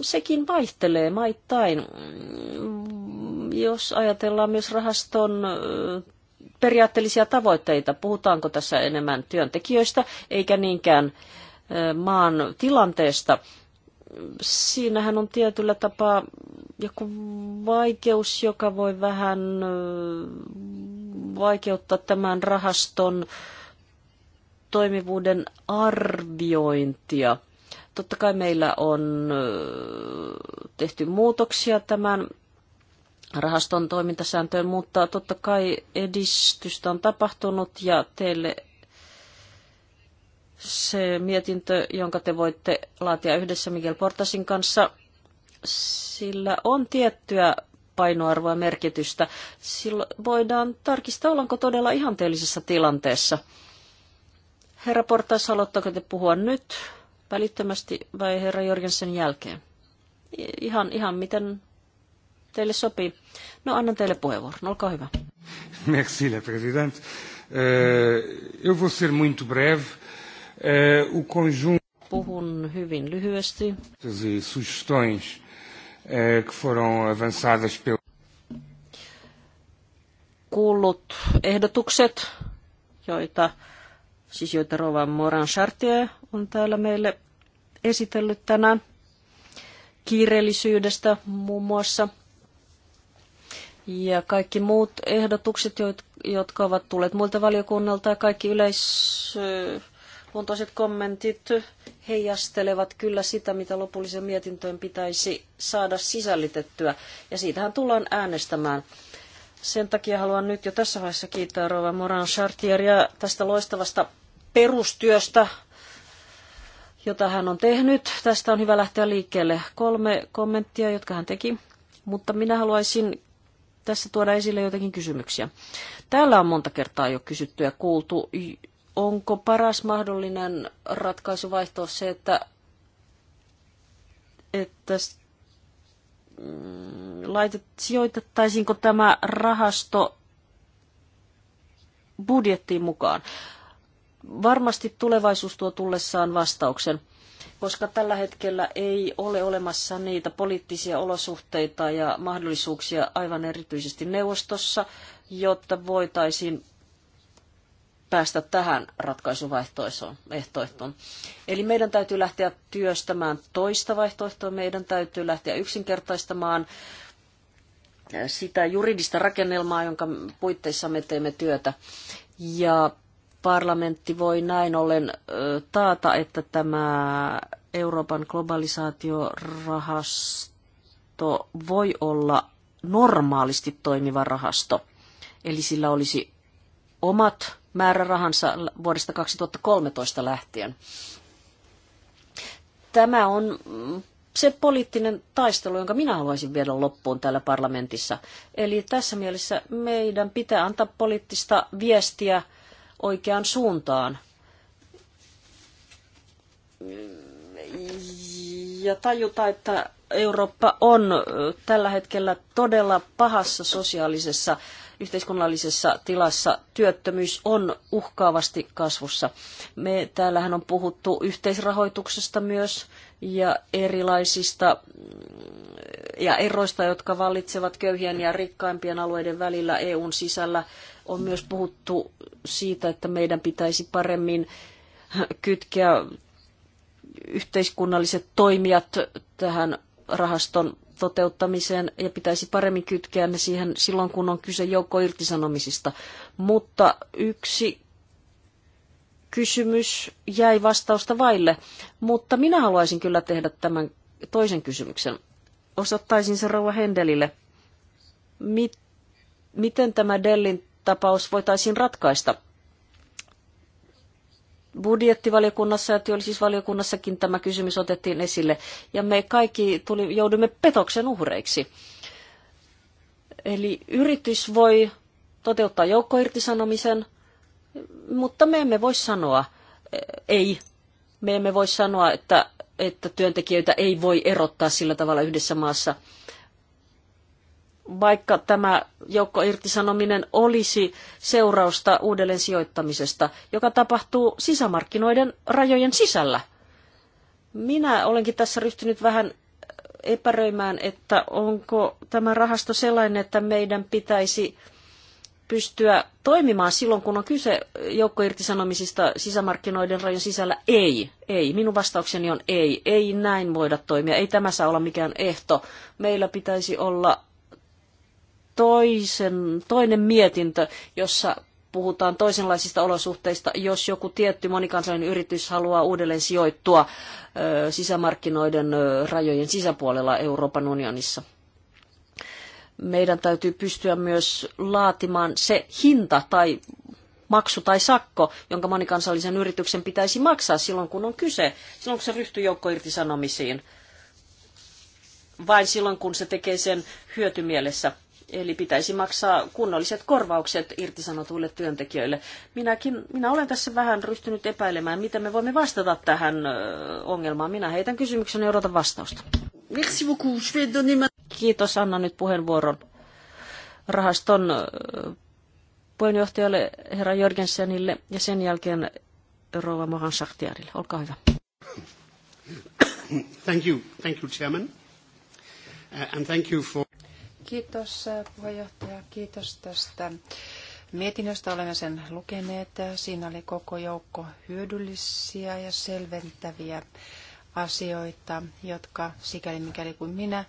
sekin vaihtelee maittain. Jos ajatellaan myös rahaston periaatteellisia tavoitteita, puhutaanko tässä enemmän työntekijöistä eikä niinkään maan tilanteesta. Siinähän on tietyllä tapaa joku vaikeus, joka voi vähän vaikeuttaa tämän rahaston toimivuuden arviointia – Totta kai meillä on tehty muutoksia tämän rahaston toimintasääntöön, mutta totta kai edistystä on tapahtunut ja teille se mietintö, jonka te voitte laatia yhdessä Miguel Portasin kanssa, sillä on tiettyä painoarvoa merkitystä. Silloin voidaan tarkistaa, ollaanko todella ihanteellisessa tilanteessa. Herra Portas, haluatteko te puhua nyt? Välittömästi vai herra Jorgensen jälkeen? Ihan, ihan miten teille sopii. No annan teille puheenvuoron, olkaa hyvä. Merci, le président. Euh, eu vou ser muito breve. Euh, o conjunto... Puhun hyvin lyhyesti. Sugestões euh, que foram avançadas pelo... Kuullut ehdotukset, joita siis joita Rova Moran Chartier on täällä meille esitellyt tänään kiireellisyydestä muun muassa. Ja kaikki muut ehdotukset, jotka ovat tulleet muilta valiokunnalta ja kaikki yleisluontoiset kommentit heijastelevat kyllä sitä, mitä lopullisen mietintöön pitäisi saada sisällytettyä. Ja siitähän tullaan äänestämään. Sen takia haluan nyt jo tässä vaiheessa kiittää Rova Moran Chartieria tästä loistavasta perustyöstä, jota hän on tehnyt. Tästä on hyvä lähteä liikkeelle. Kolme kommenttia, jotka hän teki, mutta minä haluaisin tässä tuoda esille jotakin kysymyksiä. Täällä on monta kertaa jo kysytty ja kuultu, onko paras mahdollinen vaihtoa se, että, että mm, laitet, sijoitettaisiinko tämä rahasto budjettiin mukaan. Varmasti tulevaisuus tuo tullessaan vastauksen, koska tällä hetkellä ei ole olemassa niitä poliittisia olosuhteita ja mahdollisuuksia aivan erityisesti neuvostossa, jotta voitaisiin päästä tähän ratkaisuvaihtoehtoon. Eli meidän täytyy lähteä työstämään toista vaihtoehtoa, meidän täytyy lähteä yksinkertaistamaan sitä juridista rakennelmaa, jonka puitteissa me teemme työtä. Ja parlamentti voi näin ollen taata, että tämä Euroopan globalisaatiorahasto voi olla normaalisti toimiva rahasto. Eli sillä olisi omat määrärahansa vuodesta 2013 lähtien. Tämä on mm, se poliittinen taistelu, jonka minä haluaisin viedä loppuun täällä parlamentissa. Eli tässä mielessä meidän pitää antaa poliittista viestiä oikeaan suuntaan. Ja tajuta, että Eurooppa on tällä hetkellä todella pahassa sosiaalisessa yhteiskunnallisessa tilassa työttömyys on uhkaavasti kasvussa. Me täällähän on puhuttu yhteisrahoituksesta myös ja erilaisista mm, ja eroista, jotka vallitsevat köyhien ja rikkaimpien alueiden välillä EUn sisällä on myös puhuttu siitä, että meidän pitäisi paremmin kytkeä yhteiskunnalliset toimijat tähän rahaston toteuttamiseen ja pitäisi paremmin kytkeä ne siihen silloin, kun on kyse joukko irtisanomisista. Mutta yksi kysymys jäi vastausta vaille, mutta minä haluaisin kyllä tehdä tämän toisen kysymyksen. Osoittaisin se rouva Hendelille. Mit, miten tämä Dellin tapaus voitaisiin ratkaista. Budjettivaliokunnassa ja työllisyysvaliokunnassakin tämä kysymys otettiin esille, ja me kaikki tuli, joudumme petoksen uhreiksi. Eli yritys voi toteuttaa joukkoirtisanomisen, mutta me emme voi sanoa eh, ei. Me emme voi sanoa, että, että työntekijöitä ei voi erottaa sillä tavalla yhdessä maassa vaikka tämä joukko irtisanominen olisi seurausta uudelleen sijoittamisesta, joka tapahtuu sisämarkkinoiden rajojen sisällä. Minä olenkin tässä ryhtynyt vähän epäröimään, että onko tämä rahasto sellainen, että meidän pitäisi pystyä toimimaan silloin, kun on kyse joukkoirtisanomisista sisämarkkinoiden rajan sisällä? Ei, ei. Minun vastaukseni on ei. Ei näin voida toimia. Ei tämä saa olla mikään ehto. Meillä pitäisi olla toisen, toinen mietintö, jossa puhutaan toisenlaisista olosuhteista, jos joku tietty monikansallinen yritys haluaa uudelleen sijoittua sisämarkkinoiden rajojen sisäpuolella Euroopan unionissa. Meidän täytyy pystyä myös laatimaan se hinta tai maksu tai sakko, jonka monikansallisen yrityksen pitäisi maksaa silloin, kun on kyse, silloin kun se ryhtyy joukkoirtisanomisiin, vain silloin, kun se tekee sen hyötymielessä Eli pitäisi maksaa kunnolliset korvaukset irtisanotuille työntekijöille. Minäkin, minä olen tässä vähän ryhtynyt epäilemään, miten me voimme vastata tähän ongelmaan. Minä heitän kysymyksen ja odotan vastausta. Merci beaucoup. Je vais donner ma... Kiitos, anna nyt puheenvuoron rahaston puheenjohtajalle herra Jörgensenille ja sen jälkeen rouva Mohan Shahtiarille. Olkaa hyvä. Thank you. Thank you, Chairman. Uh, and thank you for... Kiitos puheenjohtaja, kiitos tästä mietinnöstä. Olemme sen lukeneet. Siinä oli koko joukko hyödyllisiä ja selventäviä asioita, jotka sikäli mikäli kuin minä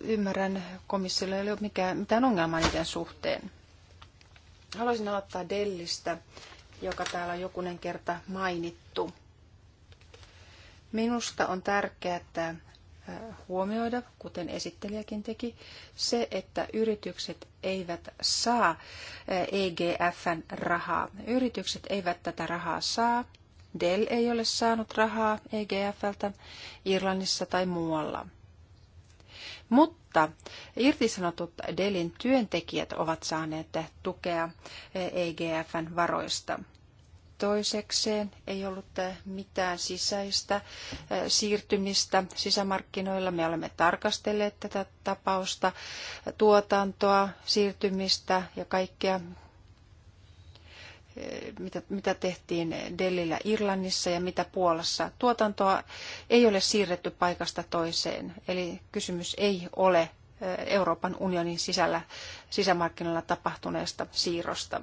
ymmärrän, komissiolla ei ole mikään, mitään ongelmaa niiden suhteen. Haluaisin aloittaa Dellistä, joka täällä on jokunen kerta mainittu. Minusta on tärkeää huomioida, kuten esittelijäkin teki, se, että yritykset eivät saa EGFn rahaa. Yritykset eivät tätä rahaa saa. Dell ei ole saanut rahaa EGFltä Irlannissa tai muualla. Mutta irtisanotut Delin työntekijät ovat saaneet tukea EGFn varoista. Toisekseen ei ollut eh, mitään sisäistä eh, siirtymistä sisämarkkinoilla. Me olemme tarkastelleet tätä tapausta, tuotantoa, siirtymistä ja kaikkea, eh, mitä, mitä tehtiin Dellillä Irlannissa ja mitä Puolassa. Tuotantoa ei ole siirretty paikasta toiseen, eli kysymys ei ole Euroopan unionin sisällä sisämarkkinoilla tapahtuneesta siirrosta.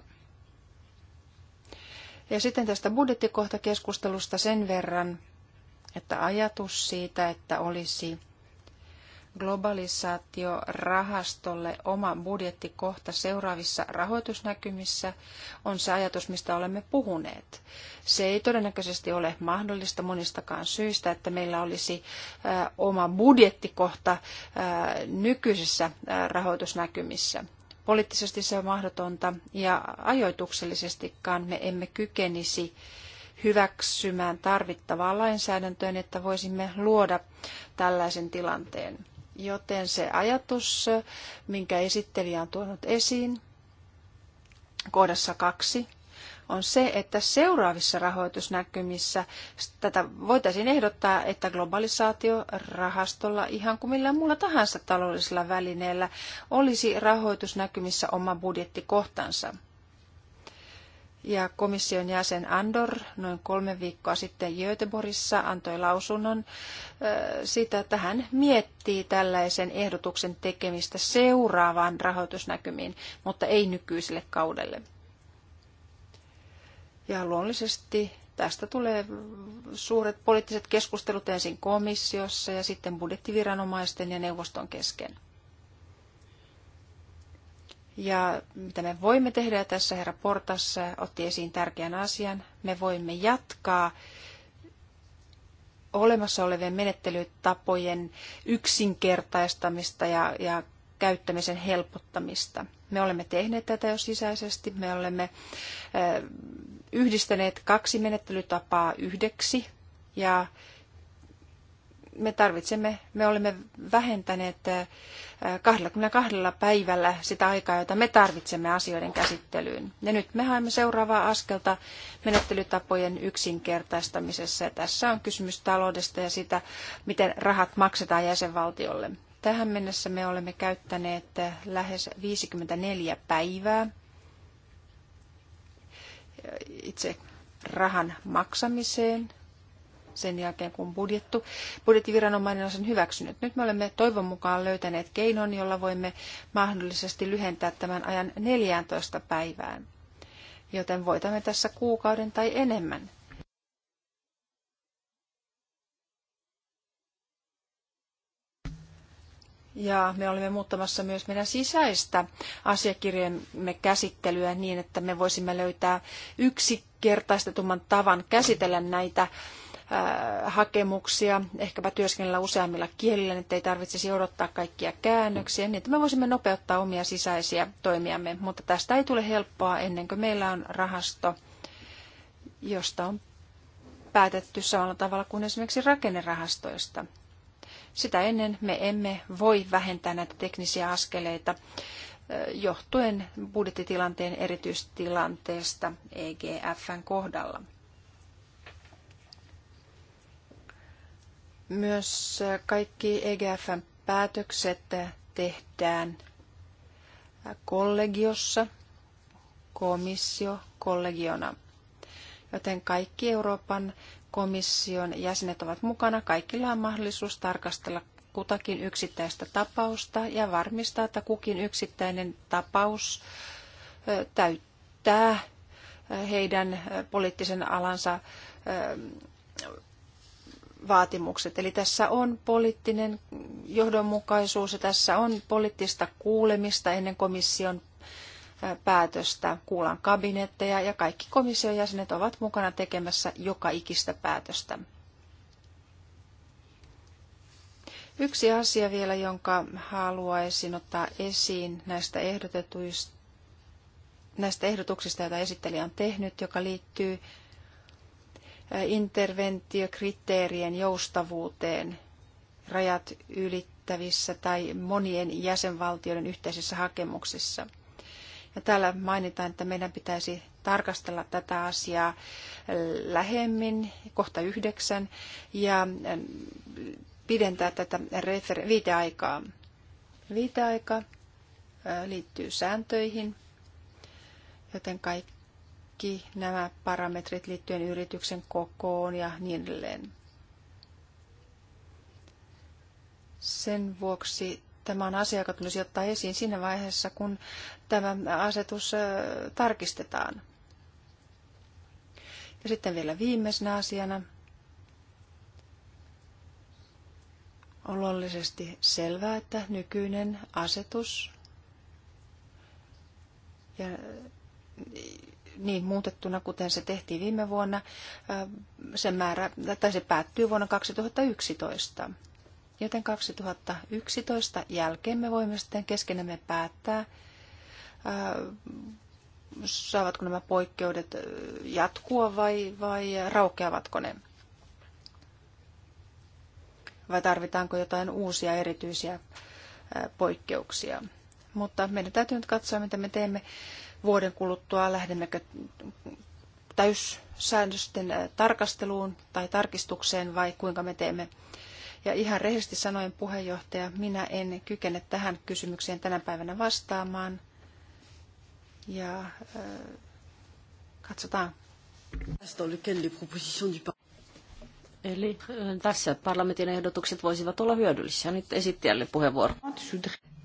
Ja sitten tästä budjettikohtakeskustelusta sen verran, että ajatus siitä, että olisi globalisaatiorahastolle oma budjettikohta seuraavissa rahoitusnäkymissä on se ajatus, mistä olemme puhuneet. Se ei todennäköisesti ole mahdollista monistakaan syistä, että meillä olisi oma budjettikohta nykyisissä rahoitusnäkymissä. Poliittisesti se on mahdotonta ja ajoituksellisestikaan me emme kykenisi hyväksymään tarvittavaa lainsäädäntöä, että voisimme luoda tällaisen tilanteen. Joten se ajatus, minkä esittelijä on tuonut esiin kohdassa kaksi, on se, että seuraavissa rahoitusnäkymissä tätä voitaisiin ehdottaa, että globalisaatiorahastolla ihan kuin millään muulla tahansa taloudellisella välineellä olisi rahoitusnäkymissä oma budjettikohtansa. Ja komission jäsen Andor noin kolme viikkoa sitten Göteborgissa antoi lausunnon siitä, että hän miettii tällaisen ehdotuksen tekemistä seuraavaan rahoitusnäkymiin, mutta ei nykyiselle kaudelle. Ja luonnollisesti tästä tulee suuret poliittiset keskustelut ensin komissiossa ja sitten budjettiviranomaisten ja neuvoston kesken. Ja mitä me voimme tehdä, tässä herra Portassa otti esiin tärkeän asian, me voimme jatkaa olemassa olevien menettelytapojen yksinkertaistamista ja, ja käyttämisen helpottamista. Me olemme tehneet tätä jo sisäisesti, me olemme yhdistäneet kaksi menettelytapaa yhdeksi ja me tarvitsemme, me olemme vähentäneet 22 äh, päivällä sitä aikaa, jota me tarvitsemme asioiden käsittelyyn. Ja nyt me haemme seuraavaa askelta menettelytapojen yksinkertaistamisessa. Ja tässä on kysymys taloudesta ja sitä, miten rahat maksetaan jäsenvaltiolle. Tähän mennessä me olemme käyttäneet äh, lähes 54 päivää itse rahan maksamiseen sen jälkeen, kun budjettu, budjettiviranomainen on sen hyväksynyt. Nyt me olemme toivon mukaan löytäneet keinon, jolla voimme mahdollisesti lyhentää tämän ajan 14 päivään, joten voitamme tässä kuukauden tai enemmän. Ja me olemme muuttamassa myös meidän sisäistä asiakirjojemme käsittelyä niin, että me voisimme löytää yksikertaistetumman tavan käsitellä näitä äh, hakemuksia, ehkäpä työskennellä useammilla kielillä, ettei tarvitsisi odottaa kaikkia käännöksiä, niin että me voisimme nopeuttaa omia sisäisiä toimiamme. Mutta tästä ei tule helppoa ennen kuin meillä on rahasto, josta on päätetty samalla tavalla kuin esimerkiksi rakennerahastoista. Sitä ennen me emme voi vähentää näitä teknisiä askeleita johtuen budjettitilanteen erityistilanteesta EGFn kohdalla. Myös kaikki EGFn päätökset tehdään kollegiossa, komissio kollegiona. Joten kaikki Euroopan komission jäsenet ovat mukana, kaikilla on mahdollisuus tarkastella kutakin yksittäistä tapausta ja varmistaa, että kukin yksittäinen tapaus täyttää heidän poliittisen alansa vaatimukset. Eli tässä on poliittinen johdonmukaisuus ja tässä on poliittista kuulemista ennen komission päätöstä. Kuullaan kabinetteja ja kaikki komission jäsenet ovat mukana tekemässä joka ikistä päätöstä. Yksi asia vielä, jonka haluaisin ottaa esiin näistä, ehdotetuista, näistä ehdotuksista, joita esittelijä on tehnyt, joka liittyy interventiokriteerien joustavuuteen rajat ylittävissä tai monien jäsenvaltioiden yhteisissä hakemuksissa – ja täällä mainitaan, että meidän pitäisi tarkastella tätä asiaa lähemmin, kohta yhdeksän, ja ähm, pidentää tätä refer- viiteaikaa. Viiteaika äh, liittyy sääntöihin, joten kaikki nämä parametrit liittyen yrityksen kokoon ja niin edelleen. Sen vuoksi Tämä on asia, joka tulisi ottaa esiin siinä vaiheessa, kun tämä asetus tarkistetaan. Ja sitten vielä viimeisenä asiana on luonnollisesti selvää, että nykyinen asetus ja niin muutettuna, kuten se tehtiin viime vuonna, se, määrä, tai se päättyy vuonna 2011. Joten 2011 jälkeen me voimme sitten keskenämme päättää, äh, saavatko nämä poikkeudet äh, jatkua vai, vai raukeavatko ne? Vai tarvitaanko jotain uusia erityisiä äh, poikkeuksia? Mutta meidän täytyy nyt katsoa, mitä me teemme vuoden kuluttua. Lähdemmekö täyssäännösten tarkasteluun tai tarkistukseen vai kuinka me teemme ja ihan rehellisesti sanoen puheenjohtaja, minä en kykene tähän kysymykseen tänä päivänä vastaamaan. Ja äh, katsotaan. Eli tässä parlamentin ehdotukset voisivat olla hyödyllisiä. Nyt esittäjälle puheenvuoro.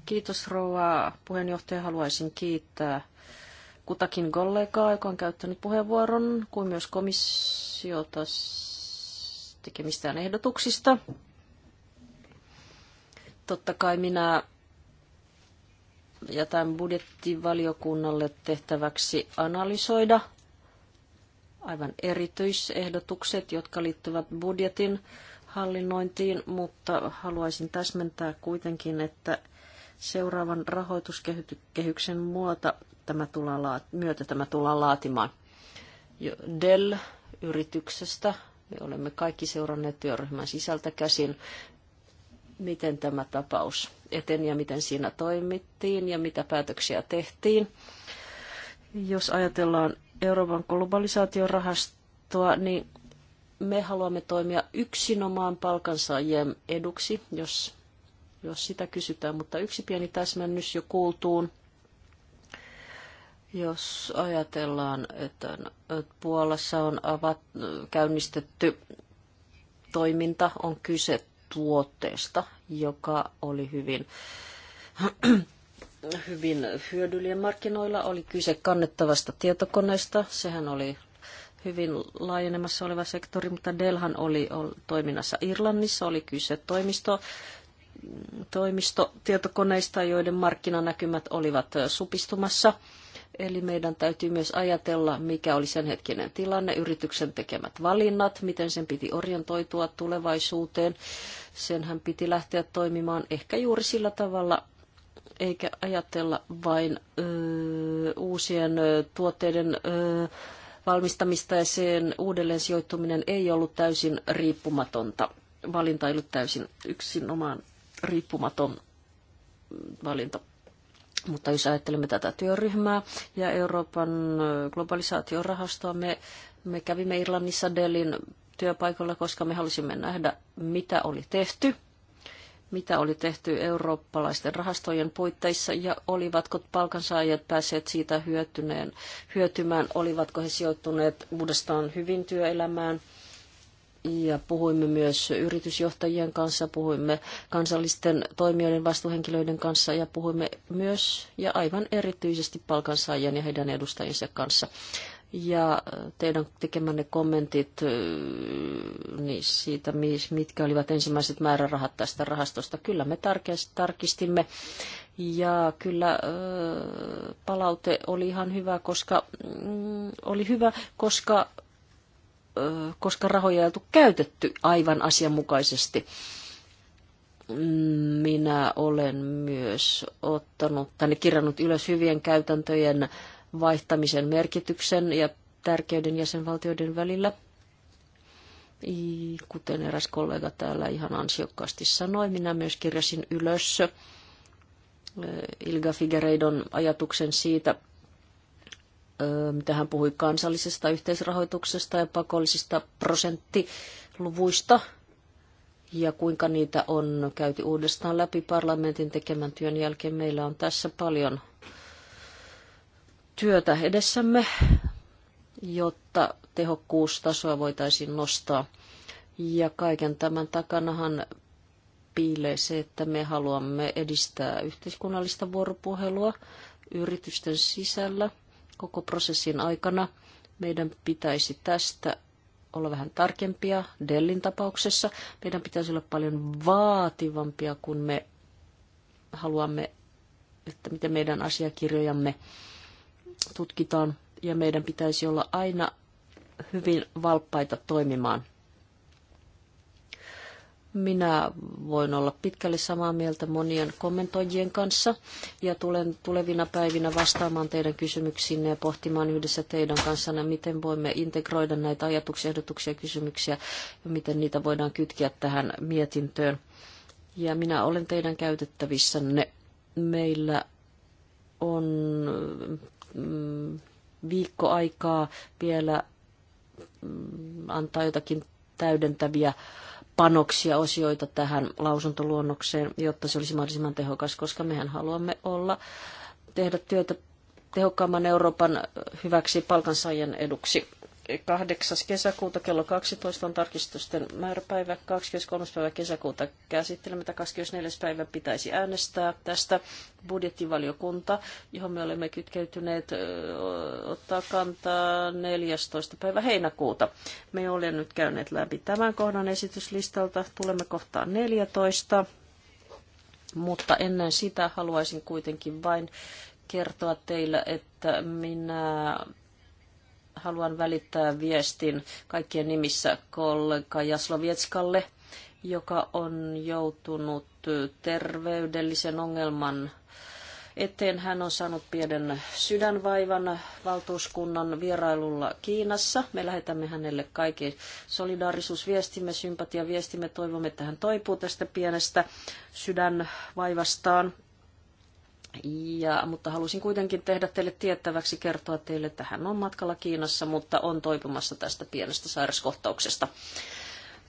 Kiitos rouva puheenjohtaja. Haluaisin kiittää kutakin kollegaa, joka on käyttänyt puheenvuoron, kuin myös komissiota tekemistään ehdotuksista. Totta kai minä jätän budjettivaliokunnalle tehtäväksi analysoida aivan erityisehdotukset, jotka liittyvät budjetin hallinnointiin, mutta haluaisin täsmentää kuitenkin, että seuraavan rahoituskehyksen muuta tämä tullaan, myötä tämä tullaan laatimaan. Dell-yrityksestä me olemme kaikki seuranneet työryhmän sisältä käsin miten tämä tapaus eteni ja miten siinä toimittiin ja mitä päätöksiä tehtiin. Jos ajatellaan Euroopan globalisaatiorahastoa, niin me haluamme toimia yksinomaan palkansaajien eduksi, jos, jos sitä kysytään, mutta yksi pieni täsmännys jo kuultuun. Jos ajatellaan, että Puolassa on avat, käynnistetty toiminta, on kyse tuotteesta, joka oli hyvin, hyvin hyödyllinen markkinoilla. Oli kyse kannettavasta tietokoneesta. Sehän oli hyvin laajenemassa oleva sektori, mutta Delhan oli toiminnassa Irlannissa, oli kyse toimisto, toimistotietokoneista, joiden markkinanäkymät olivat supistumassa – Eli meidän täytyy myös ajatella, mikä oli sen hetkinen tilanne, yrityksen tekemät valinnat, miten sen piti orientoitua tulevaisuuteen. Senhän piti lähteä toimimaan ehkä juuri sillä tavalla, eikä ajatella vain ö, uusien ö, tuotteiden ö, valmistamista ja sen uudelleen sijoittuminen ei ollut täysin riippumatonta. Valinta ei ollut täysin yksinomaan riippumaton valinta mutta jos ajattelemme tätä työryhmää ja Euroopan globalisaatiorahastoa, me, me kävimme Irlannissa Delin työpaikalla, koska me halusimme nähdä, mitä oli tehty, mitä oli tehty eurooppalaisten rahastojen puitteissa ja olivatko palkansaajat päässeet siitä hyötyneen, hyötymään, olivatko he sijoittuneet uudestaan hyvin työelämään – ja puhuimme myös yritysjohtajien kanssa, puhuimme kansallisten toimijoiden vastuuhenkilöiden kanssa ja puhuimme myös ja aivan erityisesti palkansaajien ja heidän edustajiensa kanssa. Ja teidän tekemänne kommentit niin siitä, mitkä olivat ensimmäiset määrärahat tästä rahastosta. Kyllä me tarkistimme ja kyllä palaute oli ihan hyvä, koska, mm, oli hyvä, koska koska rahoja ei oltu käytetty aivan asianmukaisesti. Minä olen myös ottanut tänne kirjannut ylös hyvien käytäntöjen vaihtamisen merkityksen ja tärkeyden jäsenvaltioiden välillä. Kuten eräs kollega täällä ihan ansiokkaasti sanoi, minä myös kirjasin ylös Ilga Figereidon ajatuksen siitä, mitä ähm, hän puhui kansallisesta yhteisrahoituksesta ja pakollisista prosenttiluvuista ja kuinka niitä on käyty uudestaan läpi parlamentin tekemän työn jälkeen. Meillä on tässä paljon työtä edessämme, jotta tehokkuustasoa voitaisiin nostaa. Ja kaiken tämän takanahan piilee se, että me haluamme edistää yhteiskunnallista vuoropuhelua yritysten sisällä – koko prosessin aikana. Meidän pitäisi tästä olla vähän tarkempia Dellin tapauksessa. Meidän pitäisi olla paljon vaativampia, kun me haluamme, että miten meidän asiakirjojamme tutkitaan. Ja meidän pitäisi olla aina hyvin valppaita toimimaan minä voin olla pitkälle samaa mieltä monien kommentoijien kanssa ja tulen tulevina päivinä vastaamaan teidän kysymyksiinne ja pohtimaan yhdessä teidän kanssanne, miten voimme integroida näitä ajatuksia, ehdotuksia ja kysymyksiä ja miten niitä voidaan kytkeä tähän mietintöön. Ja minä olen teidän käytettävissänne. Meillä on mm, viikko aikaa vielä mm, antaa jotakin täydentäviä panoksia, osioita tähän lausuntoluonnokseen, jotta se olisi mahdollisimman tehokas, koska mehän haluamme olla, tehdä työtä tehokkaamman Euroopan hyväksi palkansaajien eduksi. 8. kesäkuuta kello 12 on tarkistusten määräpäivä. 23. päivä kesäkuuta käsittelemme, 24. päivä pitäisi äänestää tästä budjettivaliokunta, johon me olemme kytkeytyneet ottaa kantaa 14. päivä heinäkuuta. Me olemme nyt käyneet läpi tämän kohdan esityslistalta. Tulemme kohtaan 14. Mutta ennen sitä haluaisin kuitenkin vain kertoa teille, että minä haluan välittää viestin kaikkien nimissä kollega Jaslovietskalle, joka on joutunut terveydellisen ongelman eteen. Hän on saanut pienen sydänvaivan valtuuskunnan vierailulla Kiinassa. Me lähetämme hänelle kaikki solidaarisuusviestimme, sympatiaviestimme. Toivomme, että hän toipuu tästä pienestä sydänvaivastaan. Ja, mutta halusin kuitenkin tehdä teille tiettäväksi, kertoa teille, että hän on matkalla Kiinassa, mutta on toipumassa tästä pienestä sairaskohtauksesta.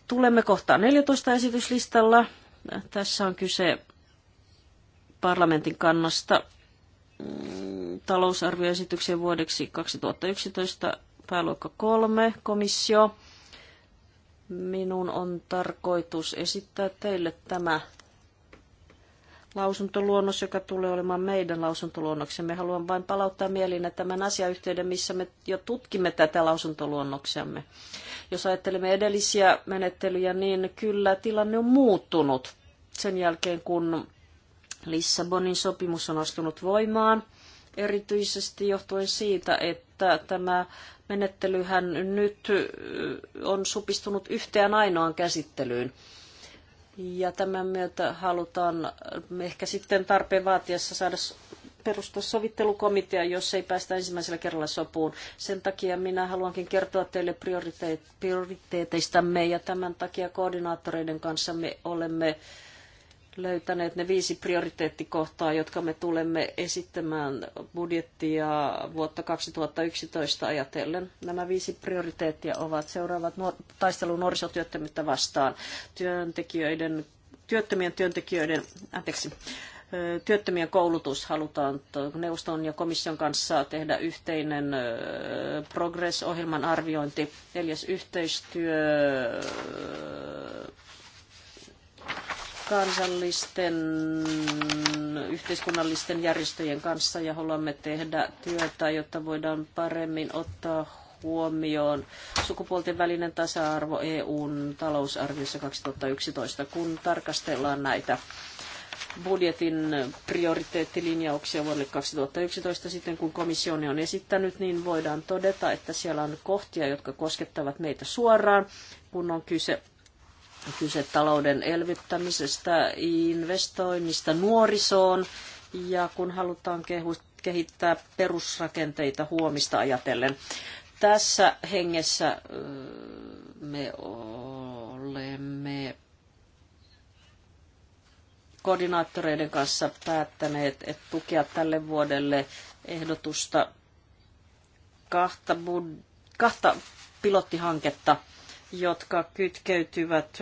Tulemme kohtaan 14 esityslistalla. Tässä on kyse parlamentin kannasta mm, talousarvioesityksen vuodeksi 2011 pääluokka 3 komissio. Minun on tarkoitus esittää teille tämä lausuntoluonnos, joka tulee olemaan meidän lausuntoluonnoksemme. Haluan vain palauttaa mieliin tämän asiayhteyden, missä me jo tutkimme tätä lausuntoluonnoksemme. Jos ajattelemme edellisiä menettelyjä, niin kyllä tilanne on muuttunut sen jälkeen, kun Lissabonin sopimus on astunut voimaan, erityisesti johtuen siitä, että tämä menettelyhän nyt on supistunut yhteen ainoaan käsittelyyn. Ja tämän myötä halutaan ehkä sitten tarpeen vaatiessa saada perustaa sovittelukomitea, jos ei päästä ensimmäisellä kerralla sopuun. Sen takia minä haluankin kertoa teille prioriteeteistamme ja tämän takia koordinaattoreiden kanssa me olemme äh, löytäneet ne viisi prioriteettikohtaa, jotka me tulemme esittämään budjettia vuotta 2011 ajatellen. Nämä viisi prioriteettia ovat seuraavat nuor- taistelu nuorisotyöttömyyttä vastaan, työntekijöiden, työttömien työntekijöiden, anteeksi, työttömien koulutus halutaan neuvoston ja komission kanssa tehdä yhteinen progress-ohjelman arviointi, neljäs yhteistyö kansallisten yhteiskunnallisten järjestöjen kanssa ja haluamme tehdä työtä, jotta voidaan paremmin ottaa huomioon sukupuolten välinen tasa-arvo EUn talousarviossa 2011, kun tarkastellaan näitä budjetin prioriteettilinjauksia vuodelle 2011 sitten, kun komissio on esittänyt, niin voidaan todeta, että siellä on kohtia, jotka koskettavat meitä suoraan, kun on kyse kyse talouden elvyttämisestä, investoinnista nuorisoon ja kun halutaan kehittää perusrakenteita huomista ajatellen. Tässä hengessä me olemme koordinaattoreiden kanssa päättäneet että tukea tälle vuodelle ehdotusta kahta, kahta pilottihanketta – jotka kytkeytyvät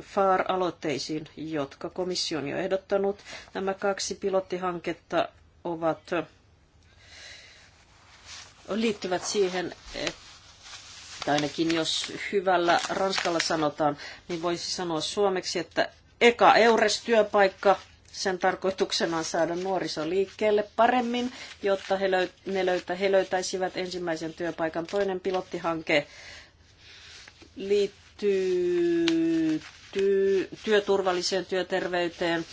FAR-aloitteisiin, jotka komissio on jo ehdottanut. Nämä kaksi pilottihanketta ovat, liittyvät siihen, että ainakin jos hyvällä ranskalla sanotaan, niin voisi sanoa suomeksi, että eka EURES-työpaikka, sen tarkoituksena on saada nuoriso liikkeelle paremmin, jotta he, löyt, ne löytä, he löytäisivät ensimmäisen työpaikan. Toinen pilottihanke liittyy ty- työturvalliseen työterveyteen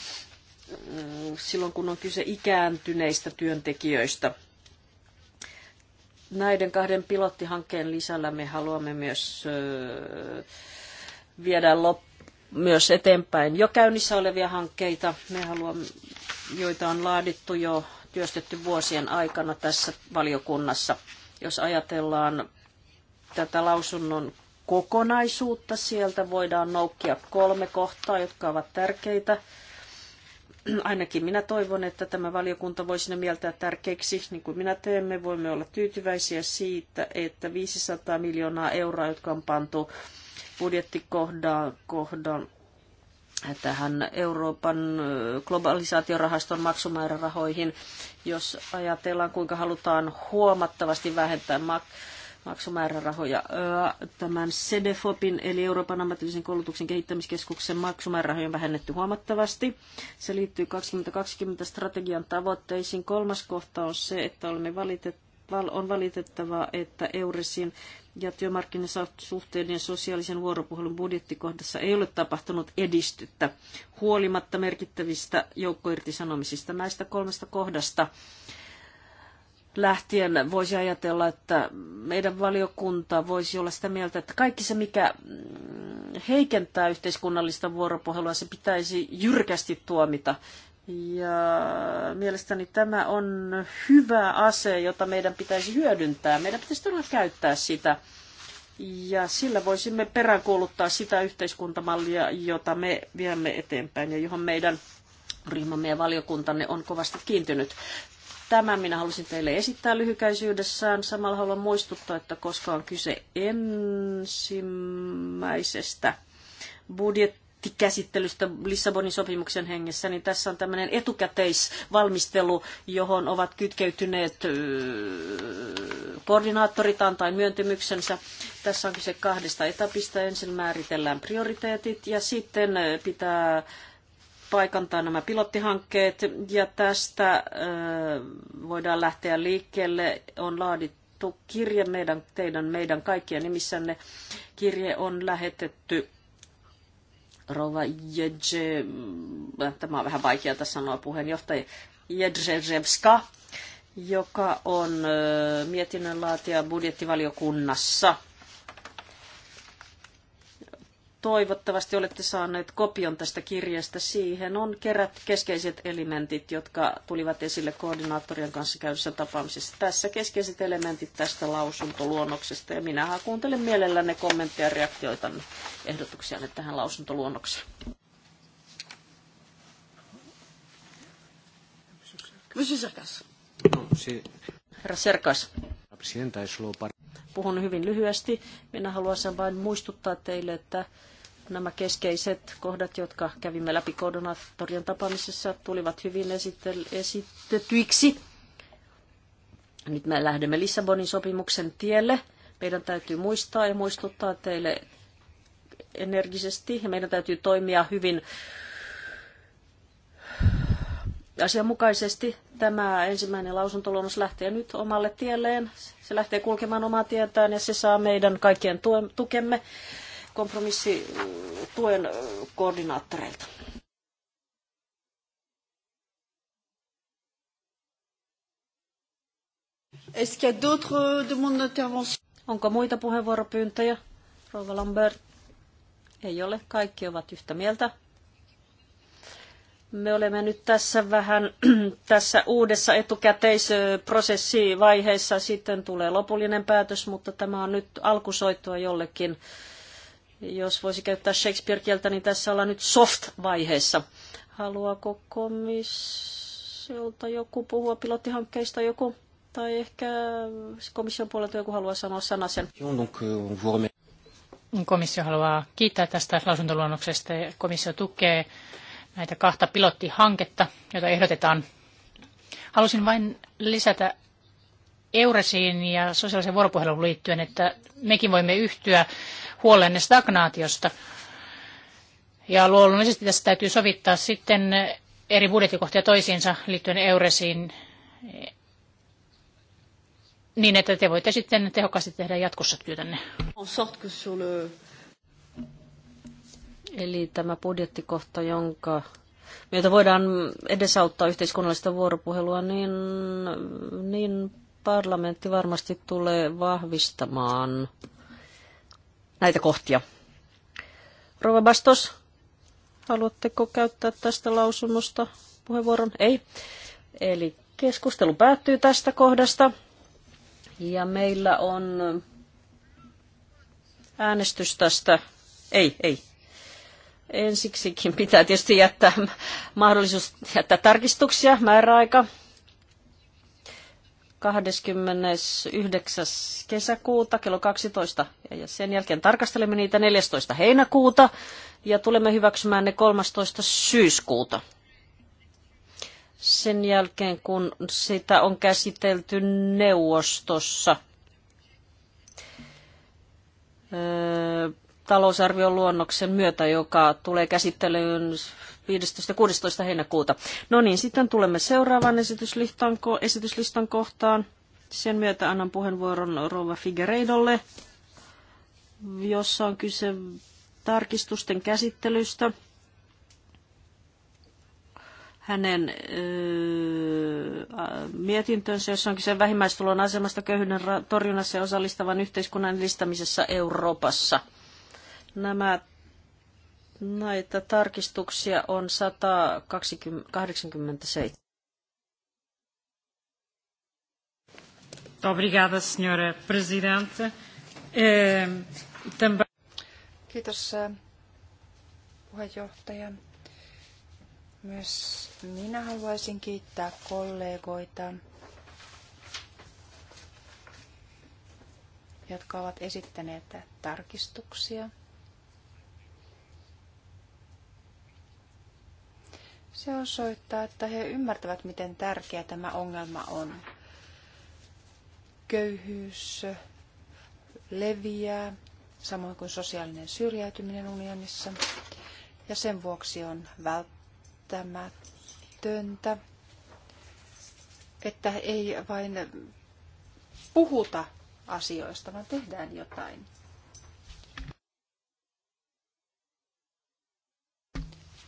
mm, silloin, kun on kyse ikääntyneistä työntekijöistä. Näiden kahden pilottihankkeen lisällä me haluamme myös viedä myös eteenpäin jo käynnissä olevia hankkeita. Me haluamme, joita on laadittu jo työstetty vuosien aikana tässä valiokunnassa. Jos ajatellaan tätä lausunnon kokonaisuutta. Sieltä voidaan noukkia kolme kohtaa, jotka ovat tärkeitä. Ainakin minä toivon, että tämä valiokunta voisi ne mieltää tärkeiksi, niin kuin minä teemme. Voimme olla tyytyväisiä siitä, että 500 miljoonaa euroa, jotka on pantu budjettikohdan kohdan, tähän Euroopan globalisaatiorahaston maksumäärärahoihin, jos ajatellaan kuinka halutaan huomattavasti vähentää mak- maksumäärärahoja. Tämän SEDEFOPin eli Euroopan ammatillisen koulutuksen kehittämiskeskuksen maksumäärärahoja on vähennetty huomattavasti. Se liittyy 2020 strategian tavoitteisiin. Kolmas kohta on se, että olemme valitettu on valitettavaa, että Euresin ja työmarkkinasuhteiden sosiaalisen vuoropuhelun budjettikohdassa ei ole tapahtunut edistyttä huolimatta merkittävistä joukkoirtisanomisista näistä kolmesta kohdasta lähtien voisi ajatella, että meidän valiokunta voisi olla sitä mieltä, että kaikki se, mikä mm, heikentää yhteiskunnallista vuoropuhelua, se pitäisi jyrkästi tuomita. Ja mielestäni tämä on hyvä ase, jota meidän pitäisi hyödyntää. Meidän pitäisi todella käyttää sitä. Ja sillä voisimme peräänkuuluttaa sitä yhteiskuntamallia, jota me viemme eteenpäin ja johon meidän ryhmämme ja valiokuntanne on kovasti kiintynyt. Tämän minä halusin teille esittää lyhykäisyydessään. Samalla haluan muistuttaa, että koska on kyse ensimmäisestä budjettikäsittelystä Lissabonin sopimuksen hengessä, niin tässä on tämmöinen etukäteisvalmistelu, johon ovat kytkeytyneet koordinaattorit tai myöntymyksensä. Tässä on kyse kahdesta etapista. Ensin määritellään prioriteetit ja sitten pitää paikantaa nämä pilottihankkeet ja tästä voidaan lähteä liikkeelle. On laadittu kirje meidän, teidän, meidän kaikkien nimissänne. Kirje on lähetetty Rova Jedje, tämä on vähän vaikea tässä sanoa puheenjohtaja, Jedrzejewska, joka on mietinnönlaatija budjettivaliokunnassa – Toivottavasti olette saaneet kopion tästä kirjasta. Siihen on kerät keskeiset elementit, jotka tulivat esille koordinaattorien kanssa käydyssä tapaamisessa. Tässä keskeiset elementit tästä lausuntoluonnoksesta ja minä kuuntelen mielelläni kommentteja ja reaktioita ehdotuksia tähän lausuntoluonnokseen. No, Herra Serkas. Puhun hyvin lyhyesti. Minä haluaisin vain muistuttaa teille, että Nämä keskeiset kohdat, jotka kävimme läpi koordinaattorien tapaamisessa, tulivat hyvin esitetyiksi. Nyt me lähdemme Lissabonin sopimuksen tielle. Meidän täytyy muistaa ja muistuttaa teille energisesti ja meidän täytyy toimia hyvin asianmukaisesti. Tämä ensimmäinen lausuntoluonnos lähtee nyt omalle tielleen. Se lähtee kulkemaan omaa tietään ja se saa meidän kaikkien tukemme kompromissituen koordinaattoreilta. Euh, Onko muita puheenvuoropyyntöjä? Rova Lambert. Ei ole. Kaikki ovat yhtä mieltä. Me olemme nyt tässä vähän tässä uudessa etukäteisprosessivaiheessa. Sitten tulee lopullinen päätös, mutta tämä on nyt alkusoittoa jollekin jos voisi käyttää Shakespeare-kieltä, niin tässä ollaan nyt soft-vaiheessa. Haluaako komissiolta joku puhua pilottihankkeista joku? Tai ehkä komission puolelta joku haluaa sanoa sanasen. Euh, Komissio haluaa kiittää tästä lausuntoluonnoksesta. Komissio tukee näitä kahta pilottihanketta, joita ehdotetaan. Halusin vain lisätä Euresiin ja sosiaalisen vuoropuhelun liittyen, että mekin voimme yhtyä huolenne stagnaatiosta. Ja luonnollisesti tässä täytyy sovittaa sitten eri budjettikohtia toisiinsa liittyen Euresiin niin, että te voitte sitten tehokkaasti tehdä jatkossa työtänne. Eli tämä budjettikohta, jonka meitä voidaan edesauttaa yhteiskunnallista vuoropuhelua, niin, niin parlamentti varmasti tulee vahvistamaan näitä kohtia. Rova Bastos, haluatteko käyttää tästä lausunnosta puheenvuoron? Ei. Eli keskustelu päättyy tästä kohdasta. Ja meillä on äänestys tästä. Ei, ei. Ensiksikin pitää tietysti jättää mahdollisuus jättää tarkistuksia, määräaika 29. kesäkuuta kello 12 ja sen jälkeen tarkastelemme niitä 14. heinäkuuta ja tulemme hyväksymään ne 13. syyskuuta. Sen jälkeen, kun sitä on käsitelty neuvostossa, talousarvion luonnoksen myötä, joka tulee käsittelyyn 15. 16. heinäkuuta. No niin, sitten tulemme seuraavaan esityslistan, esityslistan kohtaan. Sen myötä annan puheenvuoron Rova Figueiredolle, jossa on kyse tarkistusten käsittelystä. Hänen öö, mietintönsä, jossa on kyse vähimmäistulon asemasta köyhyyden torjunnassa ja osallistavan yhteiskunnan edistämisessä Euroopassa. Nämä Näitä tarkistuksia on 187. Obrigada, signora presidente. Eh, Kiitos eh, puheenjohtaja. Myös minä haluaisin kiittää kollegoita, jotka ovat esittäneet tarkistuksia. Se osoittaa, että he ymmärtävät, miten tärkeä tämä ongelma on. Köyhyys leviää, samoin kuin sosiaalinen syrjäytyminen unionissa, ja sen vuoksi on välttämätöntä, että ei vain puhuta asioista, vaan tehdään jotain.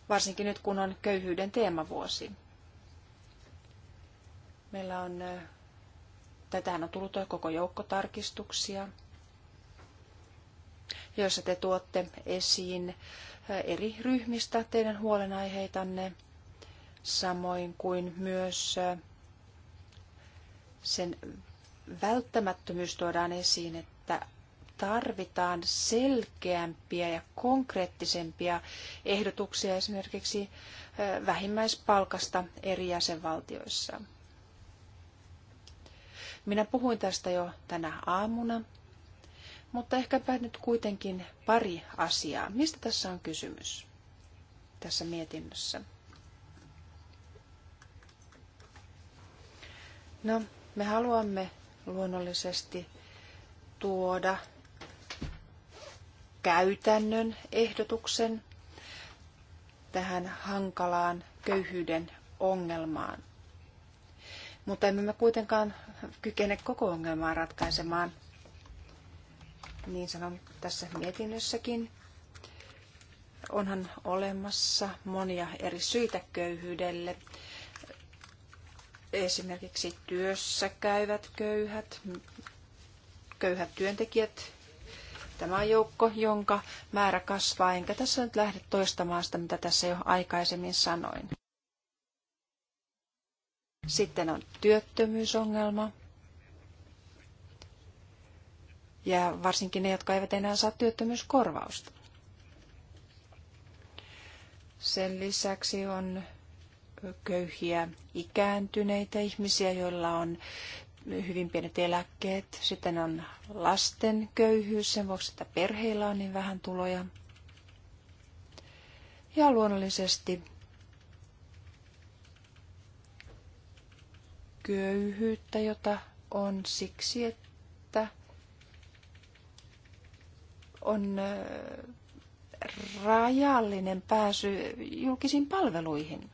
varsinkin nyt kun on köyhyyden teemavuosi. Meillä on, tätähän on tullut koko joukko tarkistuksia, joissa te tuotte esiin eri ryhmistä teidän huolenaiheitanne, samoin kuin myös sen välttämättömyys tuodaan esiin, että tarvitaan selkeämpiä ja konkreettisempia ehdotuksia esimerkiksi vähimmäispalkasta eri jäsenvaltioissa. Minä puhuin tästä jo tänä aamuna, mutta ehkäpä nyt kuitenkin pari asiaa. Mistä tässä on kysymys tässä mietinnössä? No, me haluamme luonnollisesti tuoda käytännön ehdotuksen tähän hankalaan köyhyyden ongelmaan. Mutta emme me kuitenkaan kykene koko ongelmaa ratkaisemaan, niin sanon tässä mietinnössäkin. Onhan olemassa monia eri syitä köyhyydelle. Esimerkiksi työssä käyvät köyhät, köyhät työntekijät, Tämä on joukko, jonka määrä kasvaa, enkä tässä nyt lähde toistamaan sitä, mitä tässä jo aikaisemmin sanoin. Sitten on työttömyysongelma. Ja varsinkin ne, jotka eivät enää saa työttömyyskorvausta. Sen lisäksi on köyhiä ikääntyneitä ihmisiä, joilla on hyvin pienet eläkkeet. Sitten on lasten köyhyys sen vuoksi, että perheillä on niin vähän tuloja. Ja luonnollisesti köyhyyttä, jota on siksi, että on äh, rajallinen pääsy julkisiin palveluihin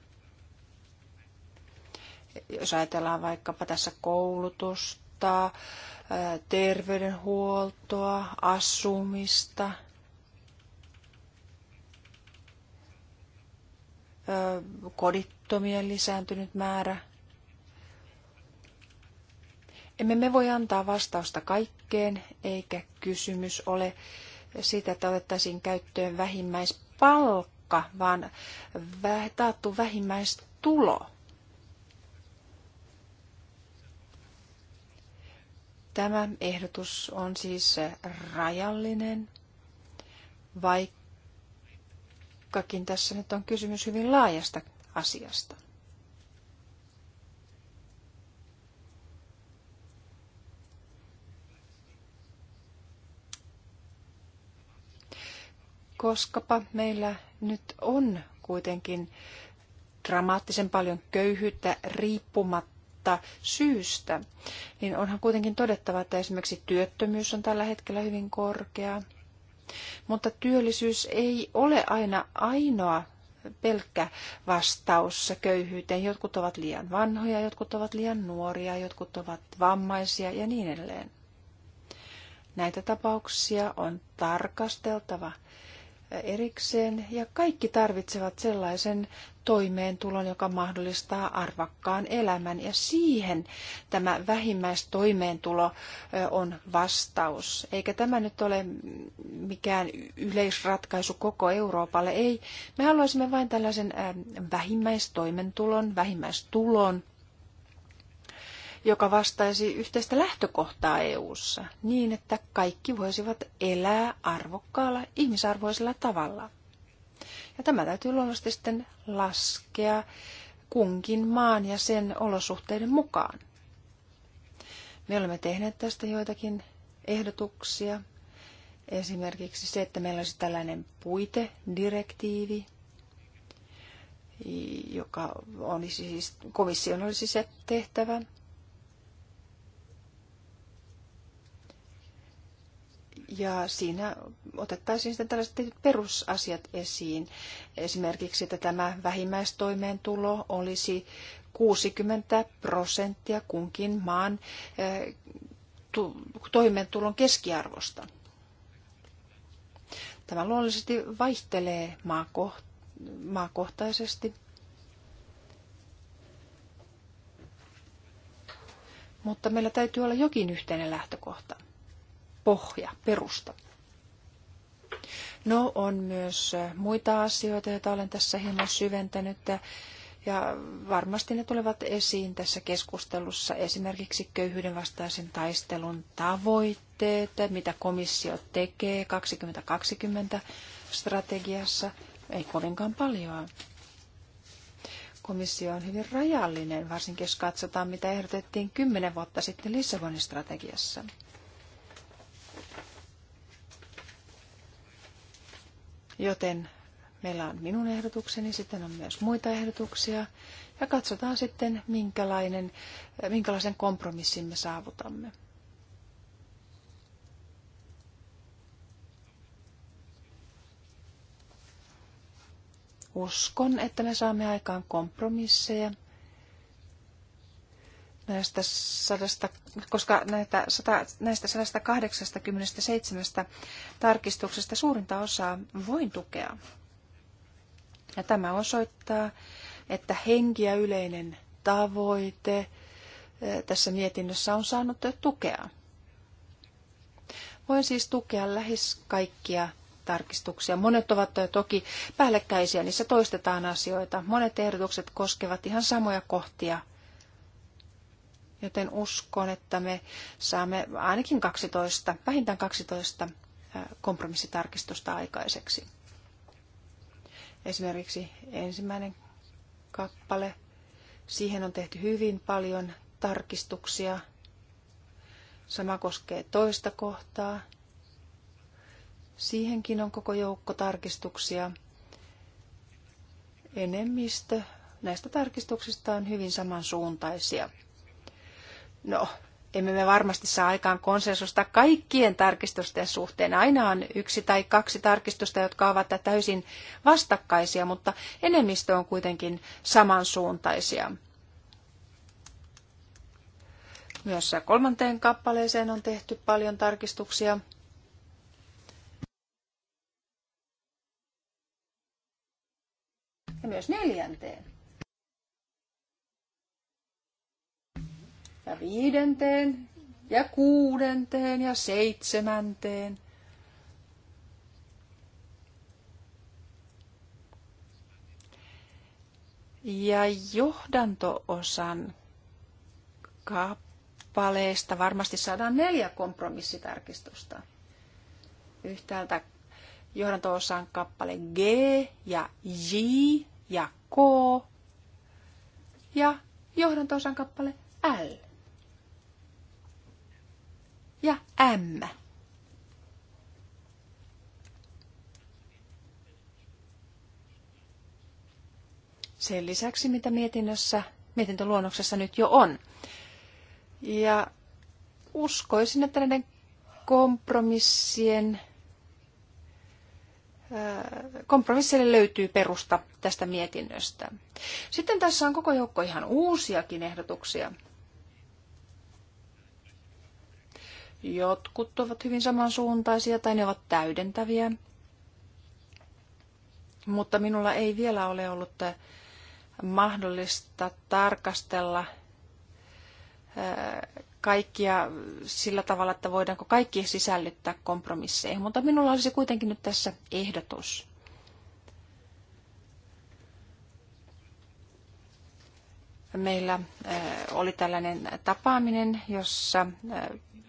jos ajatellaan vaikkapa tässä koulutusta, terveydenhuoltoa, asumista, kodittomien lisääntynyt määrä. Emme me voi antaa vastausta kaikkeen, eikä kysymys ole siitä, että otettaisiin käyttöön vähimmäispalkka, vaan taattu vähimmäistulo. Tämä ehdotus on siis rajallinen, vaikkakin tässä nyt on kysymys hyvin laajasta asiasta. koskapa meillä nyt on kuitenkin dramaattisen paljon köyhyyttä riippumatta totta syystä, niin onhan kuitenkin todettava, että esimerkiksi työttömyys on tällä hetkellä hyvin korkea. Mutta työllisyys ei ole aina ainoa pelkkä vastaus köyhyyteen. Jotkut ovat liian vanhoja, jotkut ovat liian nuoria, jotkut ovat vammaisia ja niin edelleen. Näitä tapauksia on tarkasteltava erikseen ja kaikki tarvitsevat sellaisen toimeentulon, joka mahdollistaa arvakkaan elämän ja siihen tämä vähimmäistoimeentulo on vastaus. Eikä tämä nyt ole mikään yleisratkaisu koko Euroopalle, ei. Me haluaisimme vain tällaisen vähimmäistoimeentulon, vähimmäistulon, joka vastaisi yhteistä lähtökohtaa EU:ssa niin, että kaikki voisivat elää arvokkaalla ihmisarvoisella tavalla. Ja tämä täytyy luonnollisesti sitten laskea kunkin maan ja sen olosuhteiden mukaan. Me olemme tehneet tästä joitakin ehdotuksia. Esimerkiksi se, että meillä olisi tällainen puitedirektiivi, joka olisi siis, komission olisi se tehtävä. ja siinä otettaisiin sitten tällaiset perusasiat esiin. Esimerkiksi, että tämä vähimmäistoimeentulo olisi 60 prosenttia kunkin maan eh, toimeentulon keskiarvosta. Tämä luonnollisesti vaihtelee maakohtaisesti, mutta meillä täytyy olla jokin yhteinen lähtökohta pohja, perusta. No on myös äh, muita asioita, joita olen tässä hieman syventänyt äh, ja varmasti ne tulevat esiin tässä keskustelussa. Esimerkiksi köyhyyden vastaisen taistelun tavoitteet, mitä komissio tekee 2020 strategiassa, ei kovinkaan paljon. Komissio on hyvin rajallinen, varsinkin jos katsotaan, mitä ehdotettiin kymmenen vuotta sitten Lissabonin strategiassa. Joten meillä on minun ehdotukseni, sitten on myös muita ehdotuksia ja katsotaan sitten, minkälainen, minkälaisen kompromissin me saavutamme. Uskon, että me saamme aikaan kompromisseja, näistä sadasta, koska näitä, sata, näistä 187 tarkistuksesta suurinta osaa voin tukea. Ja tämä osoittaa, että henki ja yleinen tavoite eh, tässä mietinnössä on saanut tukea. Voin siis tukea lähes kaikkia tarkistuksia. Monet ovat eh, toki päällekkäisiä, niissä toistetaan asioita. Monet ehdotukset koskevat ihan samoja kohtia joten uskon, että me saamme ainakin 12, vähintään 12 kompromissitarkistusta aikaiseksi. Esimerkiksi ensimmäinen kappale, siihen on tehty hyvin paljon tarkistuksia. Sama koskee toista kohtaa. Siihenkin on koko joukko tarkistuksia. Enemmistö näistä tarkistuksista on hyvin samansuuntaisia. No, emme me varmasti saa aikaan konsensusta kaikkien tarkistusten suhteen. Aina on yksi tai kaksi tarkistusta, jotka ovat täysin vastakkaisia, mutta enemmistö on kuitenkin samansuuntaisia. Myös kolmanteen kappaleeseen on tehty paljon tarkistuksia. Ja myös neljänteen. ja viidenteen ja kuudenteen ja seitsemänteen. Ja johdantoosan kappaleesta varmasti saadaan neljä kompromissitarkistusta. Yhtäältä johdantoosan kappale G ja J ja K ja johdantoosan kappale L ja M. Sen lisäksi, mitä mietinnössä, mietintöluonnoksessa nyt jo on. Ja uskoisin, että näiden kompromissien äh, kompromissille löytyy perusta tästä mietinnöstä. Sitten tässä on koko joukko ihan uusiakin ehdotuksia. Jotkut ovat hyvin samansuuntaisia tai ne ovat täydentäviä. Mutta minulla ei vielä ole ollut äh, mahdollista tarkastella äh, kaikkia sillä tavalla, että voidaanko kaikki sisällyttää kompromisseihin. Mutta minulla olisi kuitenkin nyt tässä ehdotus. Meillä äh, oli tällainen tapaaminen, jossa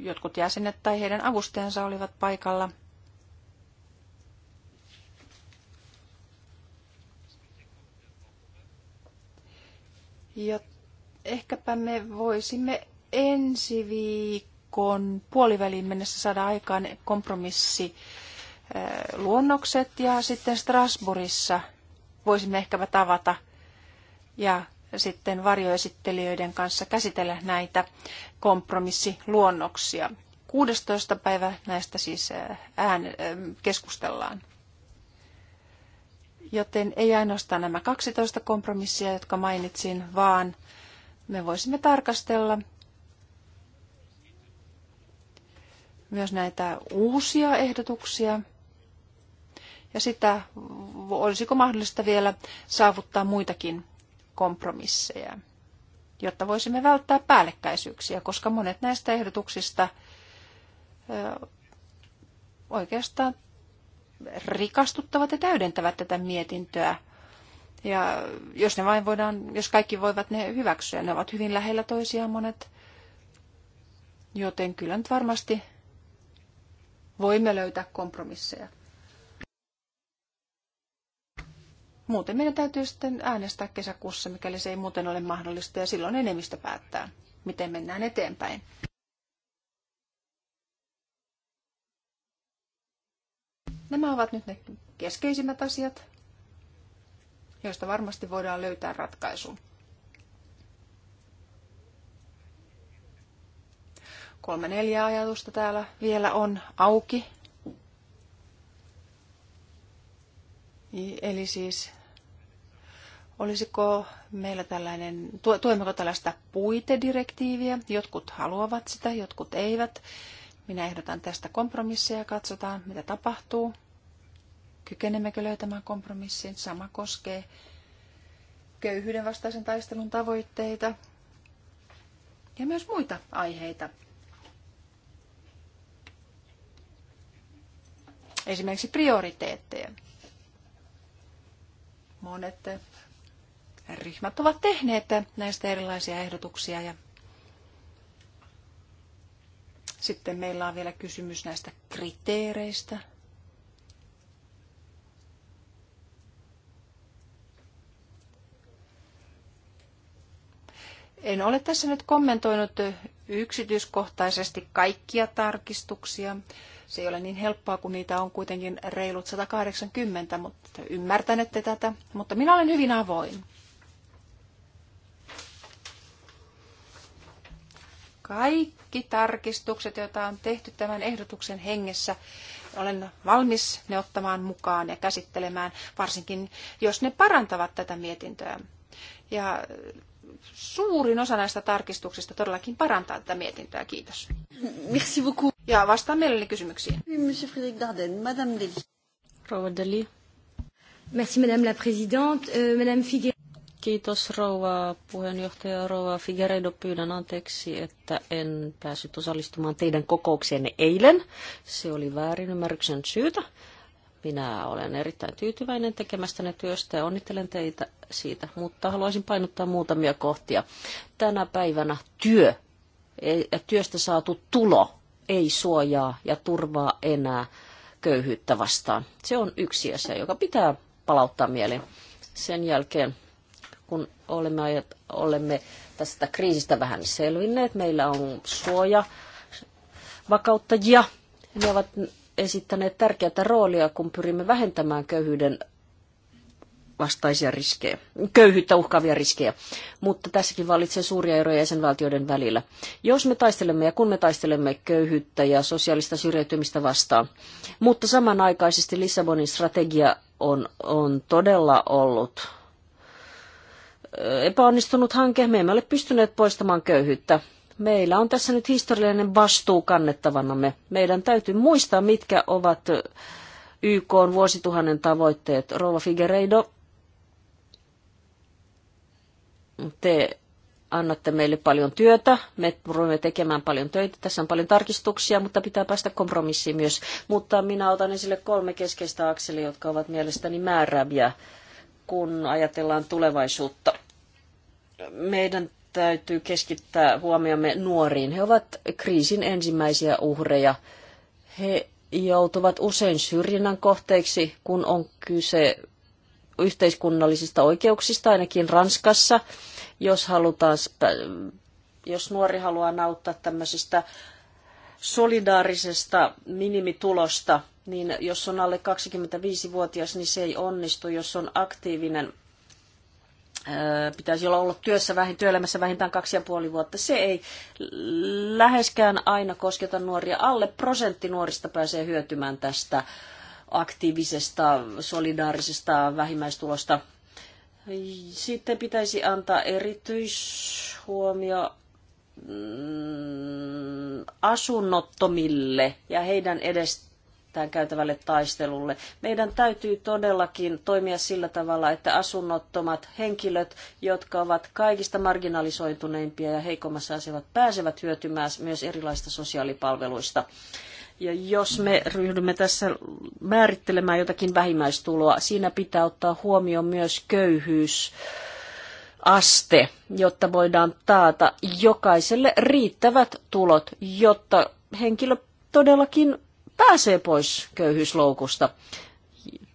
jotkut jäsenet tai heidän avustajansa olivat paikalla. Ja ehkäpä me voisimme ensi viikon puoliväliin mennessä saada aikaan kompromissi eh, luonnokset ja sitten Strasbourgissa voisimme ehkäpä tavata ja sitten varjoesittelijöiden kanssa käsitellä näitä kompromissiluonnoksia. 16. päivä näistä siis äh, ään, äh, keskustellaan. Joten ei ainoastaan nämä 12 kompromissia, jotka mainitsin, vaan me voisimme tarkastella myös näitä uusia ehdotuksia ja sitä, olisiko mahdollista vielä saavuttaa muitakin kompromisseja, jotta voisimme välttää päällekkäisyyksiä, koska monet näistä ehdotuksista oikeastaan rikastuttavat ja täydentävät tätä mietintöä. Ja jos ne vain voidaan, jos kaikki voivat ne hyväksyä, ne ovat hyvin lähellä toisiaan monet. Joten kyllä nyt varmasti voimme löytää kompromisseja. Muuten meidän täytyy sitten äänestää kesäkuussa, mikäli se ei muuten ole mahdollista, ja silloin enemmistö päättää, miten mennään eteenpäin. Nämä ovat nyt ne keskeisimmät asiat, joista varmasti voidaan löytää ratkaisu. Kolme neljä ajatusta täällä vielä on auki, Eli siis olisiko meillä tällainen, tuemmeko tällaista puitedirektiiviä? Jotkut haluavat sitä, jotkut eivät. Minä ehdotan tästä kompromissia ja katsotaan, mitä tapahtuu. Kykenemmekö löytämään kompromissin? Sama koskee köyhyyden vastaisen taistelun tavoitteita ja myös muita aiheita. Esimerkiksi prioriteetteja monet ryhmät ovat tehneet näistä erilaisia ehdotuksia ja sitten meillä on vielä kysymys näistä kriteereistä. En ole tässä nyt kommentoinut yksityiskohtaisesti kaikkia tarkistuksia. Se ei ole niin helppoa, kun niitä on kuitenkin reilut 180, mutta ymmärtänette tätä. Mutta minä olen hyvin avoin. Kaikki tarkistukset, joita on tehty tämän ehdotuksen hengessä, olen valmis ne ottamaan mukaan ja käsittelemään, varsinkin jos ne parantavat tätä mietintöä. Ja suurin osa näistä tarkistuksista todellakin parantaa tätä mietintöä. Kiitos. Merci beaucoup. Ja vastaan mielelläni kysymyksiin. Monsieur Frédéric Dardenne, Madame Deli. Rouva Deli. Merci Madame la Présidente. Euh, Madame Figueredo. Kiitos rouva puheenjohtaja rouva Figueredo. Pyydän anteeksi, että en päässyt osallistumaan teidän kokoukseenne eilen. Se oli väärinymmärryksen syytä. Minä olen erittäin tyytyväinen tekemästäne työstä ja onnittelen teitä siitä, mutta haluaisin painottaa muutamia kohtia. Tänä päivänä työ ja työstä saatu tulo ei suojaa ja turvaa enää köyhyyttä vastaan. Se on yksi asia, joka pitää palauttaa mieleen. Sen jälkeen, kun olemme, olemme tästä kriisistä vähän selvinneet, meillä on suoja, vakauttajia. Ne ovat esittäneet tärkeää roolia, kun pyrimme vähentämään köyhyyden vastaisia riskejä, köyhyyttä uhkaavia riskejä, mutta tässäkin vallitsee suuria eroja jäsenvaltioiden välillä. Jos me taistelemme ja kun me taistelemme köyhyyttä ja sosiaalista syrjäytymistä vastaan, mutta samanaikaisesti Lissabonin strategia on, on todella ollut epäonnistunut hanke, me emme ole pystyneet poistamaan köyhyyttä. Meillä on tässä nyt historiallinen vastuu kannettavanamme. Meidän täytyy muistaa, mitkä ovat YK on vuosituhannen tavoitteet. Rova Figueiredo, te annatte meille paljon työtä, me ruvetaan tekemään paljon töitä, tässä on paljon tarkistuksia, mutta pitää päästä kompromissiin myös. Mutta minä otan esille kolme keskeistä akselia, jotka ovat mielestäni määrääviä, kun ajatellaan tulevaisuutta. Meidän täytyy keskittää huomiomme nuoriin. He ovat kriisin ensimmäisiä uhreja. He joutuvat usein syrjinnän kohteiksi, kun on kyse yhteiskunnallisista oikeuksista, ainakin Ranskassa, jos, halutaan, jos nuori haluaa nauttia tämmöisestä solidaarisesta minimitulosta, niin jos on alle 25-vuotias, niin se ei onnistu. Jos on aktiivinen pitäisi olla ollut työssä vähin, työelämässä vähintään kaksi ja puoli vuotta. Se ei läheskään aina kosketa nuoria. Alle prosentti nuorista pääsee hyötymään tästä aktiivisesta, solidaarisesta vähimmäistulosta. Sitten pitäisi antaa erityishuomio mm, asunnottomille ja heidän edestä tähän käytävälle taistelulle. Meidän täytyy todellakin toimia sillä tavalla, että asunnottomat henkilöt, jotka ovat kaikista marginalisoituneimpia ja heikommassa asemassa, pääsevät hyötymään myös erilaista sosiaalipalveluista. Ja jos me ryhdymme tässä määrittelemään jotakin vähimmäistuloa, siinä pitää ottaa huomioon myös köyhyys aste, jotta voidaan taata jokaiselle riittävät tulot, jotta henkilö todellakin pääsee pois köyhyysloukusta.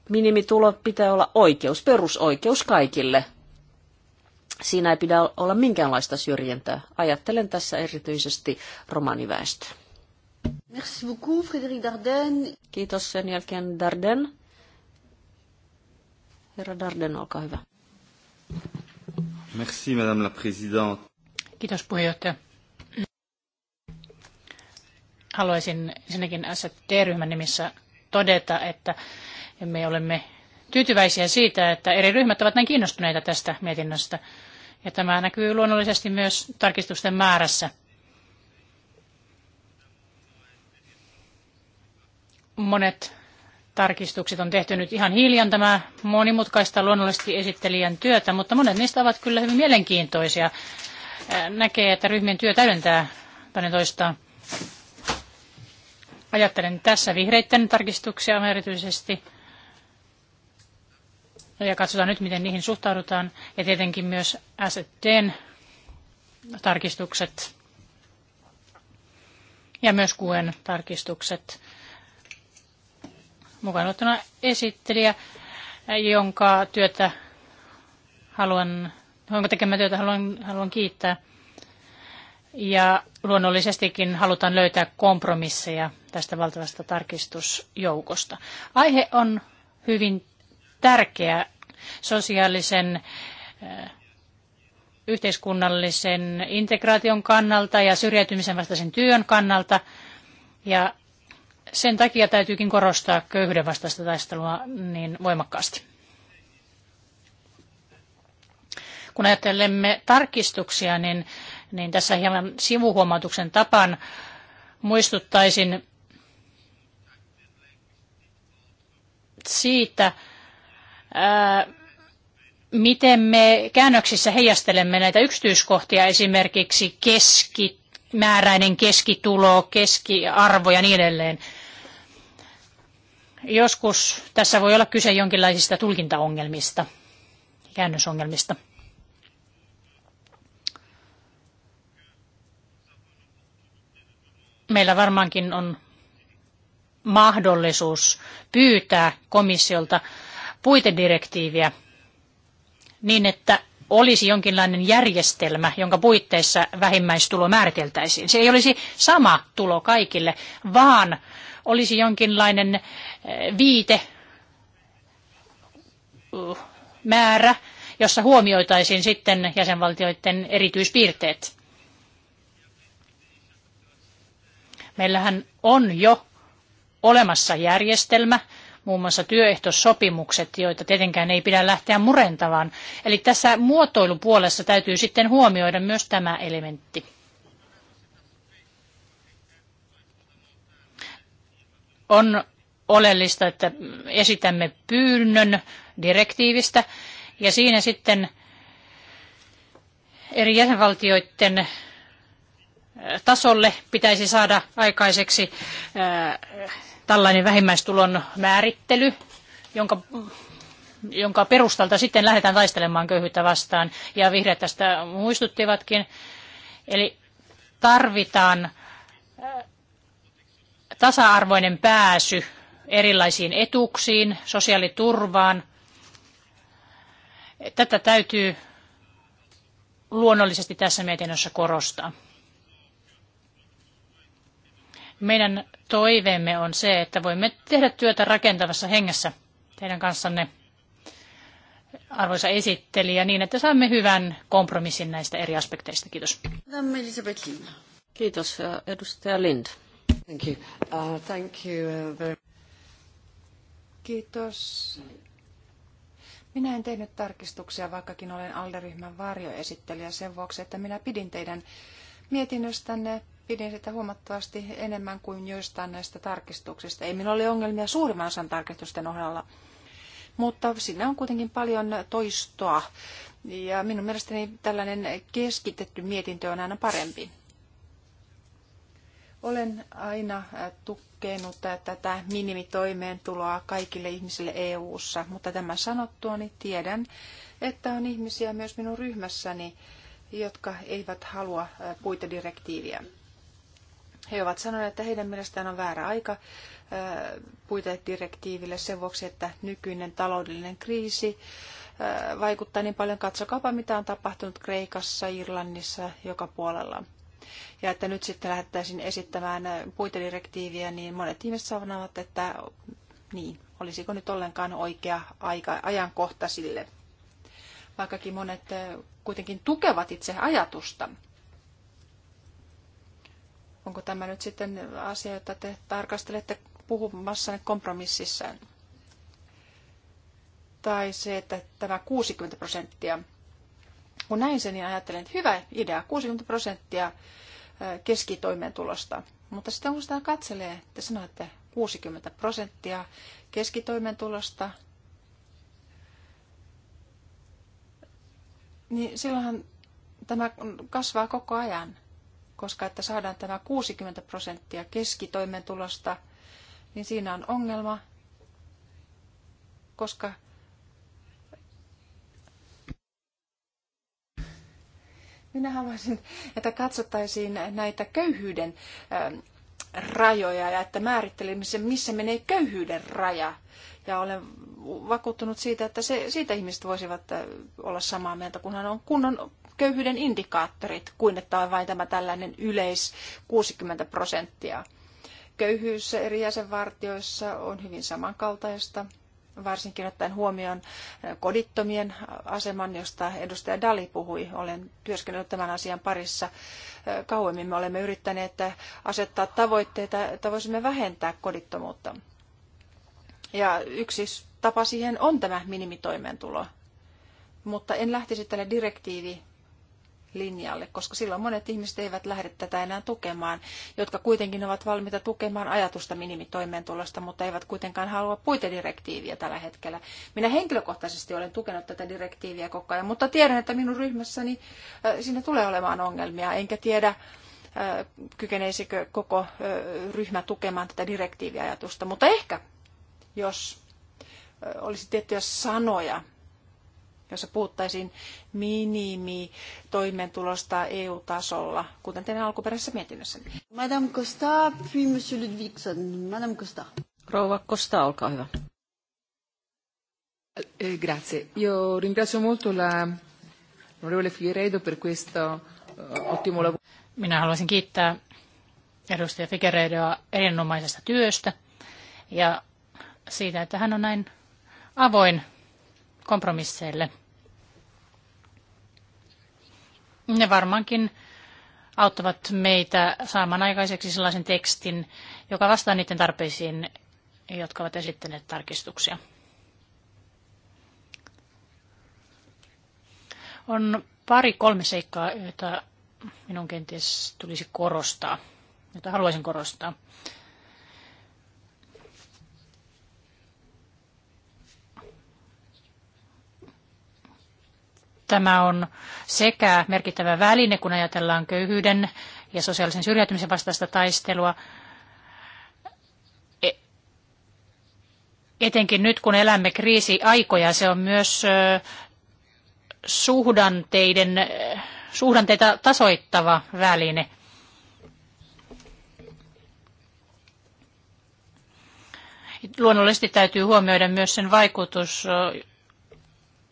Minimitulo pitää olla oikeus, perusoikeus kaikille. Siinä ei pidä olla minkäänlaista syrjintää. Ajattelen tässä erityisesti romaniväestöä. Merci beaucoup, Frédéric Darden. Kiitos sen jälkeen Darden. Herra Darden, olkaa hyvä. Merci, Madame la Présidente. Kiitos puheenjohtaja haluaisin ensinnäkin ST-ryhmän nimissä todeta, että me olemme tyytyväisiä siitä, että eri ryhmät ovat näin kiinnostuneita tästä mietinnöstä. Ja tämä näkyy luonnollisesti myös tarkistusten määrässä. Monet tarkistukset on tehty nyt ihan hiljan. Tämä monimutkaista luonnollisesti esittelijän työtä, mutta monet niistä ovat kyllä hyvin mielenkiintoisia. Näkee, että ryhmien työ täydentää toinen toistaan. Ajattelen tässä vihreitten tarkistuksia erityisesti. Ja katsotaan nyt, miten niihin suhtaudutaan. Ja tietenkin myös SDn tarkistukset ja myös kuen tarkistukset. Mukaan ottuna esittelijä, jonka työtä haluan, jonka tekemää työtä haluan, haluan kiittää. Ja luonnollisestikin halutaan löytää kompromisseja tästä valtavasta tarkistusjoukosta. Aihe on hyvin tärkeä sosiaalisen eh, yhteiskunnallisen integraation kannalta ja syrjäytymisen vastaisen työn kannalta. Ja sen takia täytyykin korostaa köyhyyden vastaista taistelua niin voimakkaasti. Kun ajattelemme tarkistuksia, niin, niin tässä hieman sivuhuomautuksen tapan muistuttaisin siitä, miten me käännöksissä heijastelemme näitä yksityiskohtia, esimerkiksi keskimääräinen keskitulo, keskiarvo ja niin edelleen. Joskus tässä voi olla kyse jonkinlaisista tulkintaongelmista, käännösongelmista. Meillä varmaankin on mahdollisuus pyytää komissiolta puitedirektiiviä niin, että olisi jonkinlainen järjestelmä, jonka puitteissa vähimmäistulo määriteltäisiin. Se ei olisi sama tulo kaikille, vaan olisi jonkinlainen eh, viite uh, määrä, jossa huomioitaisiin sitten jäsenvaltioiden erityispiirteet. Meillähän on jo olemassa järjestelmä, muun muassa työehtosopimukset, joita tietenkään ei pidä lähteä murentamaan. Eli tässä muotoilupuolessa täytyy sitten huomioida myös tämä elementti. On oleellista, että esitämme pyynnön direktiivistä ja siinä sitten eri jäsenvaltioiden tasolle pitäisi saada aikaiseksi tällainen vähimmäistulon määrittely, jonka, jonka perustalta sitten lähdetään taistelemaan köyhyyttä vastaan. Ja vihreät tästä muistuttivatkin. Eli tarvitaan tasa-arvoinen pääsy erilaisiin etuuksiin, sosiaaliturvaan. Tätä täytyy luonnollisesti tässä mietinnössä korostaa. Meidän toiveemme on se, että voimme tehdä työtä rakentavassa hengessä teidän kanssanne, arvoisa esittelijä, niin että saamme hyvän kompromissin näistä eri aspekteista. Kiitos. Kiitos, äh, edustaja Lind. Thank you. Uh, thank you uh, very... Kiitos. Minä en tehnyt tarkistuksia, vaikkakin olen alderyhmän varjoesittelijä sen vuoksi, että minä pidin teidän mietinnöstänne pidin sitä huomattavasti enemmän kuin joistain näistä tarkistuksista. Ei minulla ole ongelmia suurimman osan tarkistusten ohjalla, mutta siinä on kuitenkin paljon toistoa. Ja minun mielestäni tällainen keskitetty mietintö on aina parempi. Olen aina tukenut tätä minimitoimeentuloa kaikille ihmisille EU-ssa, mutta tämä sanottuani tiedän, että on ihmisiä myös minun ryhmässäni, jotka eivät halua puitedirektiiviä. He ovat sanoneet, että heidän mielestään on väärä aika äh, puitedirektiiville sen vuoksi, että nykyinen taloudellinen kriisi äh, vaikuttaa niin paljon. Katsokaapa, mitä on tapahtunut Kreikassa, Irlannissa, joka puolella. Ja että nyt sitten lähdettäisiin esittämään äh, puitedirektiiviä, niin monet ihmiset sanovat, että niin, olisiko nyt ollenkaan oikea aika, ajankohta sille. Vaikkakin monet kuitenkin tukevat itse ajatusta. Onko tämä nyt sitten asia, jota te tarkastelette puhumassanne kompromississa? Tai se, että tämä 60 prosenttia. Kun näin sen, niin ajattelin, että hyvä idea, 60 prosenttia keskitoimeentulosta. Mutta sitten kun sitä katselee, että sanoitte 60 prosenttia keskitoimeentulosta, niin silloinhan tämä kasvaa koko ajan koska että saadaan tämä 60 prosenttia keskitoimentulosta, niin siinä on ongelma, koska minä haluaisin, että katsottaisiin näitä köyhyyden ähm, rajoja ja että määrittelemme missä menee köyhyyden raja. Ja olen vakuuttunut siitä, että se, siitä ihmiset voisivat äh, olla samaa mieltä, kunhan on kunnon köyhyyden indikaattorit, kuin että on vain tämä tällainen yleis 60 prosenttia. Köyhyys eri jäsenvartioissa on hyvin samankaltaista, varsinkin ottaen huomioon eh, kodittomien aseman, josta edustaja Dali puhui. Olen työskennellyt tämän asian parissa eh, kauemmin. Me olemme yrittäneet eh, asettaa tavoitteita, että voisimme vähentää kodittomuutta. Ja yksi tapa siihen on tämä minimitoimeentulo. Mutta en lähtisi tälle direktiivi linjalle, koska silloin monet ihmiset eivät lähde tätä enää tukemaan, jotka kuitenkin ovat valmiita tukemaan ajatusta minimitoimeentulosta, mutta eivät kuitenkaan halua puitedirektiiviä tällä hetkellä. Minä henkilökohtaisesti olen tukenut tätä direktiiviä koko ajan, mutta tiedän, että minun ryhmässäni äh, siinä tulee olemaan ongelmia, enkä tiedä, äh, kykeneisikö koko äh, ryhmä tukemaan tätä direktiiviajatusta, mutta ehkä, jos olisi tiettyjä sanoja, jossa puhuttaisiin minimi toimeentulosta EU-tasolla, kuten teidän alkuperäisessä mietinnössä. Madame Costa, puis Monsieur Ludvigson. Madame Costa. Rouva Costa, olkaa hyvä. Eh, grazie. Io ringrazio molto la onorevole Figueiredo per questo eh, ottimo lavoro. Minä haluaisin kiittää edustaja Figueiredoa erinomaisesta työstä ja siitä, että hän on näin avoin kompromisseille. Ne varmaankin auttavat meitä saamaan aikaiseksi sellaisen tekstin, joka vastaa niiden tarpeisiin, jotka ovat esittäneet tarkistuksia. On pari kolme seikkaa, joita minun kenties tulisi korostaa, joita haluaisin korostaa. Tämä on sekä merkittävä väline, kun ajatellaan köyhyyden ja sosiaalisen syrjäytymisen vastaista taistelua, e- etenkin nyt kun elämme kriisiaikoja, se on myös suhdanteiden, suhdanteita tasoittava väline. Luonnollisesti täytyy huomioida myös sen vaikutus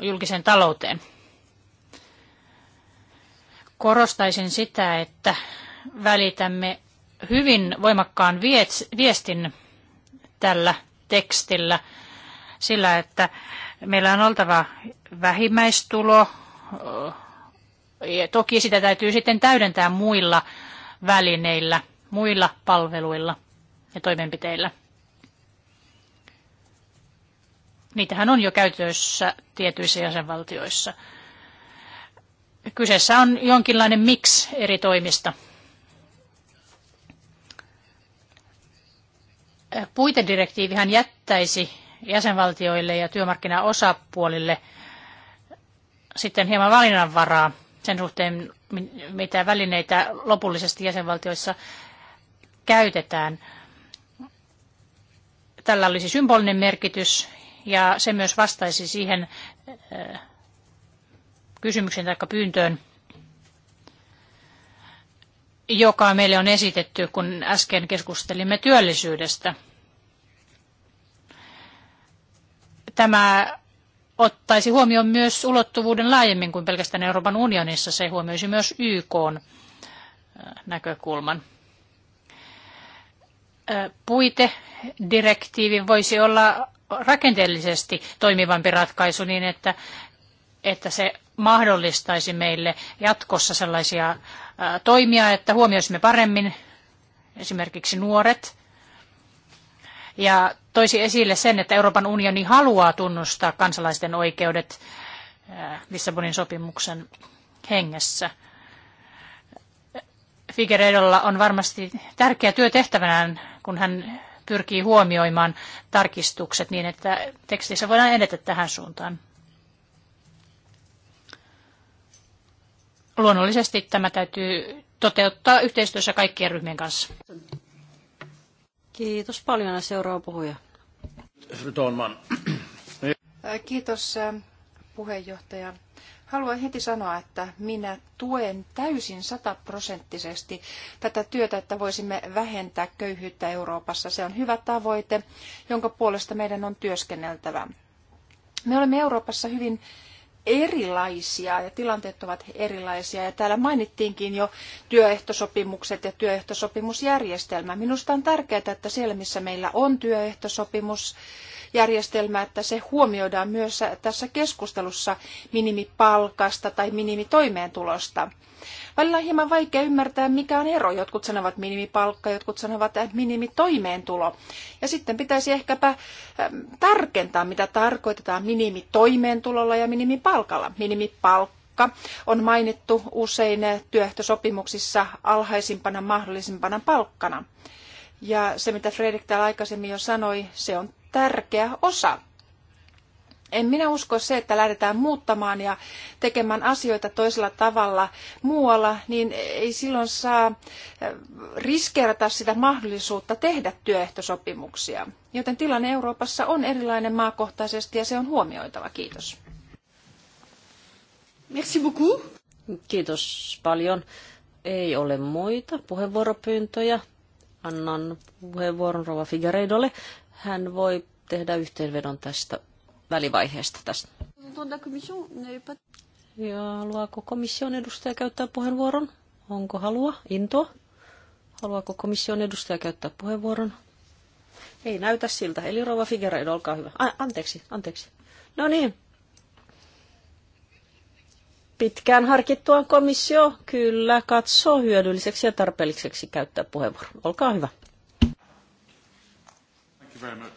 julkiseen talouteen. Korostaisin sitä, että välitämme hyvin voimakkaan viestin tällä tekstillä sillä, että meillä on oltava vähimmäistulo. Ja toki sitä täytyy sitten täydentää muilla välineillä, muilla palveluilla ja toimenpiteillä. Niitähän on jo käytössä tietyissä jäsenvaltioissa. Kyseessä on jonkinlainen mix eri toimista. Puitedirektiivihän jättäisi jäsenvaltioille ja työmarkkinaosapuolille sitten hieman valinnanvaraa sen suhteen, mitä välineitä lopullisesti jäsenvaltioissa käytetään. Tällä olisi symbolinen merkitys ja se myös vastaisi siihen eh, kysymykseen tai pyyntöön, joka meille on esitetty, kun äsken keskustelimme työllisyydestä. Tämä ottaisi huomioon myös ulottuvuuden laajemmin kuin pelkästään Euroopan unionissa. Se huomioisi myös YK äh, näkökulman. Äh, puitedirektiivi voisi olla rakenteellisesti toimivampi ratkaisu niin, että, että se mahdollistaisi meille jatkossa sellaisia toimia, että huomioisimme paremmin esimerkiksi nuoret ja toisi esille sen, että Euroopan unioni haluaa tunnustaa kansalaisten oikeudet Lissabonin sopimuksen hengessä. Figueredolla on varmasti tärkeä työ tehtävänään, kun hän pyrkii huomioimaan tarkistukset niin, että tekstissä voidaan edetä tähän suuntaan. Luonnollisesti tämä täytyy toteuttaa yhteistyössä kaikkien ryhmien kanssa. Kiitos paljon. Seuraava puhuja. Äh, kiitos äh, puheenjohtaja. Haluan heti sanoa, että minä tuen täysin sataprosenttisesti tätä työtä, että voisimme vähentää köyhyyttä Euroopassa. Se on hyvä tavoite, jonka puolesta meidän on työskenneltävä. Me olemme Euroopassa hyvin erilaisia ja tilanteet ovat erilaisia. Ja täällä mainittiinkin jo työehtosopimukset ja työehtosopimusjärjestelmä. Minusta on tärkeää, että siellä missä meillä on työehtosopimus, järjestelmä, että se huomioidaan myös tässä keskustelussa minimipalkasta tai minimitoimeentulosta. Välillä on hieman vaikea ymmärtää, mikä on ero. Jotkut sanovat minimipalkka, jotkut sanovat minimitoimeentulo. Ja sitten pitäisi ehkäpä tarkentaa, mitä tarkoitetaan minimitoimeentulolla ja minimipalkalla. Minimipalkka on mainittu usein työehtosopimuksissa alhaisimpana mahdollisimpana palkkana. Ja se, mitä Fredrik täällä aikaisemmin jo sanoi, se on tärkeä osa. En minä usko se, että lähdetään muuttamaan ja tekemään asioita toisella tavalla muualla, niin ei silloin saa eh, riskeerata sitä mahdollisuutta tehdä työehtosopimuksia. Joten tilanne Euroopassa on erilainen maakohtaisesti ja se on huomioitava. Kiitos. Merci beaucoup. Kiitos paljon. Ei ole muita puheenvuoropyyntöjä. Annan puheenvuoron Rova Figueiredolle hän voi tehdä yhteenvedon tästä välivaiheesta tästä. Ja haluaako komission edustaja käyttää puheenvuoron? Onko halua, intoa? Haluaako komission edustaja käyttää puheenvuoron? Ei näytä siltä. Eli Rova Figueredo, olkaa hyvä. A- anteeksi, anteeksi. No niin. Pitkään harkittua komissio kyllä katsoo hyödylliseksi ja tarpeelliseksi käyttää puheenvuoron. Olkaa hyvä. Um,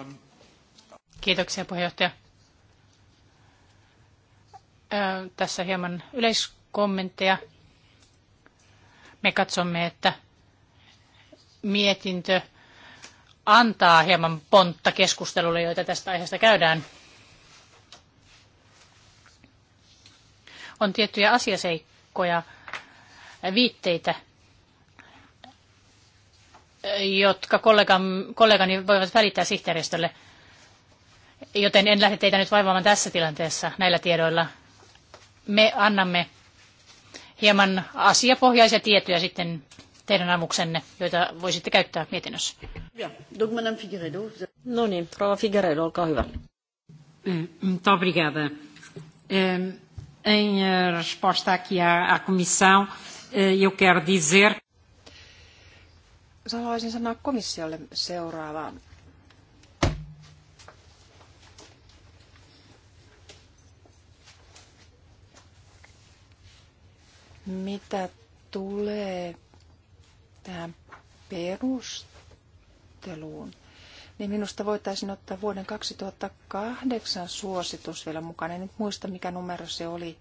um, Kiitoksia puheenjohtaja. tässä hieman yleiskommentteja. Me katsomme, että mietintö antaa hieman pontta keskustelulle, joita tästä aiheesta käydään. On tiettyjä asiaseikkoja, viitteitä, jotka kollegani voivat välittää sihteeristölle. Joten en lähde teitä nyt vaivaamaan tässä tilanteessa näillä tiedoilla. Me annamme hieman asiapohjaisia tietoja sitten teidän avuksenne, joita voisitte käyttää mietinnössä. No niin, rouva Figueredo, olkaa hyvä. Eh, muito obrigada. Eh, em eh, resposta aqui à Comissão, eu quero dizer haluaisin sanoa komissiolle seuraavaa. Mitä tulee tähän perusteluun, niin minusta voitaisiin ottaa vuoden 2008 suositus vielä mukaan. En nyt muista, mikä numero se oli,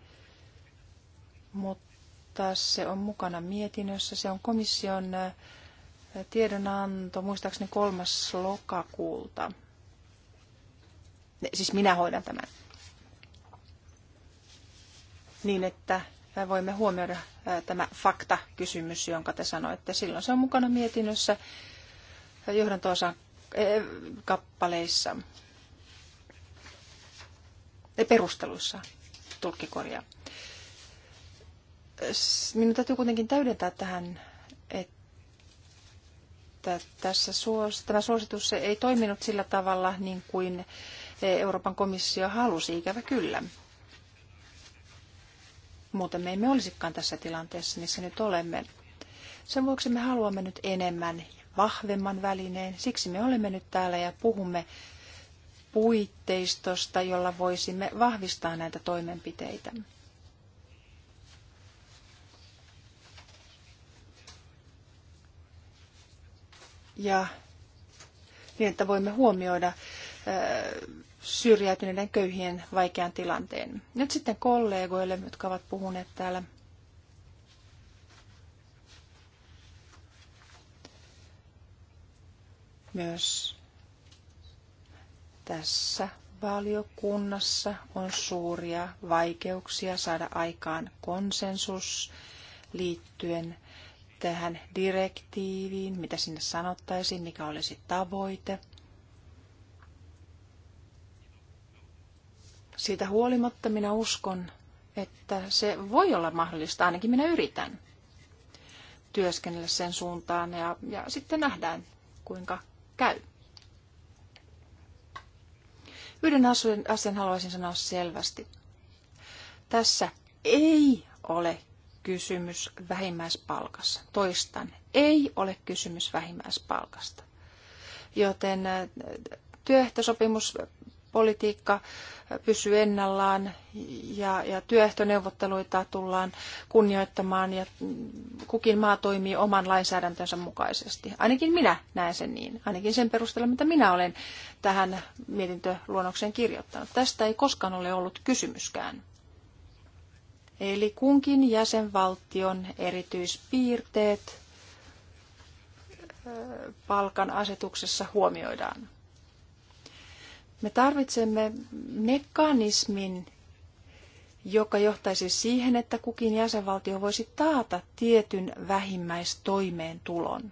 mutta se on mukana mietinnössä. Se on komission äh, tiedonanto, muistaakseni kolmas lokakuulta. Siis minä hoidan tämän. Niin, että äh, voimme huomioida äh, tämä faktakysymys, jonka te sanoitte. Silloin se on mukana mietinnössä äh, johdantoosan kappaleissa, perusteluissa, tulkkikorjaa. Minun täytyy kuitenkin täydentää tähän tässä suos, tämä suositus ei toiminut sillä tavalla niin kuin eh, Euroopan komissio halusi, ikävä kyllä. Muuten me emme olisikaan tässä tilanteessa, missä nyt olemme. Sen vuoksi me haluamme nyt enemmän vahvemman välineen. Siksi me olemme nyt täällä ja puhumme puitteistosta, jolla voisimme vahvistaa näitä toimenpiteitä. ja niin, että voimme huomioida syrjäytyneiden köyhien vaikean tilanteen. Nyt sitten kollegoille, jotka ovat puhuneet täällä. Myös tässä valiokunnassa on suuria vaikeuksia saada aikaan konsensus liittyen tähän direktiiviin, mitä sinne sanottaisiin, mikä olisi tavoite. Siitä huolimatta minä uskon, että se voi olla mahdollista, ainakin minä yritän työskennellä sen suuntaan ja, ja sitten nähdään, kuinka käy. Yhden asian haluaisin sanoa selvästi. Tässä ei ole kysymys vähimmäispalkassa. Toistan, ei ole kysymys vähimmäispalkasta. Joten äh, työehtosopimuspolitiikka äh, pysyy ennallaan ja, ja työehtoneuvotteluita tullaan kunnioittamaan ja mm, kukin maa toimii oman lainsäädäntönsä mukaisesti. Ainakin minä näen sen niin, ainakin sen perusteella, mitä minä olen tähän mietintöluonnokseen kirjoittanut. Tästä ei koskaan ole ollut kysymyskään. Eli kunkin jäsenvaltion erityispiirteet palkan asetuksessa huomioidaan. Me tarvitsemme mekanismin, joka johtaisi siihen, että kukin jäsenvaltio voisi taata tietyn vähimmäistoimeentulon.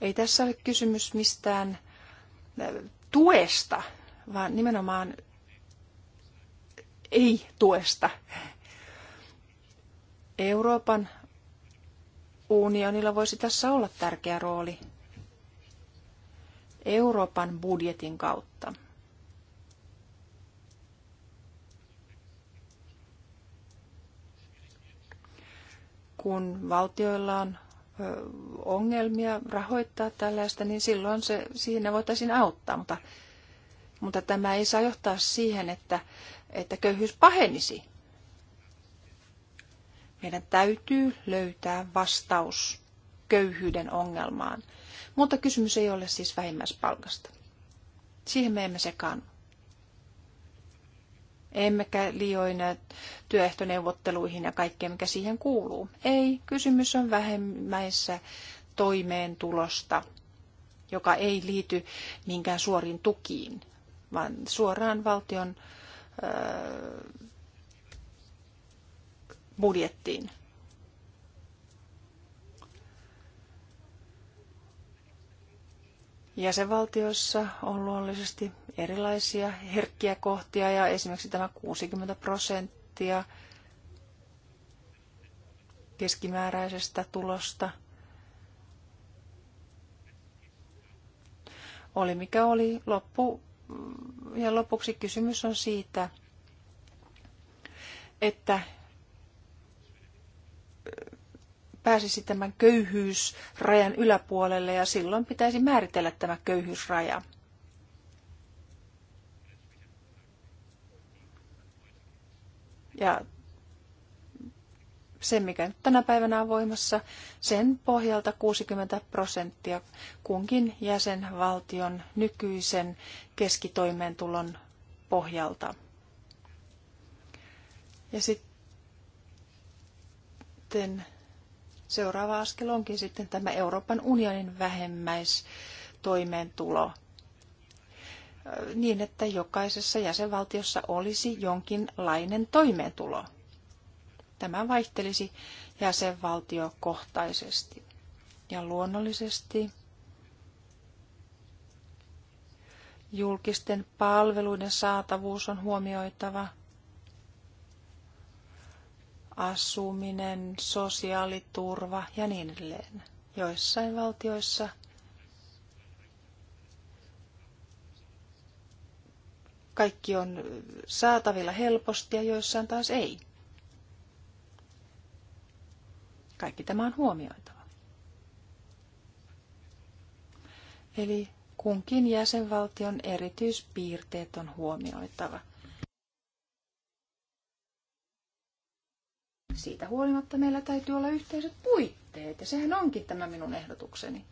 Ei tässä ole kysymys mistään tuesta vaan nimenomaan ei-tuesta. Euroopan unionilla voisi tässä olla tärkeä rooli Euroopan budjetin kautta. Kun valtioilla on ongelmia rahoittaa tällaista, niin silloin se, siinä voitaisiin auttaa, mutta mutta tämä ei saa johtaa siihen, että, että köyhyys pahenisi. Meidän täytyy löytää vastaus köyhyyden ongelmaan, mutta kysymys ei ole siis vähimmäispalkasta. Siihen me emme sekaannu. Emmekä liioina työehtoneuvotteluihin ja kaikkeen, mikä siihen kuuluu. Ei, kysymys on vähemmäissä toimeentulosta, joka ei liity minkään suoriin tukiin vaan suoraan valtion budjettiin. Jäsenvaltioissa on luonnollisesti erilaisia herkkiä kohtia ja esimerkiksi tämä 60 prosenttia keskimääräisestä tulosta oli mikä oli loppu ja lopuksi kysymys on siitä, että pääsisi tämän köyhyysrajan yläpuolelle ja silloin pitäisi määritellä tämä köyhyysraja. Ja sen, mikä nyt tänä päivänä on voimassa, sen pohjalta 60 prosenttia kunkin jäsenvaltion nykyisen keskitoimeentulon pohjalta. Ja sitten seuraava askel onkin sitten tämä Euroopan unionin vähemmäistoimeentulo niin, että jokaisessa jäsenvaltiossa olisi jonkinlainen toimeentulo. Tämä vaihtelisi jäsenvaltiokohtaisesti. Ja luonnollisesti julkisten palveluiden saatavuus on huomioitava. Asuminen, sosiaaliturva ja niin edelleen. Joissain valtioissa kaikki on saatavilla helposti ja joissain taas ei. Kaikki tämä on huomioitava. Eli kunkin jäsenvaltion erityispiirteet on huomioitava. Siitä huolimatta meillä täytyy olla yhteiset puitteet, ja sehän onkin tämä minun ehdotukseni.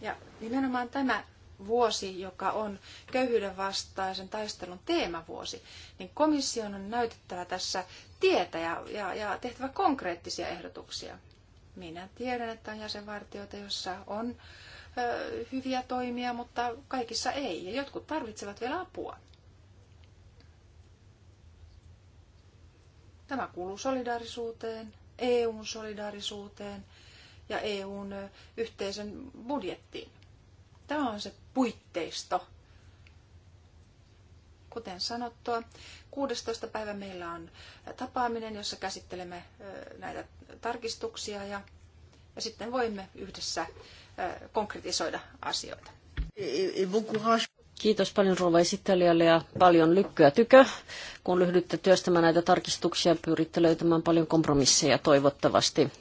Ja nimenomaan tämä vuosi, joka on köyhyyden vastaisen taistelun teemavuosi, niin komission on näytettävä tässä tietä ja, ja, ja tehtävä konkreettisia ehdotuksia. Minä tiedän, että on jäsenvartioita, joissa on ö, hyviä toimia, mutta kaikissa ei. Ja jotkut tarvitsevat vielä apua. Tämä kuuluu solidaarisuuteen, EUn solidaarisuuteen ja EUn yhteisen budjettiin. Tämä on se puitteisto. Kuten sanottua, 16. päivä meillä on tapaaminen, jossa käsittelemme näitä tarkistuksia ja, ja sitten voimme yhdessä konkretisoida asioita. Kiitos paljon rouva esittelijälle ja paljon lykkyä tykö, kun lyhdytte työstämään näitä tarkistuksia. Pyritte löytämään paljon kompromisseja toivottavasti.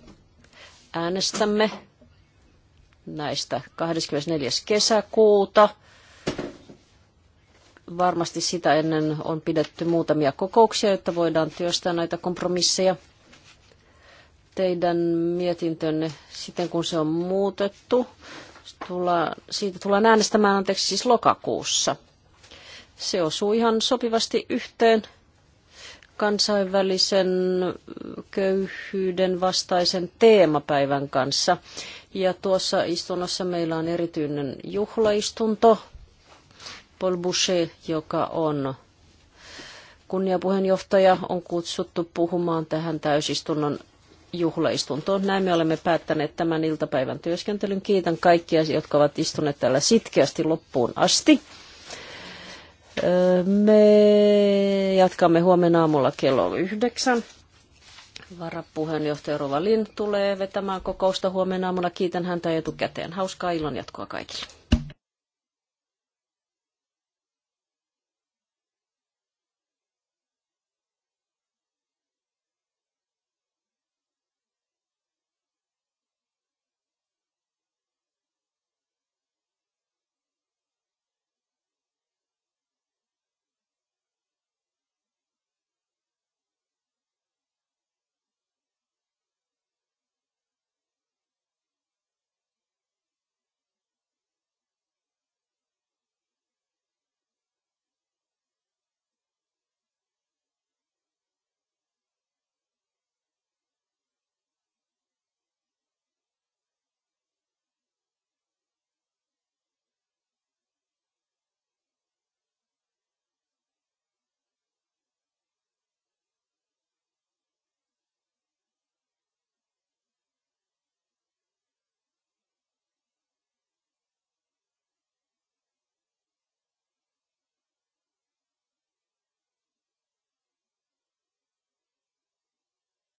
Äänestämme näistä 24. kesäkuuta. Varmasti sitä ennen on pidetty muutamia kokouksia, jotta voidaan työstää näitä kompromisseja. Teidän mietintönne sitten kun se on muutettu, siitä tullaan äänestämään anteeksi siis lokakuussa. Se osuu ihan sopivasti yhteen kansainvälisen köyhyyden vastaisen teemapäivän kanssa. Ja tuossa istunnossa meillä on erityinen juhlaistunto, Paul Boucher, joka on kunniapuheenjohtaja, on kutsuttu puhumaan tähän täysistunnon juhlaistuntoon. Näin me olemme päättäneet tämän iltapäivän työskentelyn. Kiitän kaikkia, jotka ovat istuneet täällä sitkeästi loppuun asti. Me jatkamme huomenna aamulla kello yhdeksän. Varapuheenjohtaja Lind tulee vetämään kokousta huomenna aamuna. Kiitän häntä etukäteen. Hauskaa illan jatkoa kaikille.